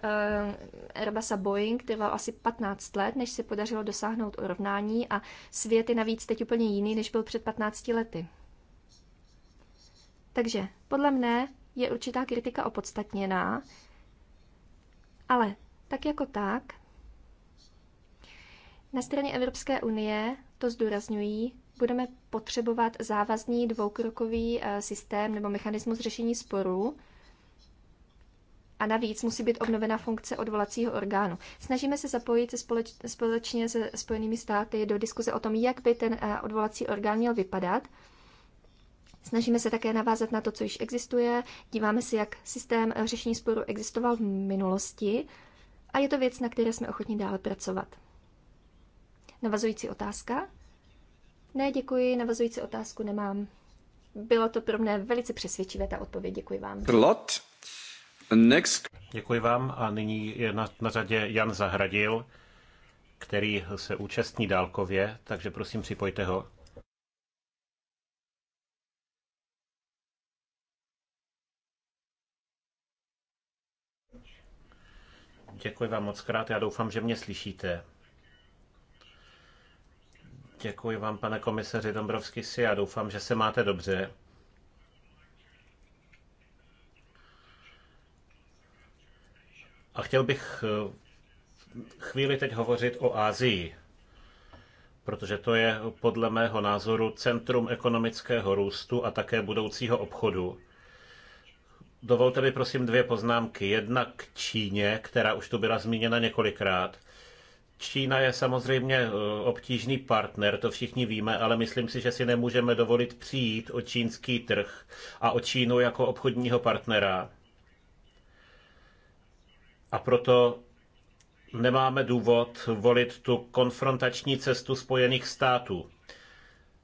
uh, eh, a Boeing, trval asi 15 let, než se podařilo dosáhnout urovnání a svět je navíc teď úplně jiný, než byl před 15 lety. Takže podle mne je určitá kritika opodstatněná, ale tak jako tak, na straně Evropské unie, to zdůrazňují, budeme potřebovat závazný dvoukrokový eh, systém nebo mechanismus řešení sporů. A navíc musí být obnovena funkce odvolacího orgánu. Snažíme se zapojit společ, společně se Spojenými státy do diskuze o tom, jak by ten eh, odvolací orgán měl vypadat. Snažíme se také navázat na to, co již existuje. Díváme se, jak systém eh, řešení sporu existoval v minulosti a je to věc, na které jsme ochotni dále pracovat. Navazující otázka? Ne, děkuji, navazující otázku nemám. Bylo to pro mě velice přesvědčivé, ta odpověď, děkuji vám. Lot. Next. Děkuji vám a nyní je na, na řadě Jan Zahradil, který se účastní dálkově, takže prosím připojte ho. Děkuji vám moc krát, já doufám, že mě slyšíte. Děkuji vám, pane komisaři Dombrovský, si já doufám, že se máte dobře. A chtěl bych eh, chvíli teď hovořit o Ázii, protože to je podle mého názoru centrum ekonomického růstu a také budoucího obchodu. Dovolte mi prosím dvě poznámky. Jedna k Číně, která už tu byla zmíněna několikrát. Čína je samozřejmě eh, obtížný partner, to všichni víme, ale myslím si, že si nemůžeme dovolit přijít o čínský trh a o Čínu jako obchodního partnera. A proto nemáme důvod volit tu konfrontační cestu Spojených států.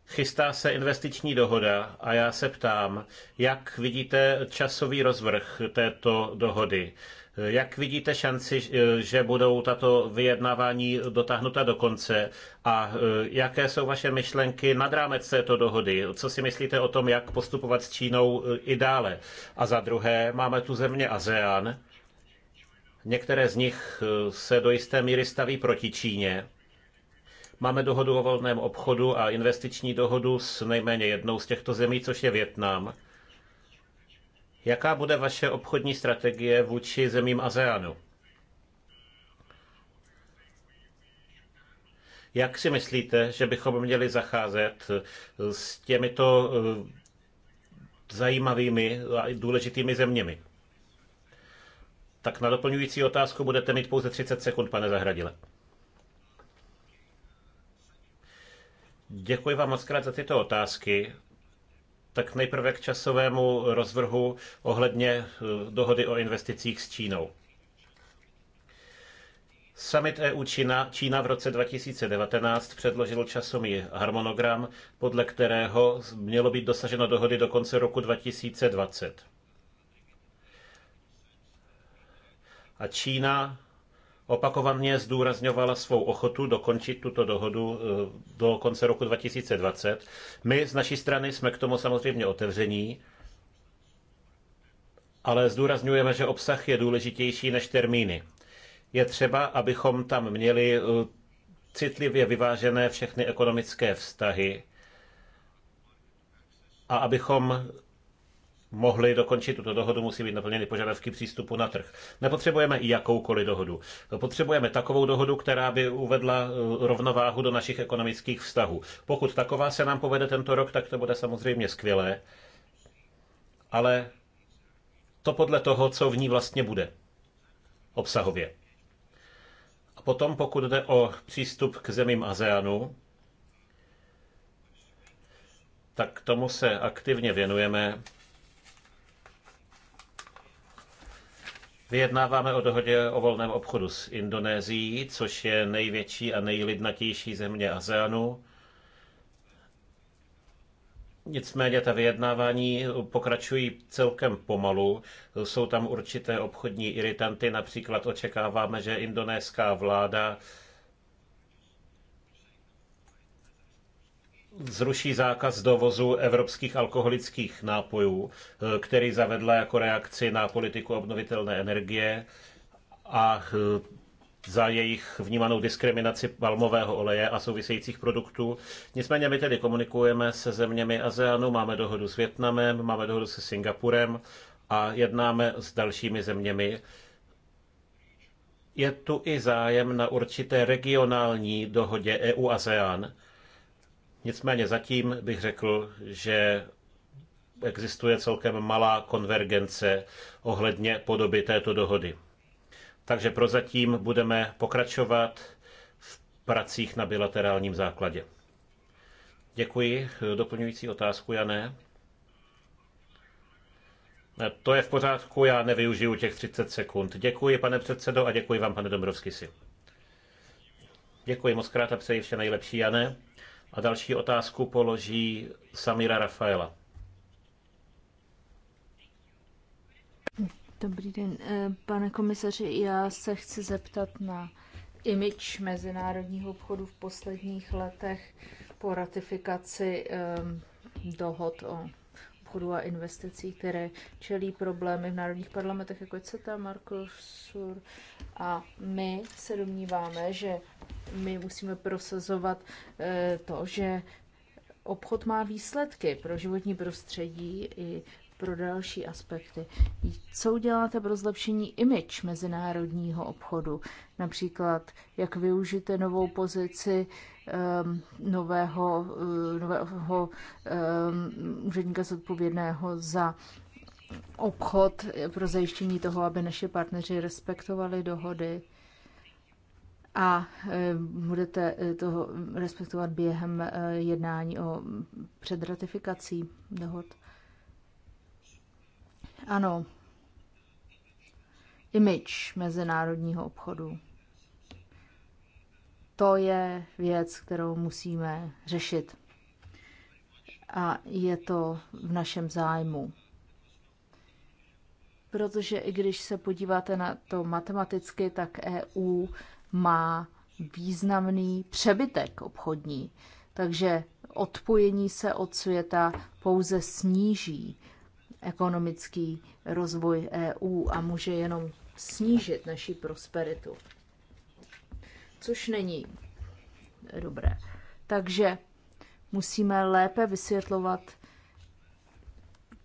Chystá se investiční dohoda a já se ptám, jak vidíte časový rozvrh této dohody? Jak vidíte šanci, že budou tato vyjednávání dotáhnuta do konce? A e, jaké jsou vaše myšlenky nad rámec této dohody? Co si myslíte o tom, jak postupovat s Čínou e, i dále? A za druhé, máme tu země ASEAN. Některé z nich e, se do jisté míry staví proti Číně. Máme dohodu o volném obchodu a investiční dohodu s nejméně jednou z těchto zemí, což je Větnam. Jaká bude vaše obchodní strategie vůči zemím ASEANu? Jak si myslíte, že bychom měli zacházet eh, s těmito eh, zajímavými a důležitými zeměmi? Tak na doplňující otázku budete mít pouze 30 sekund, pane Zahradile. Děkuji vám moc krát za tyto otázky. Tak nejprve k časovému rozvrhu ohledně eh, dohody o investicích s Čínou. Summit EU Čína, Čína v roce 2019 předložil časový harmonogram, podle kterého mělo být dosaženo dohody do konce roku 2020. A Čína opakovaně zdůrazňovala svou ochotu dokončit tuto dohodu eh, do konce roku 2020. My z naší strany jsme k tomu samozřejmě otevření, ale zdůrazňujeme, že obsah je důležitější než termíny. Je třeba, abychom tam měli eh, citlivě vyvážené všechny ekonomické vztahy a abychom mohli dokončit tuto dohodu, musí být naplněny požadavky přístupu na trh. Nepotřebujeme jakoukoliv dohodu. Potřebujeme takovou dohodu, která by uvedla eh, rovnováhu do našich ekonomických vztahů. Pokud taková se nám povede tento rok, tak to bude samozřejmě skvělé, ale to podle toho, co v ní vlastně bude obsahově. A potom, pokud jde o přístup k zemím ASEANu, tak tomu se aktivně věnujeme. Vyjednáváme o dohodě o volném obchodu s Indonésií, což je největší a nejlidnatější země ASEANu. Nicméně ta vyjednávání pokračují celkem pomalu. Jsou tam určité obchodní iritanty, například očekáváme, že indonéská vláda zruší zákaz dovozu evropských alkoholických nápojů, eh, který zavedla jako reakci na politiku obnovitelné energie a eh, za jejich vnímanou diskriminaci palmového oleje a souvisejících produktů. Nicméně my tedy komunikujeme se zeměmi ASEANu, máme dohodu s Větnamem, máme dohodu se Singapurem a jednáme s dalšími zeměmi. Je tu i zájem na určité regionální dohodě EU-ASEAN, Nicméně zatím bych řekl, že existuje celkem malá konvergence ohledně podoby této dohody. Takže prozatím budeme pokračovat v pracích na bilaterálním základě. Děkuji. Doplňující otázku, Jané? To je v pořádku, já nevyužiju těch 30 sekund. Děkuji, pane předsedo, a děkuji vám, pane Dombrovský si. Děkuji moc krát a přeji vše nejlepší, Jané. A další otázku položí Samira Rafaela. Dobrý den, eh, pane komisaři, já se chci zeptat na imič mezinárodního obchodu v posledních letech po ratifikaci ehm, dohod o obchodu a investicí, které čelí problémy v národních parlamentech, jako je CETA, Mercosur. A my se domníváme, že my musíme prosazovat eh, to, že obchod má výsledky pro životní prostředí i pro další aspekty. Co uděláte pro zlepšení image mezinárodního obchodu? Například, jak využijete novou pozici Ehm, nového, eh, nového ehm, úředníka zodpovědného za obchod pro zajištění toho, aby naši partneři respektovali dohody a eh, budete toho respektovat během eh, jednání o předratifikací dohod. Ano, image mezinárodního obchodu to je věc, kterou musíme řešit. A je to v našem zájmu. Protože i když se podíváte na to matematicky, tak EU má významný přebytek obchodní. Takže odpojení se od světa pouze sníží ekonomický rozvoj EU a může jenom snížit naši prosperitu což není dobré. Takže musíme lépe vysvětlovat,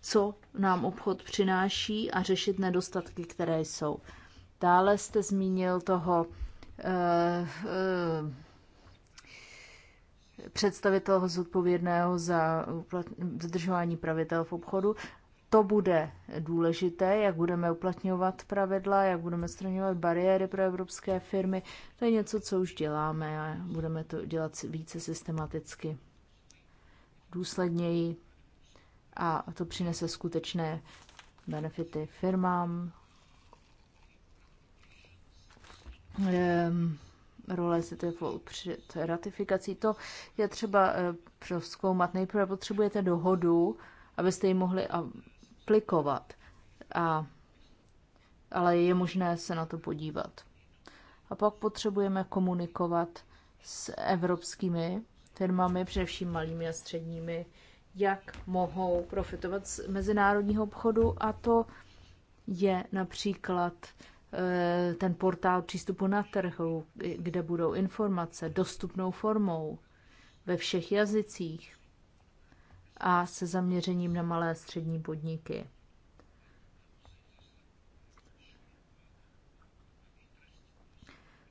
co nám obchod přináší a řešit nedostatky, které jsou. Dále jste zmínil toho eh, eh, představitelho zodpovědného za dodržování pravidel v obchodu to bude důležité, jak budeme uplatňovat pravidla, jak budeme straňovat bariéry pro evropské firmy. To je něco, co už děláme a budeme to dělat více systematicky, důsledněji a to přinese skutečné benefity firmám, ehm, role CTFO před ratifikací. To je třeba eh, proskoumat. Nejprve potřebujete dohodu, abyste ji mohli klikovat, A, ale je možné se na to podívat. A pak potřebujeme komunikovat s evropskými firmami, především malými a středními, jak mohou profitovat z mezinárodního obchodu a to je například eh, ten portál přístupu na trhu, kde budou informace dostupnou formou ve všech jazycích a se zaměřením na malé a střední podniky.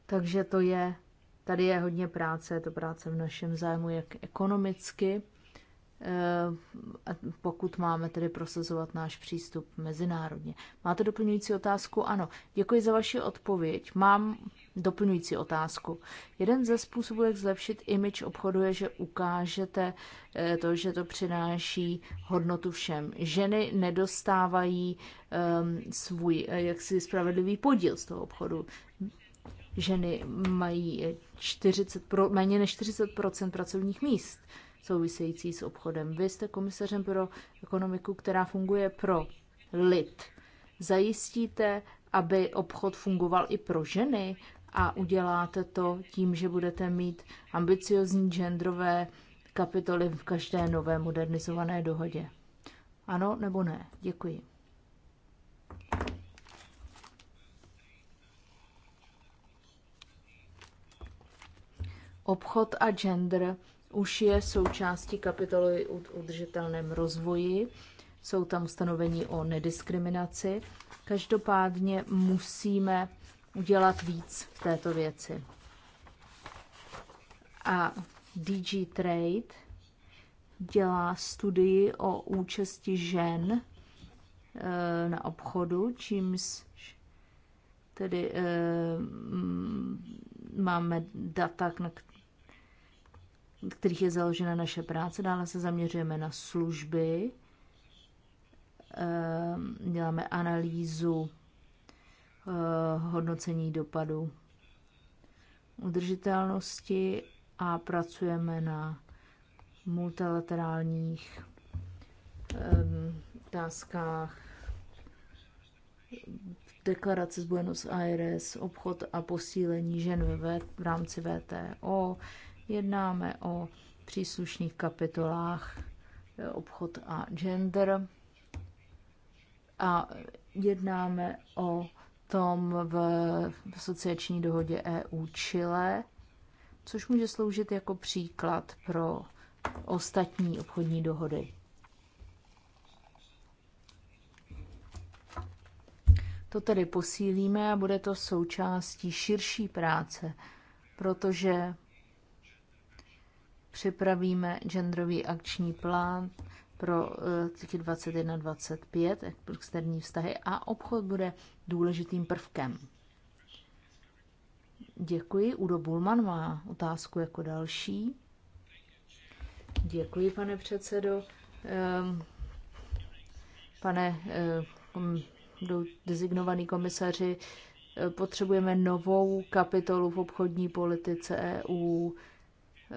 Takže to je, tady je hodně práce, je to práce v našem zájmu, jak ekonomicky, eh, pokud máme tedy prosazovat náš přístup mezinárodně. Máte doplňující otázku? Ano. Děkuji za vaši odpověď. Mám doplňující otázku. Jeden ze způsobů, jak zlepšit image obchodu, je, že ukážete eh, to, že to přináší hodnotu všem. Ženy nedostávají um, svůj eh, jaksi spravedlivý podíl z toho obchodu. Ženy mají 40 eh, pro, méně než 40 pracovních míst související s obchodem. Vy jste komisařem pro ekonomiku, která funguje pro lid. Zajistíte aby obchod fungoval i pro ženy, a uděláte to tím, že budete mít ambiciozní genderové kapitoly v každé nové modernizované dohodě. Ano nebo ne? Děkuji. Obchod a gender už je součástí kapitoly o udržitelném rozvoji. Jsou tam ustanovení o nediskriminaci. Každopádně musíme udělat víc v této věci. A DG Trade dělá studii o účasti žen eh, na obchodu, čímž tedy eh, máme data, na kterých je založena naše práce. Dále se zaměřujeme na služby, eh, děláme analýzu Eh, hodnocení dopadu udržitelnosti a pracujeme na multilaterálních eh, otázkách deklarace z Buenos Aires, obchod a posílení žen v, v rámci VTO. Jednáme o příslušných kapitolách eh, obchod a gender a jednáme o potom v asociační dohodě EU Chile, což může sloužit jako příklad pro ostatní obchodní dohody. To tedy posílíme a bude to součástí širší práce, protože připravíme genderový akční plán, pro eh, cíky 21-25, externí vztahy a obchod bude důležitým prvkem. Děkuji. Udo Bulman má otázku jako další. Děkuji, pane předsedo. Ehm, pane ehm, designovaný komisaři, eh, potřebujeme novou kapitolu v obchodní politice EU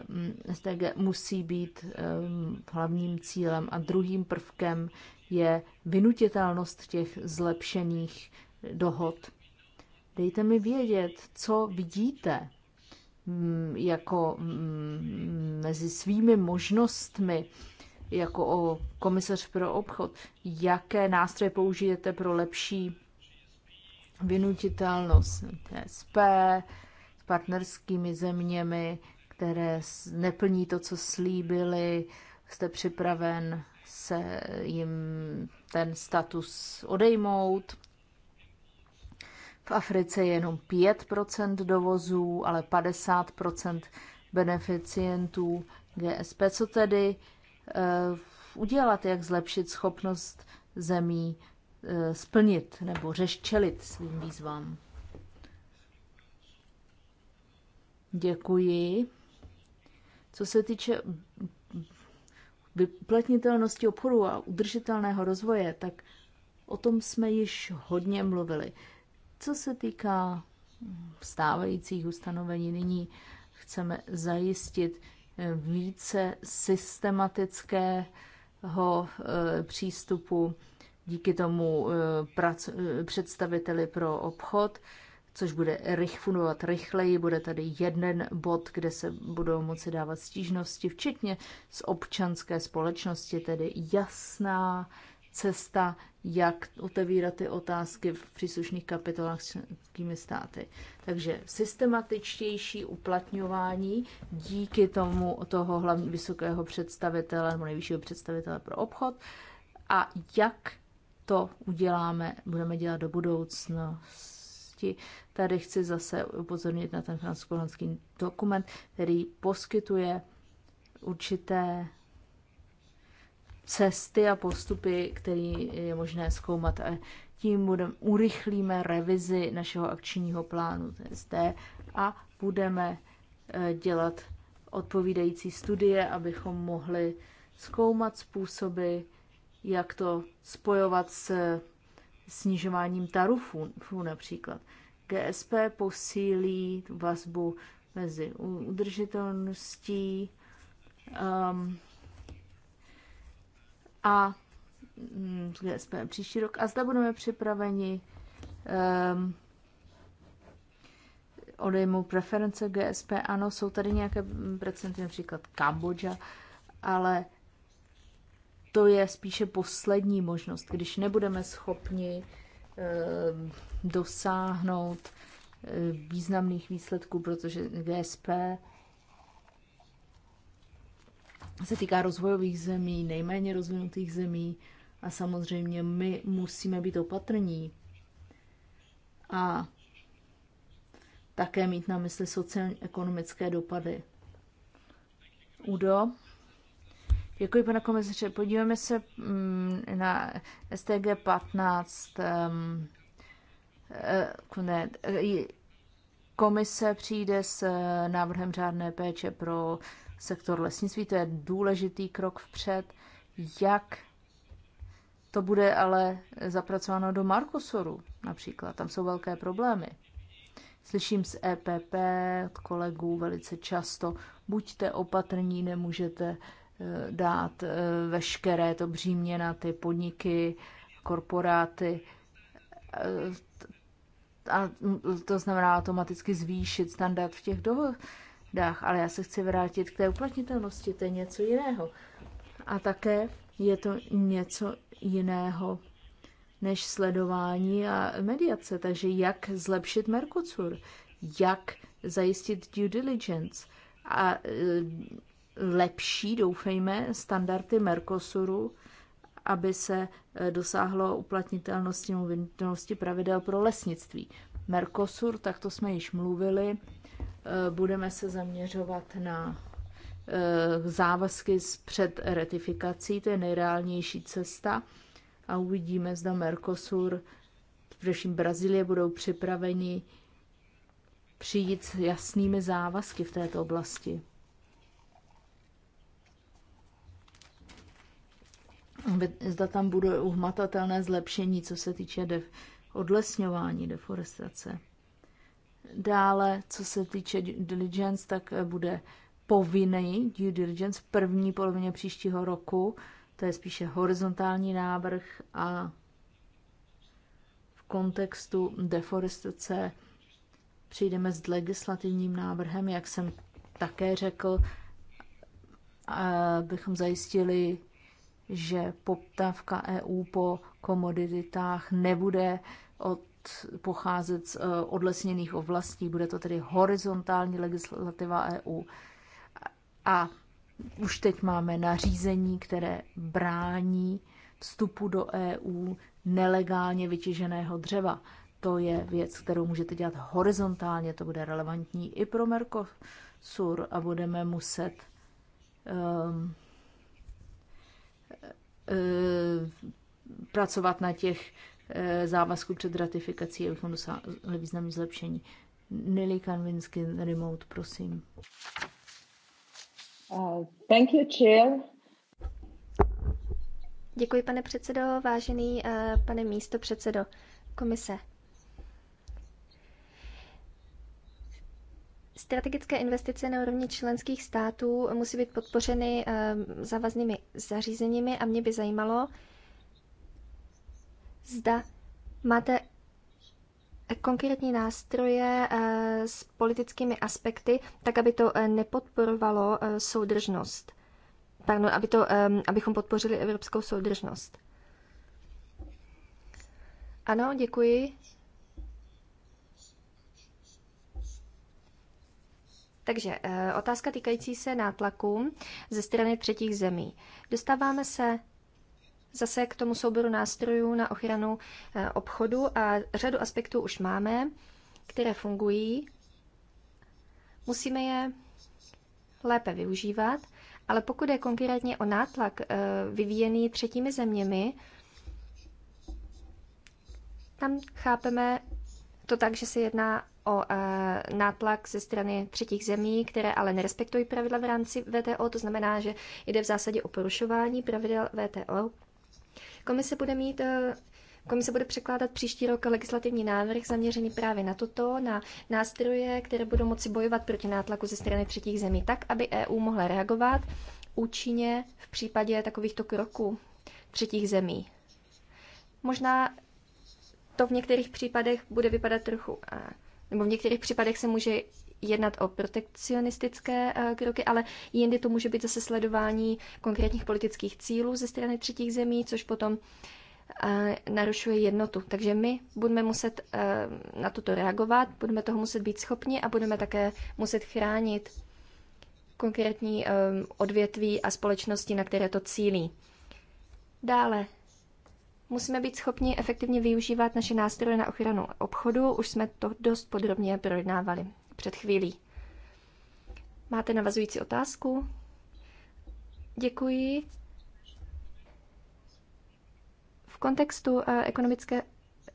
Mm, SDG musí být mm, hlavním cílem a druhým prvkem je vynutitelnost těch zlepšených dohod. Dejte mi vědět, co vidíte mm, jako mezi svými možnostmi jako o komisař pro obchod, jaké nástroje použijete pro lepší vynutitelnost TSP s partnerskými zeměmi, které neplní to, co slíbili, jste připraven se jim ten status odejmout. V Africe je jenom 5 dovozů, ale 50 beneficientů GSP. Co tedy eh, udělat, jak zlepšit schopnost zemí eh, splnit nebo řeščelit svým výzvám? Děkuji. Co se týče vyplatnitelnosti obchodu a udržitelného rozvoje, tak o tom jsme již hodně mluvili. Co se týká stávajících ustanovení, nyní chceme zajistit eh, více systematického eh, přístupu díky tomu eh, představiteli pro obchod což bude rych, fungovat rychleji. Bude tady jeden bod, kde se budou moci dávat stížnosti, včetně z občanské společnosti, tedy jasná cesta, jak otevírat ty otázky v příslušných kapitolách s českými státy. Takže systematičtější uplatňování díky tomu toho hlavní vysokého představitele nebo nejvyššího představitele pro obchod a jak to uděláme, budeme dělat do budoucna oblasti. Tady chci zase upozornit na ten francouzský dokument, který poskytuje určité cesty a postupy, který je možné zkoumat. A tím budem, urychlíme revizi našeho akčního plánu TSD a budeme eh, dělat odpovídající studie, abychom mohli zkoumat způsoby, jak to spojovat s snižováním tarifů například. GSP posílí vazbu mezi udržitelností um, a mm, GSP příští rok. A zda budeme připraveni um, odejmu preference GSP. Ano, jsou tady nějaké mm, precedenty, například Kambodža, ale to je spíše poslední možnost, když nebudeme schopni ehm, dosáhnout eh, významných výsledků, protože GSP se týká rozvojových zemí, nejméně rozvinutých zemí a samozřejmě my musíme být opatrní a také mít na mysli sociálně-ekonomické dopady. Udo? Děkuji, pane komisaře. Podíváme se mm, na STG 15. Ehm, eh, komise přijde s eh, návrhem řádné péče pro sektor lesnictví. To je důležitý krok vpřed. Jak to bude ale zapracováno do Markosoru například. Tam jsou velké problémy. Slyším z EPP, od kolegů velice často, buďte opatrní, nemůžete Eh, dát eh, veškeré to břímě na ty podniky, korporáty. Eh, a to znamená automaticky zvýšit standard v těch dohodách, ale já se chci vrátit k té uplatnitelnosti, to je něco jiného. A také je to něco jiného než sledování a mediace. Takže jak zlepšit Mercosur, jak zajistit due diligence a lepší, doufejme, standardy Mercosuru, aby se eh, dosáhlo uplatnitelnosti nebo pravidel pro lesnictví. Mercosur, tak to jsme již mluvili, eh, budeme se zaměřovat na eh, závazky před ratifikací, to je nejreálnější cesta a uvidíme, zda Mercosur, především Brazílie, budou připraveni přijít s jasnými závazky v této oblasti. zda tam bude uhmatatelné zlepšení, co se týče def, odlesňování, deforestace. Dále, co se týče diligence, tak eh, bude povinný due diligence v první polovině příštího roku. To je spíše horizontální návrh a v kontextu deforestace přijdeme s legislativním návrhem, jak jsem také řekl, eh, bychom zajistili že poptávka EU po komoditách nebude od, pocházet z eh, odlesněných oblastí, bude to tedy horizontální legislativa EU. A už teď máme nařízení, které brání vstupu do EU nelegálně vytěženého dřeva. To je věc, kterou můžete dělat horizontálně, to bude relevantní i pro Mercosur a budeme muset um, Eh, pracovat na těch eh, závazků před ratifikací, abychom dosáhli významné zlepšení. Nelly Kanvinsky, remote, prosím. Uh, thank you, Chair. Děkuji, pane předsedo, vážený uh, pane místo předsedo komise. Strategické investice na úrovni členských států musí být podpořeny eh, závaznými zařízeními a mě by zajímalo, zda máte konkrétní nástroje eh, s politickými aspekty, tak aby to eh, nepodporovalo soudržnost. Pardon, aby to, abychom podpořili evropskou soudržnost. Ano, děkuji. Takže eh, otázka týkající se nátlaků ze strany třetích zemí. Dostáváme se zase k tomu souboru nástrojů na ochranu eh, obchodu a řadu aspektů už máme, které fungují. Musíme je lépe využívat, ale pokud je konkrétně o nátlak eh, vyvíjený třetími zeměmi, tam chápeme to tak, že se jedná o eh, nátlak ze strany třetích zemí, které ale nerespektují pravidla v rámci VTO, to znamená, že jde v zásadě o porušování pravidel VTO. Komise bude mít eh, Komise bude překládat příští rok legislativní návrh zaměřený právě na toto, na nástroje, které budou moci bojovat proti nátlaku ze strany třetích zemí, tak, aby EU mohla reagovat účinně v případě takovýchto kroků třetích zemí. Možná to v některých případech bude vypadat trochu eh, nebo v některých případech se může jednat o protekcionistické eh, kroky, ale jindy to může být zase sledování konkrétních politických cílů ze strany třetích zemí, což potom eh, narušuje jednotu. Takže my budeme muset eh, na toto reagovat, budeme toho muset být schopni a budeme také muset chránit konkrétní odvětví a společnosti, na které to cílí. Dále Musíme být schopni efektivně využívat naše nástroje na ochranu obchodu, už jsme to dost podrobně projednávali před chvílí. Máte navazující otázku? Děkuji. V kontextu eh, ekonomické,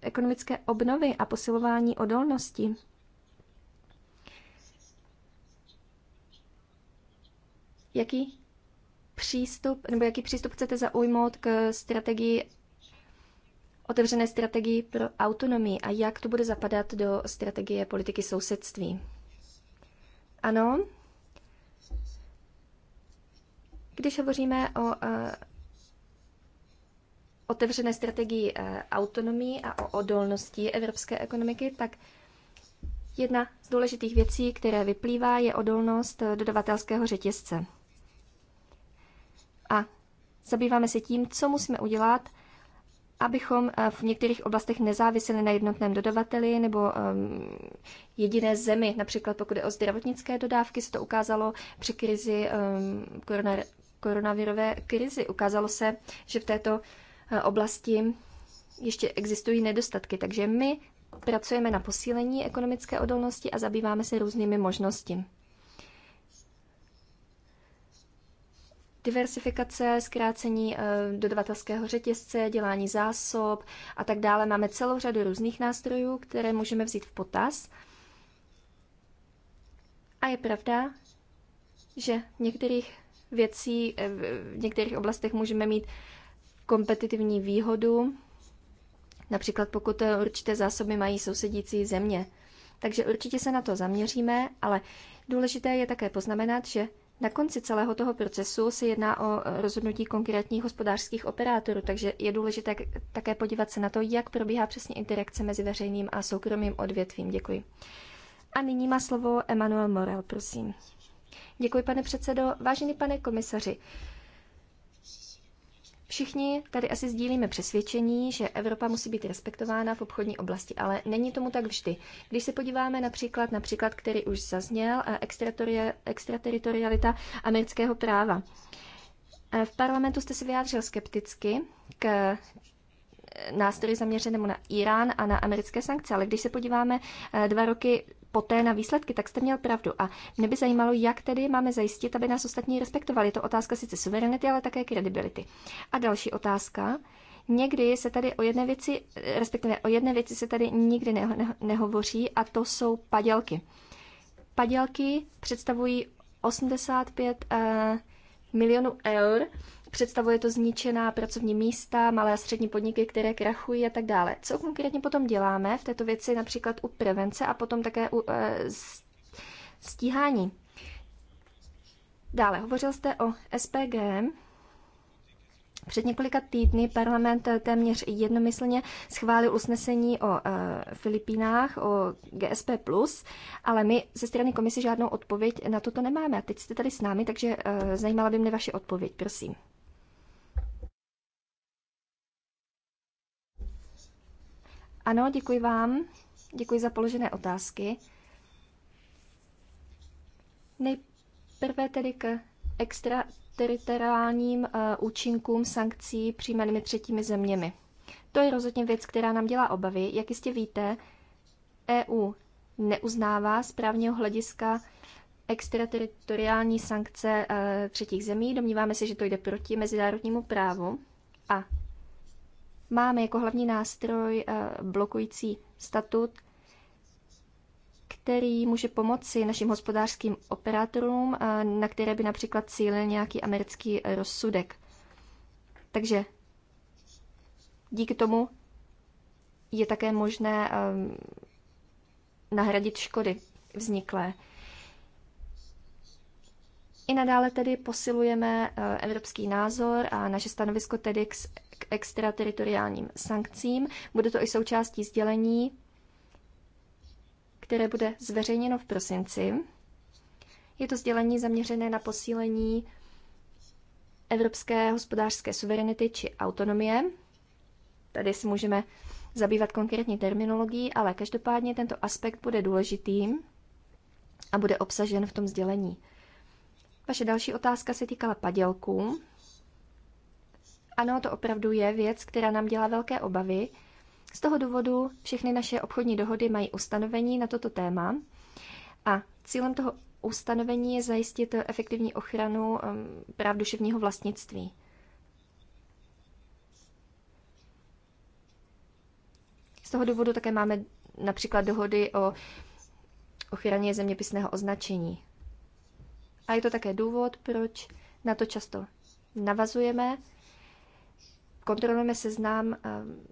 ekonomické obnovy a posilování odolnosti jaký přístup, nebo jaký přístup chcete zaujmout k strategii otevřené strategii pro autonomii a jak to bude zapadat do strategie politiky sousedství. Ano, když hovoříme o eh, otevřené strategii eh, autonomii a o odolnosti evropské ekonomiky, tak jedna z důležitých věcí, které vyplývá, je odolnost eh, dodavatelského řetězce. A zabýváme se tím, co musíme udělat, abychom eh, v některých oblastech nezáviseli na jednotném dodavateli nebo um, jediné zemi. Například pokud je o zdravotnické dodávky, se to ukázalo při krizi um, korona, koronavirové krizi. Ukázalo se, že v této eh, oblasti ještě existují nedostatky. Takže my pracujeme na posílení ekonomické odolnosti a zabýváme se různými možnostmi. diversifikace, zkrácení eh, dodavatelského řetězce, dělání zásob a tak dále. Máme celou řadu různých nástrojů, které můžeme vzít v potaz. A je pravda, že v některých věcí, eh, v některých oblastech můžeme mít kompetitivní výhodu, například pokud eh, určité zásoby mají sousedící země. Takže určitě se na to zaměříme, ale důležité je také poznamenat, že na konci celého toho procesu se jedná o rozhodnutí konkrétních hospodářských operátorů, takže je důležité také podívat se na to, jak probíhá přesně interakce mezi veřejným a soukromým odvětvím. Děkuji. A nyní má slovo Emanuel Morel, prosím. Děkuji, pane předsedo. Vážený pane komisaři, Všichni tady asi sdílíme přesvědčení, že Evropa musí být respektována v obchodní oblasti, ale není tomu tak vždy. Když se podíváme například na příklad, který už zazněl, eh, extrateritorialita amerického práva. Eh, v parlamentu jste se vyjádřil skepticky k eh, nástroji zaměřenému na Irán a na americké sankce, ale když se podíváme dva roky poté na výsledky, tak jste měl pravdu. A mě by zajímalo, jak tedy máme zajistit, aby nás ostatní respektovali. Je to otázka sice suverenity, ale také kredibility. A další otázka. Někdy se tady o jedné věci, respektive o jedné věci se tady nikdy neho, neho, nehovoří a to jsou padělky. Padělky představují 85 uh, eh, milionů eur Představuje to zničená pracovní místa, malé a střední podniky, které krachují a tak dále. Co konkrétně potom děláme v této věci, například u prevence a potom také u e, stíhání? Dále, hovořil jste o SPG. Před několika týdny parlament téměř jednomyslně schválil usnesení o e, Filipínách, o GSP+, ale my ze strany komise žádnou odpověď na toto nemáme. A teď jste tady s námi, takže e, zajímala by mě vaše odpověď, prosím. Ano, děkuji vám. Děkuji za položené otázky. Nejprve tedy k extrateritoriálním eh, účinkům sankcí přijímanými třetími zeměmi. To je rozhodně věc, která nám dělá obavy. Jak jistě víte, EU neuznává z právního hlediska extrateritoriální sankce eh, třetích zemí. Domníváme se, že to jde proti mezinárodnímu právu. A máme jako hlavní nástroj eh, blokující statut, který může pomoci našim hospodářským operátorům, eh, na které by například cílil nějaký americký rozsudek. Takže díky tomu je také možné eh, nahradit škody vzniklé. I nadále tedy posilujeme eh, evropský názor a naše stanovisko tedy k, extrateritoriálním sankcím. Bude to i součástí sdělení, které bude zveřejněno v prosinci. Je to sdělení zaměřené na posílení evropské hospodářské suverenity či autonomie. Tady si můžeme zabývat konkrétní terminologií, ale každopádně tento aspekt bude důležitým a bude obsažen v tom sdělení. Vaše další otázka se týkala padělků. Ano, to opravdu je věc, která nám dělá velké obavy. Z toho důvodu všechny naše obchodní dohody mají ustanovení na toto téma a cílem toho ustanovení je zajistit efektivní ochranu um, práv duševního vlastnictví. Z toho důvodu také máme například dohody o ochraně zeměpisného označení. A je to také důvod, proč na to často navazujeme. Kontrolujeme seznam ehm,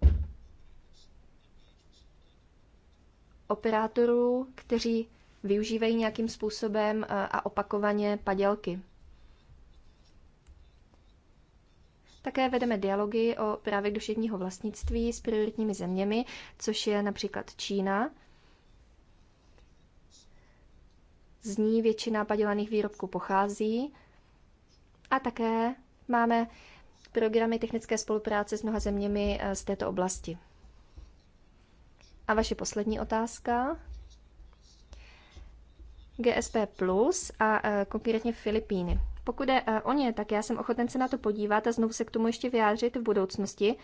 operátorů, kteří využívají nějakým způsobem eh, a opakovaně padělky. Také vedeme dialogy o právě duševního vlastnictví s prioritními zeměmi, což je například Čína, z ní většina padělaných výrobků pochází. A také máme programy technické spolupráce s mnoha zeměmi eh, z této oblasti. A vaše poslední otázka. GSP Plus a eh, konkrétně Filipíny. Pokud je eh, o ně, tak já jsem ochoten se na to podívat a znovu se k tomu ještě vyjádřit v budoucnosti.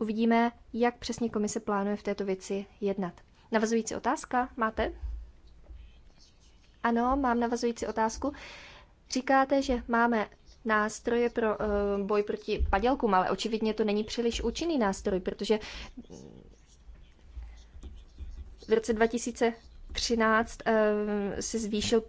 Uvidíme, jak přesně komise plánuje v této věci jednat. Navazující otázka máte? Ano, mám navazující otázku. Říkáte, že máme nástroje pro uh, boj proti padělkům, ale očividně to není příliš účinný nástroj, protože v roce 2013 uh, eh, se zvýšil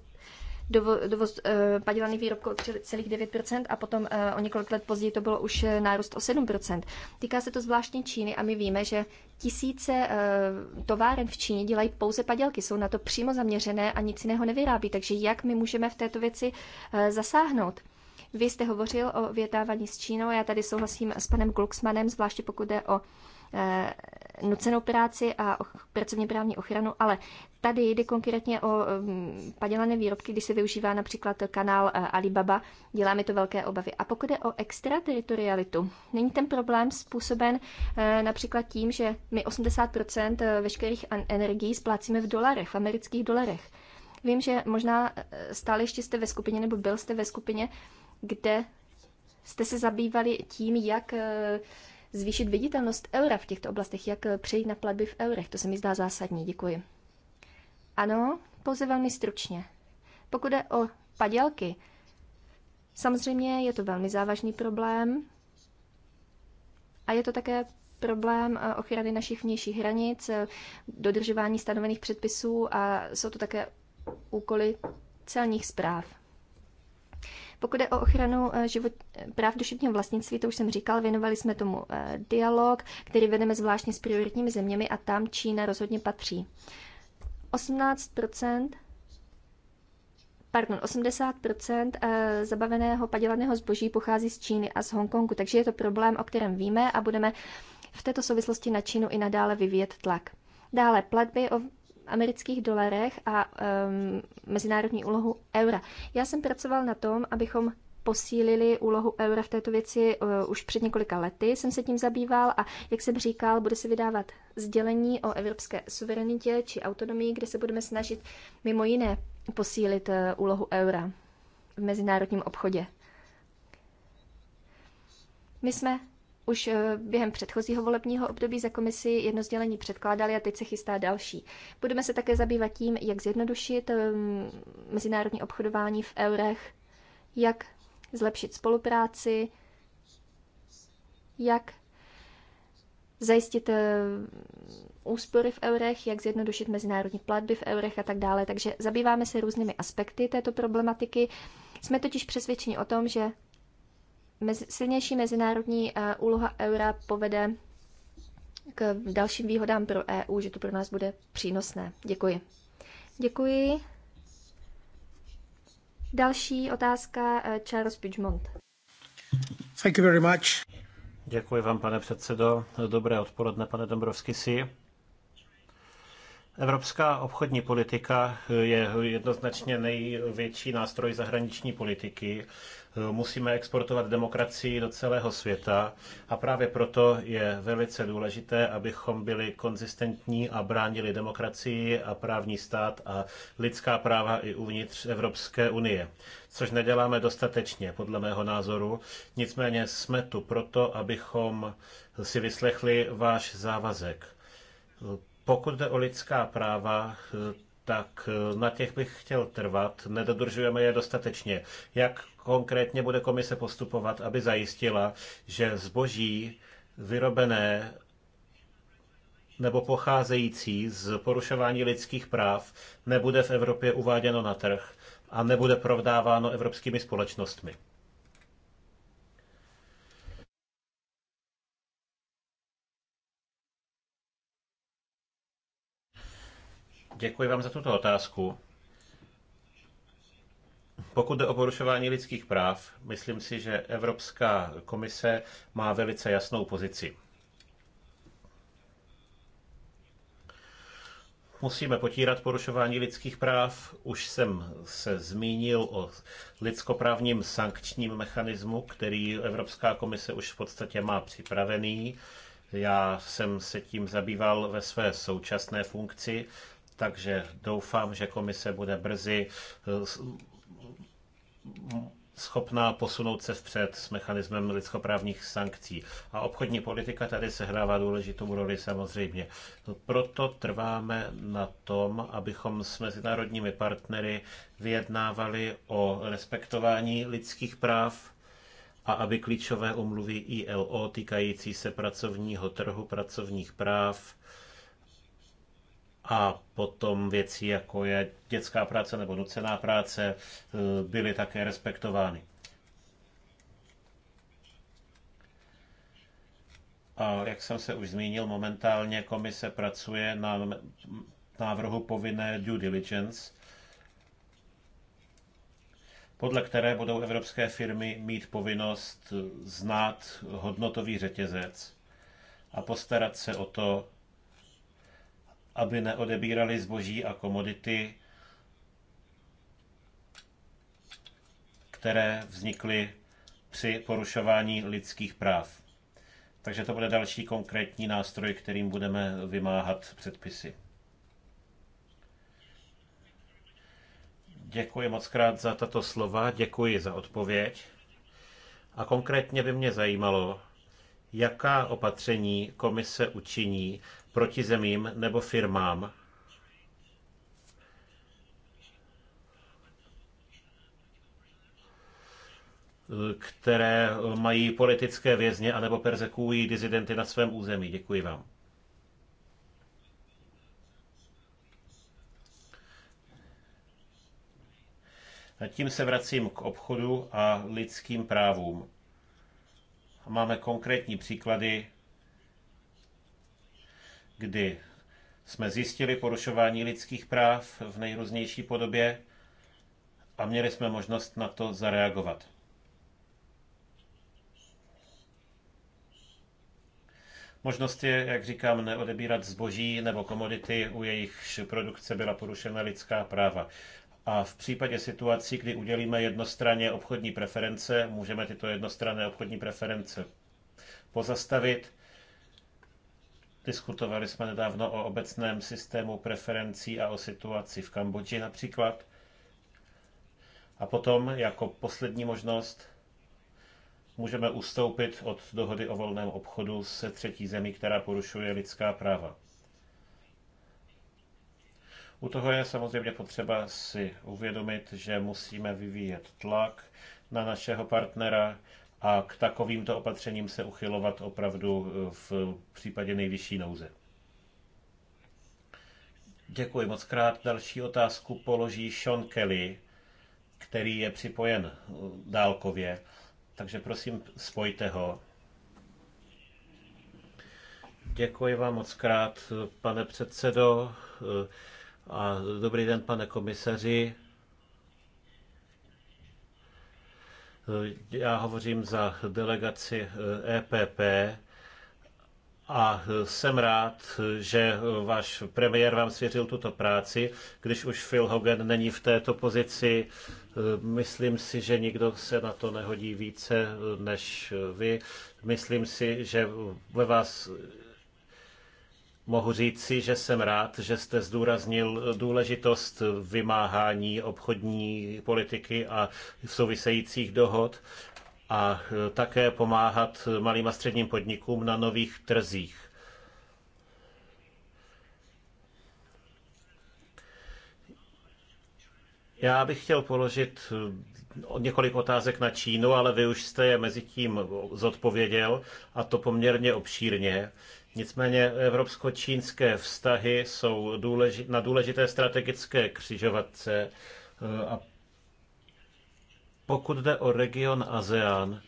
dovoz, dovoz eh, padělaných výrobků o 3,9% a potom uh, o několik let později to bylo už eh, nárůst o 7%. Týká se to zvláštně Číny a my víme, že tisíce uh, továren v Číně dělají pouze padělky, jsou na to přímo zaměřené a nic jiného nevyrábí, takže jak my můžeme v této věci uh, zasáhnout? Vy jste hovořil o vyjednávání s Čínou, já tady souhlasím s panem Glucksmanem, zvláště pokud jde o Eh, nucenou práci a pracovně právní ochranu, ale tady jde konkrétně o mm, padělané výrobky, když se využívá například kanál eh, Alibaba, dělá mi to velké obavy. A pokud je o extrateritorialitu, není ten problém způsoben eh, například tím, že my 80% veškerých energií splácíme v dolarech, v amerických dolarech. Vím, že možná stále ještě jste ve skupině, nebo byl jste ve skupině, kde jste se zabývali tím, jak zvýšit viditelnost eura v těchto oblastech, jak přejít na platby v eurech. To se mi zdá zásadní. Děkuji. Ano, pouze velmi stručně. Pokud je o padělky, samozřejmě je to velmi závažný problém a je to také problém eh, ochrany našich vnějších hranic, eh, dodržování stanovených předpisů a jsou to také úkoly celních zpráv. Pokud je o ochranu eh, život, eh, práv duševního vlastnictví, to už jsem říkal, věnovali jsme tomu eh, dialog, který vedeme zvláštně s prioritními zeměmi a tam Čína rozhodně patří. 18 pardon, 80 zabaveného padělaného zboží pochází z Číny a z Hongkongu, takže je to problém, o kterém víme a budeme v této souvislosti na Čínu i nadále vyvíjet tlak. Dále platby amerických dolarech a um, mezinárodní úlohu eura. Já jsem pracoval na tom, abychom posílili úlohu eura v této věci uh, už před několika lety. Jsem se tím zabýval a, jak jsem říkal, bude se vydávat sdělení o evropské suverenitě či autonomii, kde se budeme snažit mimo jiné posílit uh, úlohu eura v mezinárodním obchodě. My jsme už eh, během předchozího volebního období za komisi jedno sdělení předkládali a teď se chystá další. Budeme se také zabývat tím, jak zjednodušit ehm, mezinárodní obchodování v eurech, jak zlepšit spolupráci, jak zajistit eh, úspory v eurech, jak zjednodušit mezinárodní platby v eurech a tak dále. Takže zabýváme se různými aspekty této problematiky. Jsme totiž přesvědčeni o tom, že mezi, silnější mezinárodní eh, úloha eura povede k dalším výhodám pro EU, že to pro nás bude přínosné. Děkuji. Děkuji. Další otázka eh, Charles Pidgemont. Thank you very much. Děkuji vám, pane předsedo. Dobré odpoledne, pane Dombrovský si. Evropská obchodní politika eh, je jednoznačně největší nástroj zahraniční politiky. Eh, musíme exportovat demokracii do celého světa a právě proto je velice důležité, abychom byli konzistentní a bránili demokracii a právní stát a lidská práva i uvnitř Evropské unie, což neděláme dostatečně, podle mého názoru. Nicméně jsme tu proto, abychom si vyslechli váš závazek pokud jde o lidská práva, tak na těch bych chtěl trvat. Nedodržujeme je dostatečně. Jak konkrétně bude komise postupovat, aby zajistila, že zboží vyrobené nebo pocházející z porušování lidských práv nebude v Evropě uváděno na trh a nebude prodáváno evropskými společnostmi. Děkuji vám za tuto otázku. Pokud jde o porušování lidských práv, myslím si, že Evropská komise má velice jasnou pozici. Musíme potírat porušování lidských práv. Už jsem se zmínil o lidskoprávním sankčním mechanismu, který Evropská komise už v podstatě má připravený. Já jsem se tím zabýval ve své současné funkci takže doufám, že komise bude brzy eh, schopná posunout se vpřed s mechanismem lidskoprávních sankcí. A obchodní politika tady sehrává důležitou roli samozřejmě. No, proto trváme na tom, abychom s mezinárodními partnery vyjednávali o respektování lidských práv a aby klíčové umluvy ILO týkající se pracovního trhu, pracovních práv, a potom věci, jako je dětská práce nebo nucená práce, eh, byly také respektovány. A jak jsem se už zmínil, momentálně komise pracuje na návrhu povinné due diligence, podle které budou evropské firmy mít povinnost znát hodnotový řetězec a postarat se o to, aby neodebírali zboží a komodity, které vznikly při porušování lidských práv. Takže to bude další konkrétní nástroj, kterým budeme vymáhat předpisy. Děkuji moc krát za tato slova, děkuji za odpověď. A konkrétně by mě zajímalo, jaká opatření komise učiní, proti zemím nebo firmám, které mají politické vězně anebo persekují dizidenty na svém území. Děkuji vám. A tím se vracím k obchodu a lidským právům. Máme konkrétní příklady kdy jsme zjistili porušování lidských práv v nejrůznější podobě a měli jsme možnost na to zareagovat. Možnost je, jak říkám, neodebírat zboží nebo komodity, u jejichž produkce byla porušena lidská práva. A v případě situací, kdy udělíme jednostranně obchodní preference, můžeme tyto jednostranné obchodní preference pozastavit Diskutovali jsme nedávno o obecném systému preferencí a o situaci v Kambodži například. A potom, jako poslední možnost, můžeme ustoupit od dohody o volném obchodu se třetí zemí, která porušuje lidská práva. U toho je samozřejmě potřeba si uvědomit, že musíme vyvíjet tlak na našeho partnera, a k takovýmto opatřením se uchylovat opravdu eh, v případě nejvyšší nouze. Děkuji moc krát. Další otázku položí Sean Kelly, který je připojen eh, dálkově. Takže prosím, spojte ho. Děkuji vám moc krát, eh, pane předsedo. A dobrý den, pane komisaři. Eh, já hovořím za delegaci EPP eh, e a eh, jsem rád, že váš premiér vám svěřil tuto práci, když už Phil Hogan není v této pozici. Myslím si, že nikdo se na to nehodí více než vy. Myslím si, že ve vás mohu říci, že jsem rád, že jste zdůraznil důležitost vymáhání obchodní politiky a souvisejících dohod a také pomáhat malým a středním podnikům na nových trzích. Já bych chtěl položit několik otázek na Čínu, ale vy už jste je mezi tím zodpověděl a to poměrně obšírně. Nicméně evropsko-čínské vztahy jsou důleži- na důležité strategické křižovatce eh, a pokud jde o region ASEAN,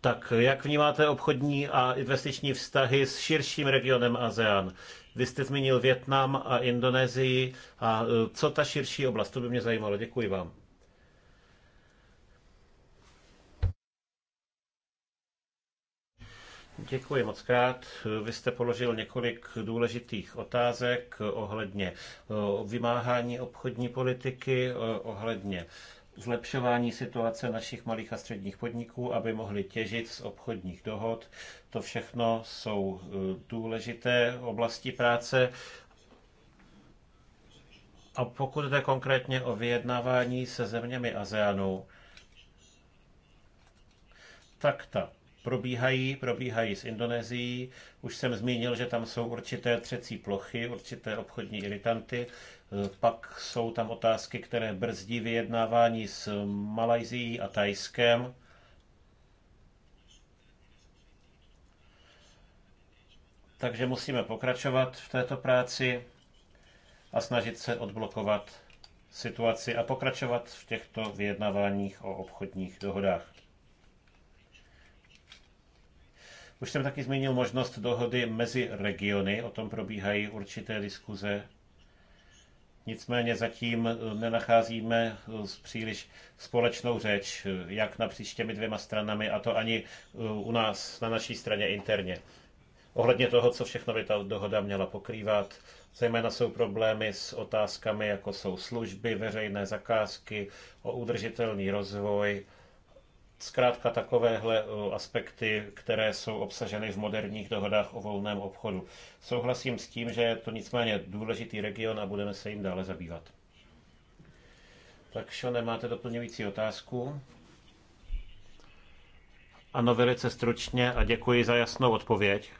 tak jak vnímáte obchodní a investiční vztahy s širším regionem ASEAN? Vy jste zmínil Větnam a Indonésii. A eh, co ta širší oblast? To by mě zajímalo. Děkuji vám. Děkuji moc krát. Vy jste položil několik důležitých otázek ohledně eh, vymáhání obchodní politiky, eh, ohledně zlepšování situace našich malých a středních podniků, aby mohli těžit z obchodních dohod. To všechno jsou eh, důležité oblasti práce. A pokud jde konkrétně o vyjednávání se zeměmi ASEANu, tak ta probíhají, probíhají s Indonésií. Už jsem zmínil, že tam jsou určité třecí plochy, určité obchodní iritanty. E, pak jsou tam otázky, které brzdí vyjednávání s Malajzií a Tajskem. Takže musíme pokračovat v této práci a snažit se odblokovat situaci a pokračovat v těchto vyjednáváních o obchodních dohodách. Už jsem taky zmínil možnost dohody mezi regiony, o tom probíhají určité diskuze. Nicméně zatím eh, nenacházíme eh, příliš společnou řeč, eh, jak na těmi dvěma stranami, a to ani u nás, na naší straně interně. Ohledně toho, co všechno by ta dohoda měla pokrývat, zejména jsou problémy s otázkami, jako jsou služby, veřejné zakázky, o udržitelný rozvoj, Zkrátka takovéhle aspekty, které jsou obsaženy v moderních dohodách o volném obchodu. Souhlasím s tím, že je to nicméně důležitý region a budeme se jim dále zabývat. Tak Šone, máte doplňující otázku? Ano, velice stručně a děkuji za jasnou odpověď.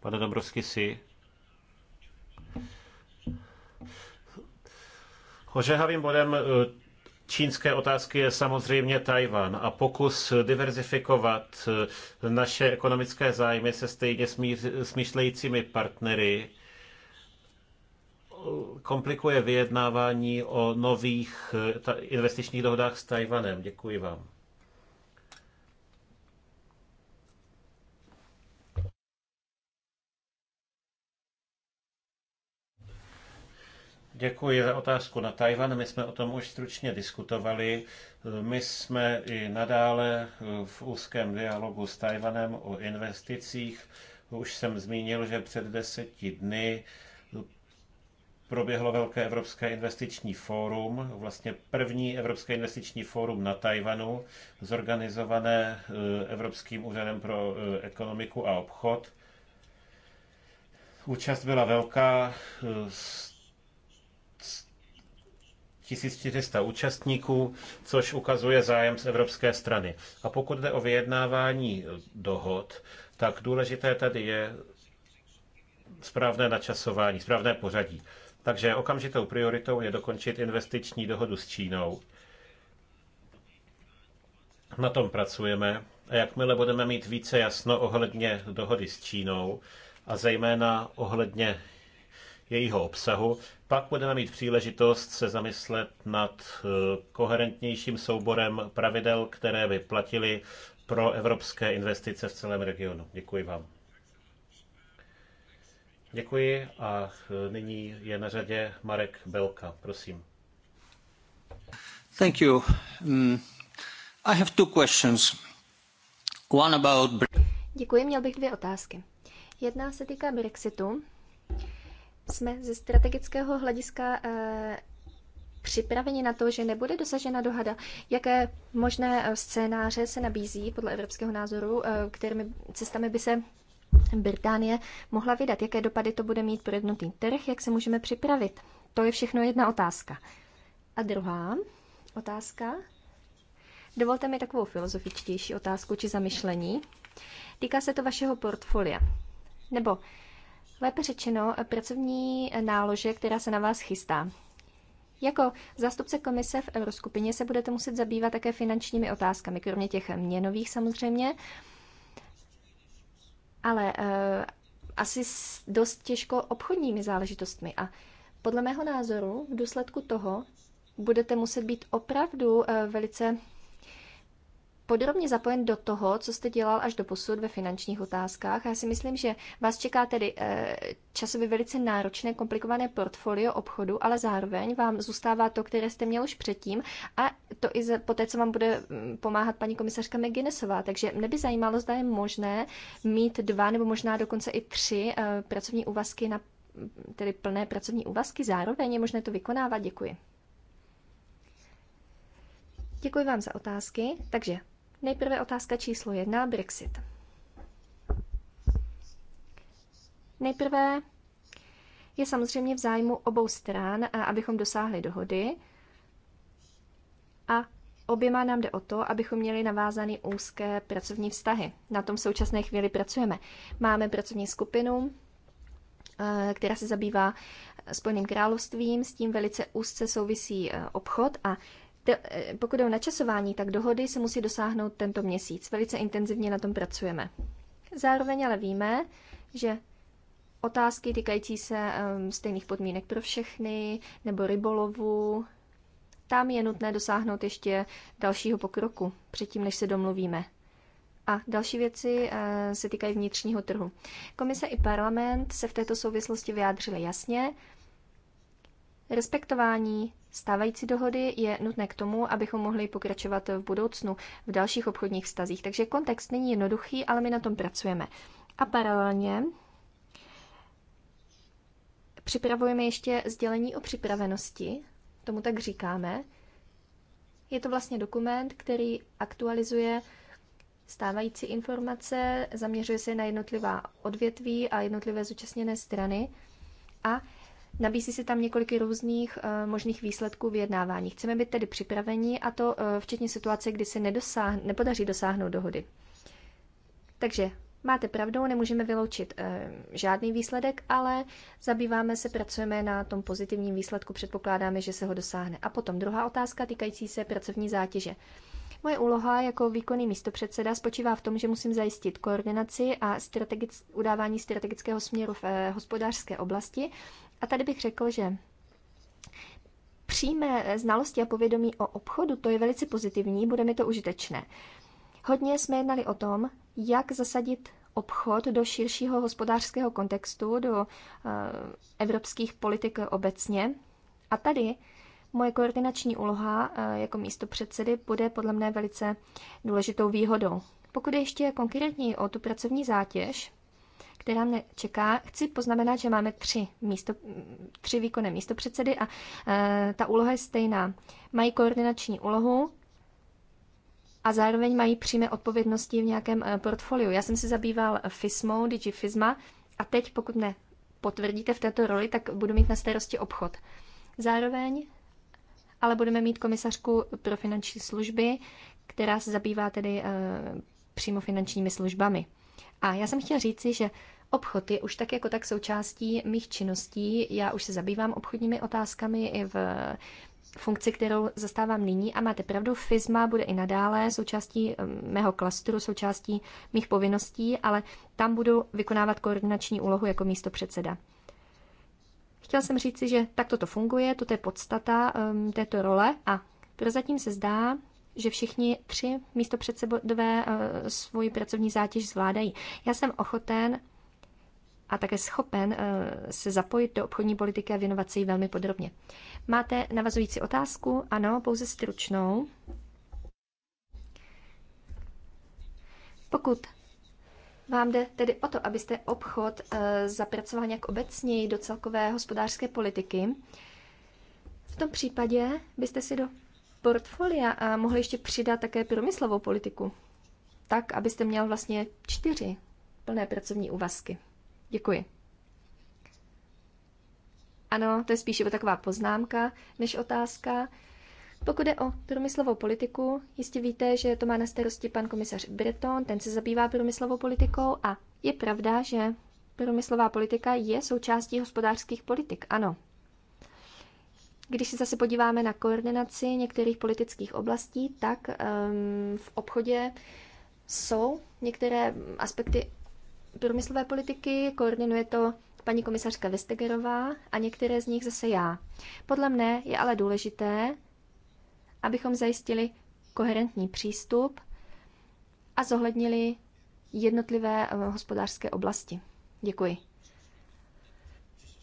Pane Dobrovsky, si. Ožehavým bodem e, čínské otázky je samozřejmě Tajvan a pokus diverzifikovat eh, naše ekonomické zájmy se stejně smýšlejícími partnery komplikuje vyjednávání o nových eh, investičních dohodách s Tajvanem. Děkuji vám. Děkuji za otázku na Tajvan. My jsme o tom už stručně diskutovali. My jsme i nadále v úzkém dialogu s Tajvanem o investicích. Už jsem zmínil, že před deseti dny proběhlo velké Evropské investiční fórum, vlastně první Evropské investiční fórum na Tajvanu, zorganizované eh, Evropským úřadem pro eh, ekonomiku a obchod. Účast byla velká, eh, 1400 účastníků, což ukazuje zájem z evropské strany. A pokud jde o vyjednávání dohod, tak důležité tady je správné načasování, správné pořadí. Takže okamžitou prioritou je dokončit investiční dohodu s Čínou. Na tom pracujeme a jakmile budeme mít více jasno ohledně dohody s Čínou a zejména ohledně jejího obsahu, pak budeme mít příležitost se zamyslet nad eh, koherentnějším souborem pravidel, které by platily pro evropské investice v celém regionu. Děkuji vám. Děkuji a eh, nyní je na řadě Marek Belka. Prosím. Thank you. Mm, I have two questions. One about... Děkuji, měl bych dvě otázky. Jedna se týká Brexitu jsme ze strategického hlediska eh, připraveni na to, že nebude dosažena dohada. Jaké možné eh, scénáře se nabízí podle evropského názoru, eh, kterými cestami by se Británie mohla vydat? Jaké dopady to bude mít pro jednotný trh? Jak se můžeme připravit? To je všechno jedna otázka. A druhá otázka. Dovolte mi takovou filozofičtější otázku či zamyšlení. Týká se to vašeho portfolia. Nebo lépe řečeno pracovní nálože, která se na vás chystá. Jako zástupce komise v Euroskupině se budete muset zabývat také finančními otázkami, kromě těch měnových samozřejmě, ale uh, asi dost těžko obchodními záležitostmi. A podle mého názoru v důsledku toho budete muset být opravdu uh, velice podrobně zapojen do toho, co jste dělal až do posud ve finančních otázkách. Já si myslím, že vás čeká tedy eh, časově velice náročné, komplikované portfolio obchodu, ale zároveň vám zůstává to, které jste měl už předtím a to i po té, co vám bude mm, pomáhat paní komisařka McGuinnessová. Takže mě by zajímalo, zda je možné mít dva nebo možná dokonce i tři eh, pracovní úvazky na mm, tedy plné pracovní úvazky. Zároveň je možné to vykonávat. Děkuji. Děkuji vám za otázky. Takže Nejprve otázka číslo jedna, Brexit. Nejprve je samozřejmě v zájmu obou stran, abychom dosáhli dohody a oběma nám jde o to, abychom měli navázané úzké pracovní vztahy. Na tom v současné chvíli pracujeme. Máme pracovní skupinu, eh, která se zabývá Spojeným královstvím, s tím velice úzce souvisí eh, obchod a te, eh, pokud je o načasování, tak dohody se musí dosáhnout tento měsíc. Velice intenzivně na tom pracujeme. Zároveň ale víme, že otázky týkající se um, stejných podmínek pro všechny nebo rybolovu, tam je nutné dosáhnout ještě dalšího pokroku, předtím než se domluvíme. A další věci eh, se týkají vnitřního trhu. Komise i parlament se v této souvislosti vyjádřili jasně. Respektování stávající dohody je nutné k tomu, abychom mohli pokračovat v budoucnu v dalších obchodních vztazích. Takže kontext není jednoduchý, ale my na tom pracujeme. A paralelně připravujeme ještě sdělení o připravenosti, tomu tak říkáme. Je to vlastně dokument, který aktualizuje stávající informace, zaměřuje se na jednotlivá odvětví a jednotlivé zúčastněné strany a Nabízí se tam několik různých eh, možných výsledků vyjednávání. Chceme být tedy připraveni a to eh, včetně situace, kdy se nedosáhn- nepodaří dosáhnout dohody. Takže máte pravdu, nemůžeme vyloučit eh, žádný výsledek, ale zabýváme se, pracujeme na tom pozitivním výsledku, předpokládáme, že se ho dosáhne. A potom druhá otázka týkající se pracovní zátěže. Moje úloha jako výkonný místopředseda spočívá v tom, že musím zajistit koordinaci a strategic, udávání strategického směru v eh, hospodářské oblasti a tady bych řekl, že přímé znalosti a povědomí o obchodu, to je velice pozitivní, bude mi to užitečné. Hodně jsme jednali o tom, jak zasadit obchod do širšího hospodářského kontextu, do uh, evropských politik obecně. A tady moje koordinační úloha uh, jako místo předsedy bude podle mne velice důležitou výhodou. Pokud je ještě konkrétněji o tu pracovní zátěž, která mě čeká. Chci poznamenat, že máme tři, místo, tři výkonné místopředsedy a e, ta úloha je stejná. Mají koordinační úlohu a zároveň mají přímé odpovědnosti v nějakém eh, portfoliu. Já jsem se zabýval FISMou, DigiFisma a teď, pokud ne potvrdíte v této roli, tak budu mít na starosti obchod. Zároveň ale budeme mít komisařku pro finanční služby, která se zabývá tedy e, přímo finančními službami. A já jsem chtěla říci, že Obchod je už tak jako tak součástí mých činností. Já už se zabývám obchodními otázkami i v funkci, kterou zastávám nyní. A máte pravdu, FISMA bude i nadále součástí mého klastru, součástí mých povinností, ale tam budu vykonávat koordinační úlohu jako místo předseda. Chtěl jsem říci, že takto to funguje, toto je podstata um, této role a prozatím se zdá, že všichni tři místo předsedové uh, svoji pracovní zátěž zvládají. Já jsem ochoten a také schopen eh, se zapojit do obchodní politiky a věnovat se jí velmi podrobně. Máte navazující otázku? Ano, pouze stručnou. Pokud vám jde tedy o to, abyste obchod eh, zapracoval nějak obecněji do celkové hospodářské politiky, v tom případě byste si do portfolia eh, mohli ještě přidat také průmyslovou politiku, tak, abyste měl vlastně čtyři plné pracovní úvazky. Děkuji. Ano, to je spíše taková poznámka než otázka. Pokud je o průmyslovou politiku, jistě víte, že to má na starosti pan komisař Breton, ten se zabývá průmyslovou politikou a je pravda, že průmyslová politika je součástí hospodářských politik, ano. Když se zase podíváme na koordinaci některých politických oblastí, tak um, v obchodě jsou některé aspekty průmyslové politiky, koordinuje to paní komisařka Vestegerová a některé z nich zase já. Podle mne je ale důležité, abychom zajistili koherentní přístup a zohlednili jednotlivé eh, hospodářské oblasti. Děkuji.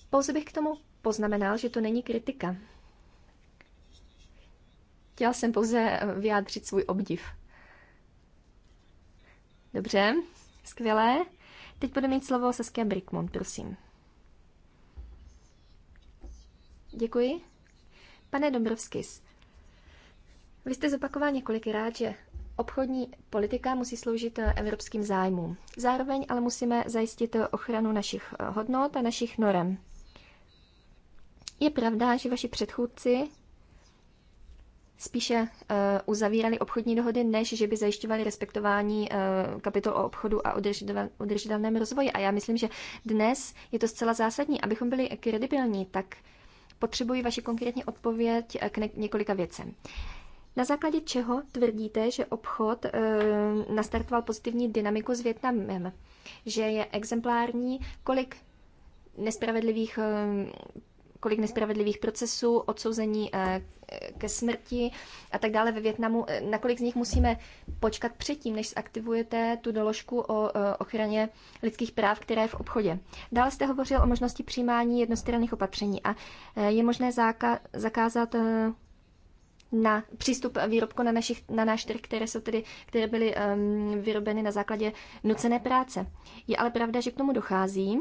Pouze bych k tomu poznamenal, že to není kritika. Chtěl jsem pouze eh, vyjádřit svůj obdiv. Dobře, skvělé. Teď bude mít slovo Saskia Brickmon, prosím. Děkuji. Pane Dombrovskis, vy jste zopakoval několikrát, že obchodní politika musí sloužit eh, evropským zájmům. Zároveň ale musíme zajistit eh, ochranu našich eh, hodnot a našich norem. Je pravda, že vaši předchůdci spíše eh, uzavírali obchodní dohody, než že by zajišťovali respektování eh, kapitol o obchodu a udržitelném rozvoji. A já myslím, že dnes je to zcela zásadní. Abychom byli kredibilní, tak potřebuji vaši konkrétní odpověď eh, k několika věcem. Na základě čeho tvrdíte, že obchod nastartoval pozitivní dynamiku s Větnamem? Že je exemplární, kolik nespravedlivých kolik nespravedlivých procesů, odsouzení eh, ke smrti a tak dále ve Větnamu. Eh, nakolik z nich musíme počkat předtím, než aktivujete tu doložku o eh, ochraně lidských práv, která je v obchodě. Dále jste hovořil o možnosti přijímání jednostranných opatření a je možné zakázat na přístup výrobku na, našich, na náš trh, které, jsou tedy, které byly um, vyrobeny na základě nucené práce. Je ale pravda, že k tomu dochází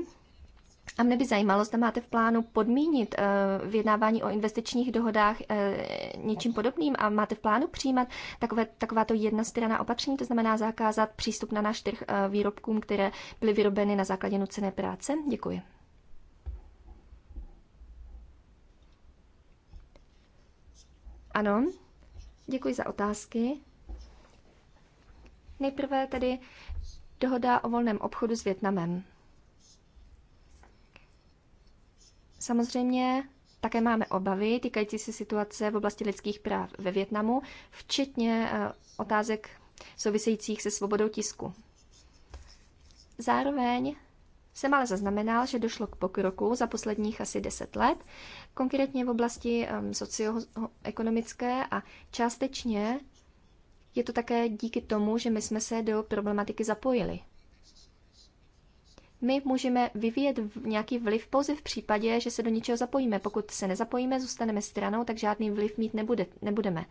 a mne by zajímalo, zda máte v plánu podmínit eh, vyjednávání o investičních dohodách eh, něčím podobným a máte v plánu přijímat takové, takováto jednostranná opatření, to znamená zakázat přístup na náš trh eh, výrobkům, které byly vyrobeny na základě nucené práce? Děkuji. Ano, děkuji za otázky. Nejprve tedy dohoda o volném obchodu s Větnamem. Samozřejmě také máme obavy týkající se situace v oblasti lidských práv ve Větnamu, včetně eh, otázek souvisejících se svobodou tisku. Zároveň jsem ale zaznamenal, že došlo k pokroku za posledních asi 10 let, konkrétně v oblasti socioekonomické a částečně je to také díky tomu, že my jsme se do problematiky zapojili my můžeme vyvíjet nějaký vliv pouze v případě, že se do něčeho zapojíme. Pokud se nezapojíme, zůstaneme stranou, tak žádný vliv mít nebude, nebudeme.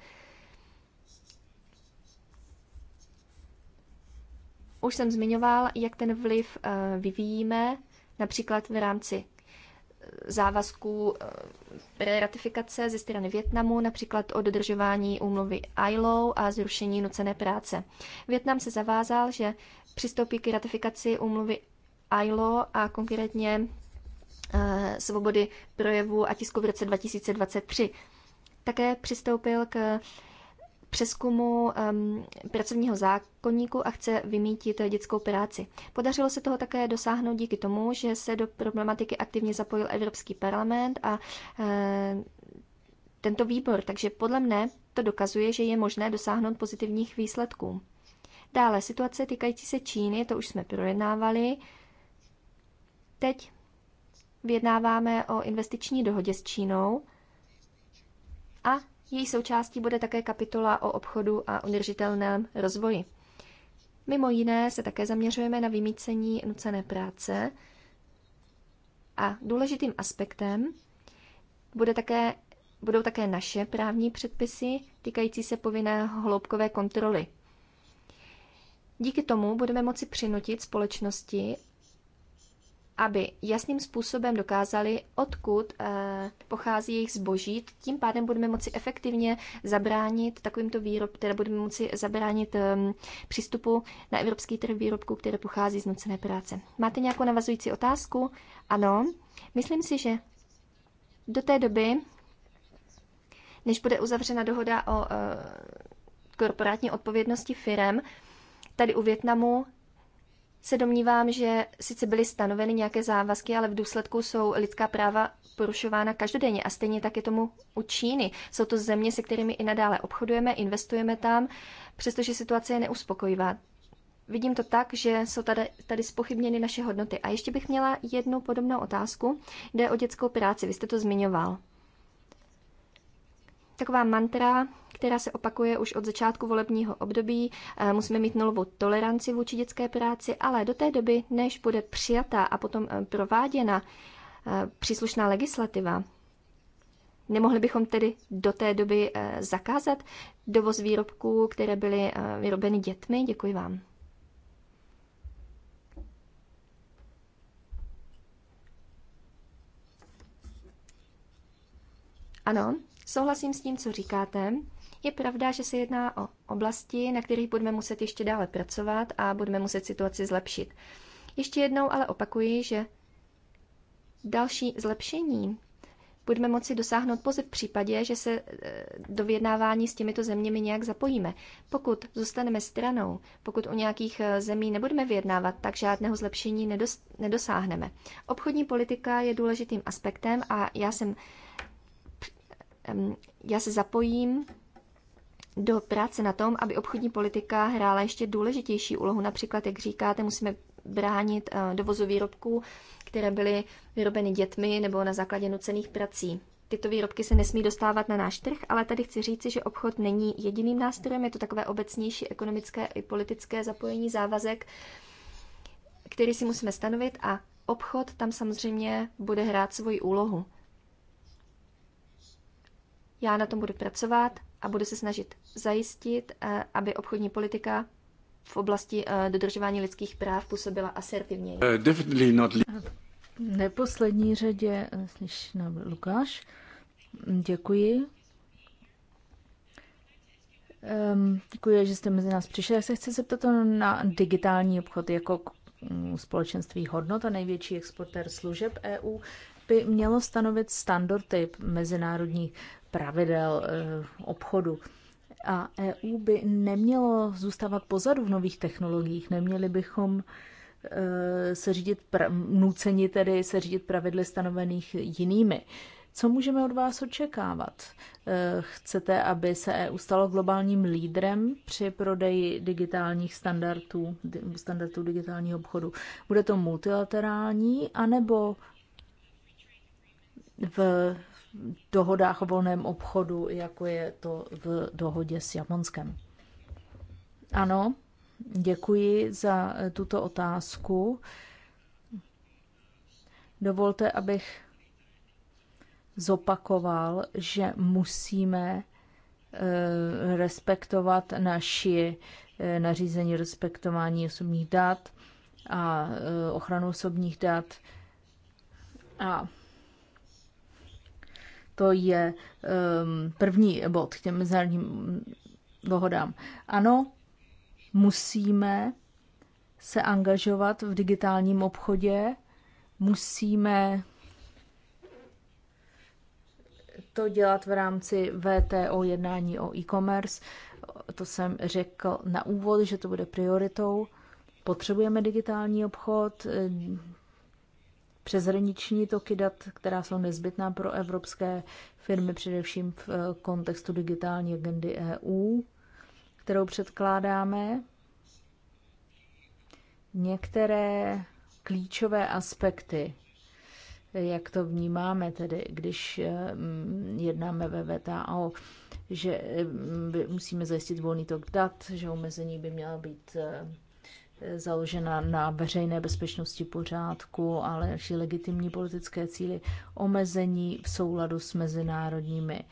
Už jsem zmiňoval, jak ten vliv eh, vyvíjíme, například v rámci eh, závazků eh, ratifikace ze strany Větnamu, například o dodržování úmluvy ILO a zrušení nucené práce. Větnam se zavázal, že přistoupí k ratifikaci úmluvy ILO a konkrétně eh, svobody projevu a tisku v roce 2023. Také přistoupil k přeskumu um, pracovního zákonníku a chce vymítit dětskou práci. Podařilo se toho také dosáhnout díky tomu, že se do problematiky aktivně zapojil Evropský parlament a uh, tento výbor, takže podle mne to dokazuje, že je možné dosáhnout pozitivních výsledků. Dále situace týkající se Číny, to už jsme projednávali. Teď vyjednáváme o investiční dohodě s Čínou a její součástí bude také kapitola o obchodu a udržitelném rozvoji. Mimo jiné se také zaměřujeme na vymícení nucené práce a důležitým aspektem bude také, budou také naše právní předpisy týkající se povinné hloubkové kontroly. Díky tomu budeme moci přinutit společnosti, aby jasným způsobem dokázali, odkud eh, pochází jejich zboží. Tím pádem budeme moci efektivně zabránit takovýmto výrob, které budeme moci zabránit ehm, přístupu na evropský trh výrobků, které pochází z nucené práce. Máte nějakou navazující otázku? Ano. Myslím si, že do té doby, než bude uzavřena dohoda o eh, korporátní odpovědnosti firem, tady u Větnamu se domnívám, že sice byly stanoveny nějaké závazky, ale v důsledku jsou lidská práva porušována každodenně a stejně tak je tomu u Číny. Jsou to země, se kterými i nadále obchodujeme, investujeme tam, přestože situace je neuspokojivá. Vidím to tak, že jsou tady, tady spochybněny naše hodnoty. A ještě bych měla jednu podobnou otázku. Jde o dětskou práci, vy jste to zmiňoval taková mantra, která se opakuje už od začátku volebního období. Eh, musíme mít nulovou toleranci vůči dětské práci, ale do té doby, než bude přijatá a potom eh, prováděna eh, příslušná legislativa, Nemohli bychom tedy do té doby zakázat dovoz výrobků, které byly vyrobeny dětmi? Děkuji vám. Ano. Souhlasím s tím, co říkáte. Je pravda, že se jedná o oblasti, na kterých budeme muset ještě dále pracovat a budeme muset situaci zlepšit. Ještě jednou ale opakuji, že další zlepšení budeme moci dosáhnout pouze v případě, že se e, do vyjednávání s těmito zeměmi nějak zapojíme. Pokud zůstaneme stranou, pokud u nějakých e, zemí nebudeme vyjednávat, tak žádného zlepšení nedos- nedosáhneme. Obchodní politika je důležitým aspektem a já jsem já se zapojím do práce na tom, aby obchodní politika hrála ještě důležitější úlohu. Například, jak říkáte, musíme bránit eh, dovozu výrobků, které byly vyrobeny dětmi nebo na základě nucených prací. Tyto výrobky se nesmí dostávat na náš trh, ale tady chci říci, že obchod není jediným nástrojem, je to takové obecnější ekonomické i politické zapojení závazek, který si musíme stanovit a obchod tam samozřejmě bude hrát svoji úlohu. Já na tom budu pracovat a budu se snažit zajistit, eh, aby obchodní politika v oblasti eh, dodržování lidských práv působila asertivněji. Eh, neposlední řadě slyš na Lukáš. Děkuji. Um, děkuji, že jste mezi nás přišel. Já se chci zeptat na digitální obchod jako mm, společenství hodnot a největší exportér služeb EU by mělo stanovit standardy mezinárodních pravidel eh, obchodu. A EU by nemělo zůstávat pozadu v nových technologiích. Neměli bychom eh, se řídit, nuceni tedy se řídit pravidly stanovených jinými. Co můžeme od vás očekávat? Eh, chcete, aby se EU stalo globálním lídrem při prodeji digitálních standardů, standardů digitálního obchodu? Bude to multilaterální anebo v dohodách o volném obchodu, jako je to v dohodě s Japonskem. Ano, děkuji za tuto otázku. Dovolte, abych zopakoval, že musíme eh, respektovat naši eh, nařízení respektování osobních dat a eh, ochranu osobních dat a to je um, první bod k těm mezinárodním dohodám. Ano, musíme se angažovat v digitálním obchodě, musíme to dělat v rámci VTO jednání o e-commerce. To jsem řekl na úvod, že to bude prioritou. Potřebujeme digitální obchod, přeshraniční toky dat, která jsou nezbytná pro evropské firmy, především v eh, kontextu digitální agendy EU, kterou předkládáme. Některé klíčové aspekty, jak to vnímáme tedy, když eh, mm, jednáme ve VTAO, že eh, musíme zajistit volný tok dat, že omezení by měla být založena na veřejné bezpečnosti pořádku, ale i legitimní politické cíly, omezení v souladu s mezinárodními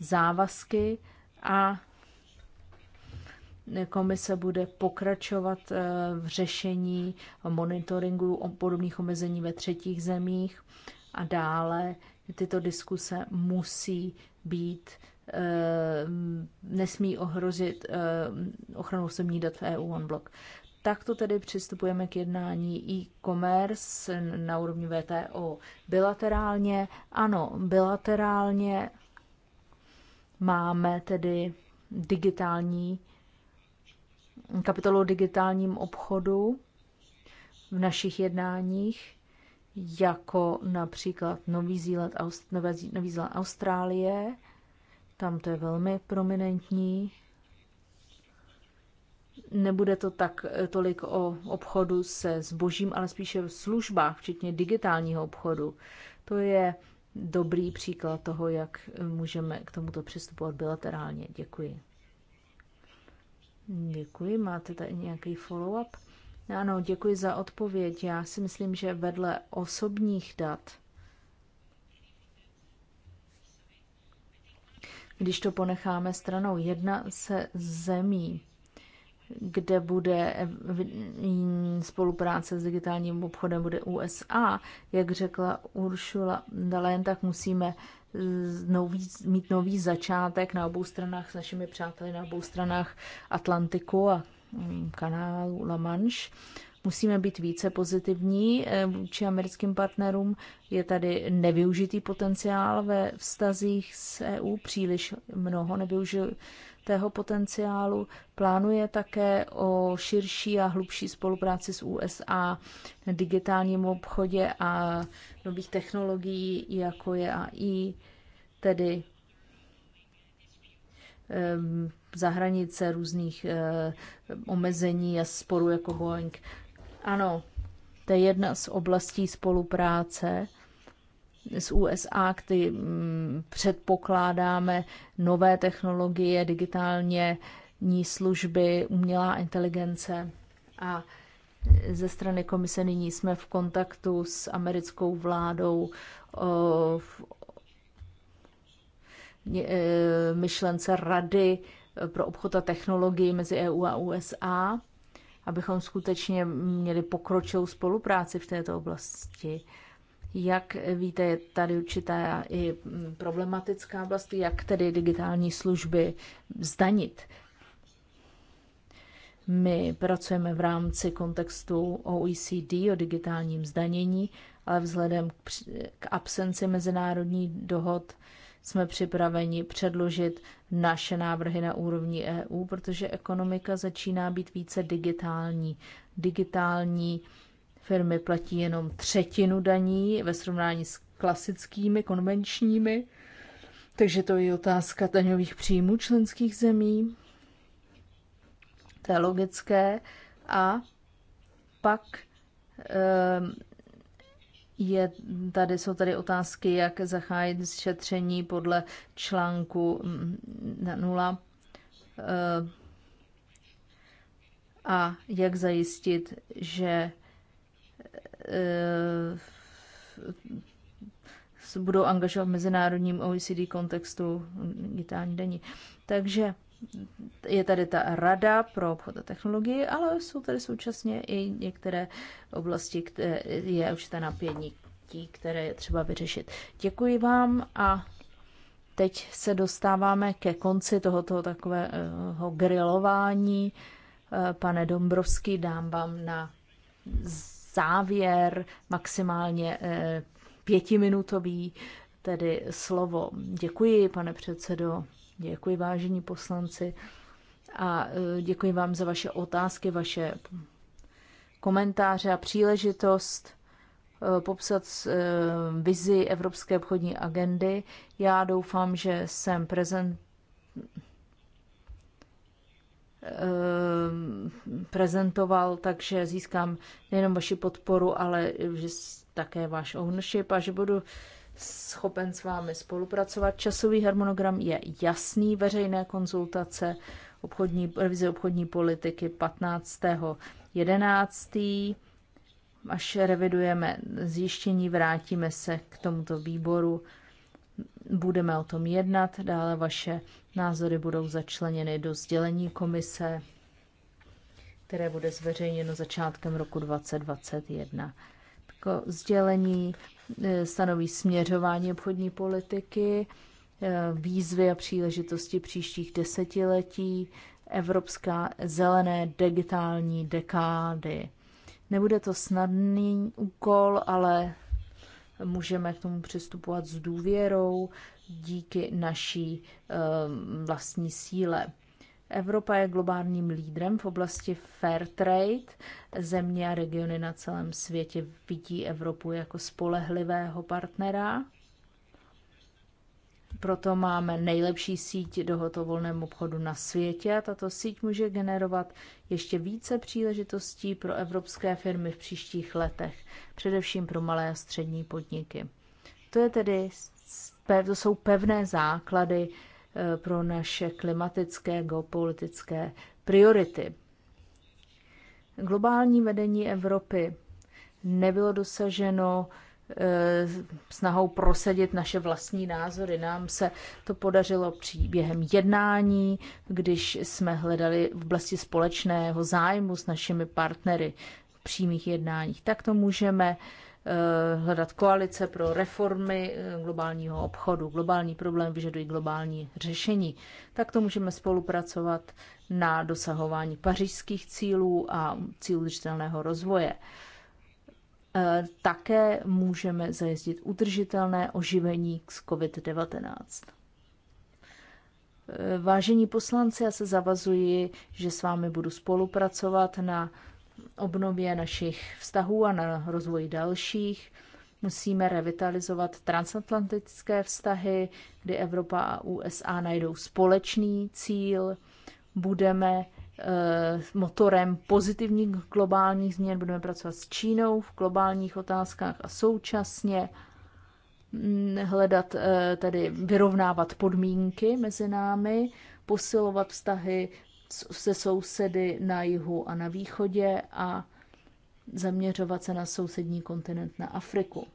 závazky a komise bude pokračovat eh, v řešení monitoringu podobných omezení ve třetích zemích a dále tyto diskuse musí být eh, nesmí ohrozit eh, ochranu osobních dat v EU on block. Takto tedy přistupujeme k jednání e-commerce na úrovni VTO. Bilaterálně, ano, bilaterálně máme tedy digitální kapitolu o digitálním obchodu v našich jednáních, jako například Nový Zíland, Aust- Nový Zíland Austrálie, tam to je velmi prominentní nebude to tak eh, tolik o obchodu se zbožím, ale spíše v službách, včetně digitálního obchodu. To je dobrý příklad toho, jak eh, můžeme k tomuto přistupovat bilaterálně. Děkuji. Děkuji. Máte tady nějaký follow-up? Ano, děkuji za odpověď. Já si myslím, že vedle osobních dat, když to ponecháme stranou, jedna se zemí, kde bude spolupráce s digitálním obchodem, bude USA. Jak řekla Uršula Dalen, tak musíme nový, mít nový začátek na obou stranách s našimi přáteli na obou stranách Atlantiku a mm, kanálu La Manche. Musíme být více pozitivní eh, vůči americkým partnerům. Je tady nevyužitý potenciál ve vztazích s EU, příliš mnoho nevyužitý tého potenciálu. Plánuje také o širší a hlubší spolupráci s USA na digitálním obchodě a nových technologií, jako je AI, tedy za hranice různých eh, omezení a sporů jako Boeing. Ano, to je jedna z oblastí spolupráce z USA, kdy mm, předpokládáme nové technologie, digitálně ní služby, umělá inteligence a ze strany komise nyní jsme v kontaktu s americkou vládou v e, myšlence Rady pro obchod a technologii mezi EU a USA, abychom skutečně měli pokročilou spolupráci v této oblasti. Jak víte, je tady určitá i problematická oblast, jak tedy digitální služby zdanit. My pracujeme v rámci kontextu OECD o digitálním zdanění, ale vzhledem k absenci mezinárodní dohod jsme připraveni předložit naše návrhy na úrovni EU, protože ekonomika začíná být více digitální. Digitální Firmy platí jenom třetinu daní ve srovnání s klasickými, konvenčními. Takže to je otázka daňových příjmů členských zemí. To je logické. A pak ehm, je tady, jsou tady otázky, jak zachájit šetření podle článku mm, nula ehm, a jak zajistit, že Eh, se budou angažovat v mezinárodním OECD kontextu digitální denní. Takže je tady ta rada pro obchod a technologii, ale jsou tady současně i některé oblasti, které je určité napětí, které je třeba vyřešit. Děkuji vám a teď se dostáváme ke konci tohoto takového grilování. Eh, pane Dombrovský, dám vám na závěr maximálně eh, pětiminutový, tedy slovo. Děkuji, pane předsedo, děkuji, vážení poslanci, a eh, děkuji vám za vaše otázky, vaše komentáře a příležitost eh, popsat vizi Evropské obchodní agendy. Já doufám, že jsem prezent Ehm, prezentoval, takže získám nejenom vaši podporu, ale že také váš ownership a že budu schopen s vámi spolupracovat. Časový harmonogram je jasný, veřejné konzultace, obchodní, revize obchodní politiky 15. 11. Až revidujeme zjištění, vrátíme se k tomuto výboru Budeme o tom jednat, dále vaše názory budou začleněny do sdělení komise, které bude zveřejněno začátkem roku 2021. Tako sdělení e, stanoví směřování obchodní politiky, e, výzvy a příležitosti příštích desetiletí, evropská zelené digitální dekády. Nebude to snadný úkol, ale můžeme k tomu přistupovat s důvěrou díky naší ehm, vlastní síle. Evropa je globálním lídrem v oblasti fair trade. Země a regiony na celém světě vidí Evropu jako spolehlivého partnera proto máme nejlepší síť dohotovolném obchodu na světě a tato síť může generovat ještě více příležitostí pro evropské firmy v příštích letech, především pro malé a střední podniky. To, je tedy, to jsou pevné základy eh, pro naše klimatické, geopolitické priority. Globální vedení Evropy nebylo dosaženo Eh, snahou prosadit naše vlastní názory. Nám se to podařilo při během jednání, když jsme hledali v oblasti společného zájmu s našimi partnery v přímých jednáních. Tak to můžeme eh, hledat koalice pro reformy eh, globálního obchodu. Globální problém vyžadují globální řešení. Tak to můžeme spolupracovat na dosahování pařížských cílů a cílů udržitelného rozvoje. Eh, také můžeme zajistit udržitelné oživení z COVID-19. Eh, vážení poslanci, já se zavazuji, že s vámi budu spolupracovat na obnově našich vztahů a na rozvoji dalších. Musíme revitalizovat transatlantické vztahy, kdy Evropa a USA najdou společný cíl. Budeme Eh, motorem pozitivních globálních změn. Budeme pracovat s Čínou v globálních otázkách a současně mm, hledat, eh, tedy vyrovnávat podmínky mezi námi, posilovat vztahy se sousedy na jihu a na východě a zaměřovat se na sousední kontinent, na Afriku.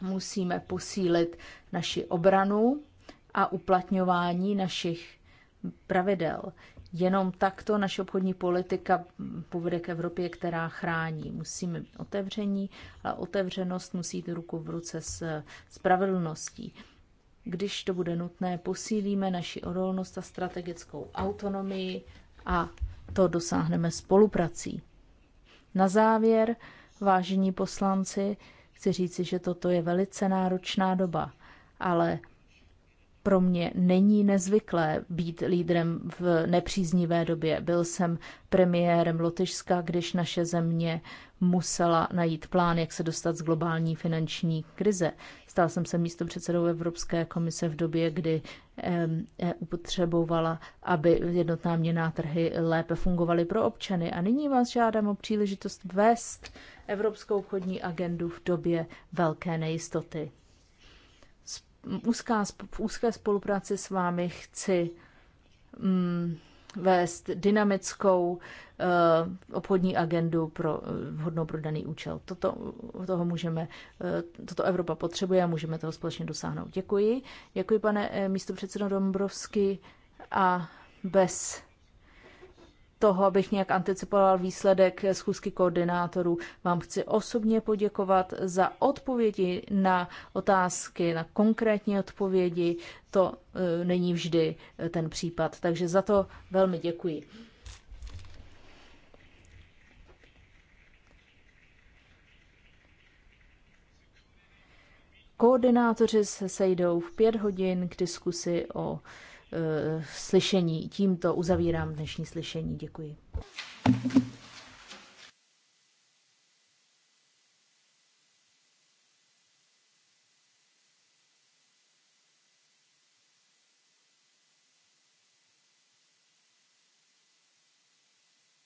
Musíme posílit naši obranu a uplatňování našich pravidel. Jenom takto naše obchodní politika povede k Evropě, která chrání. Musíme být otevření, ale otevřenost musí jít ruku v ruce s spravedlností. Když to bude nutné, posílíme naši odolnost a strategickou autonomii a to dosáhneme spoluprací. Na závěr, vážení poslanci, chci říci, že toto je velice náročná doba, ale pro mě není nezvyklé být lídrem v nepříznivé době. Byl jsem premiérem Lotyšska, když naše země musela najít plán, jak se dostat z globální finanční krize. Stal jsem se místo předsedou Evropské komise v době, kdy EU e potřebovala, aby jednotná měná trhy lépe fungovaly pro občany. A nyní vás žádám o příležitost vést Evropskou obchodní agendu v době velké nejistoty úzká, v úzké spolupráci s vámi chci mm, vést dynamickou uh, obchodní agendu pro eh, vhodnou pro daný účel. Toto, toho můžeme, uh, toto Evropa potřebuje a můžeme toho společně dosáhnout. Děkuji. Děkuji, pane místopředsedo Dombrovsky. A bez toho, abych nějak anticipoval výsledek schůzky koordinátorů, vám chci osobně poděkovat za odpovědi na otázky, na konkrétní odpovědi. To e, není vždy e, ten případ, takže za to velmi děkuji. Koordinátoři se sejdou v pět hodin k diskusi o slyšení. Tímto uzavírám dnešní slyšení. Děkuji.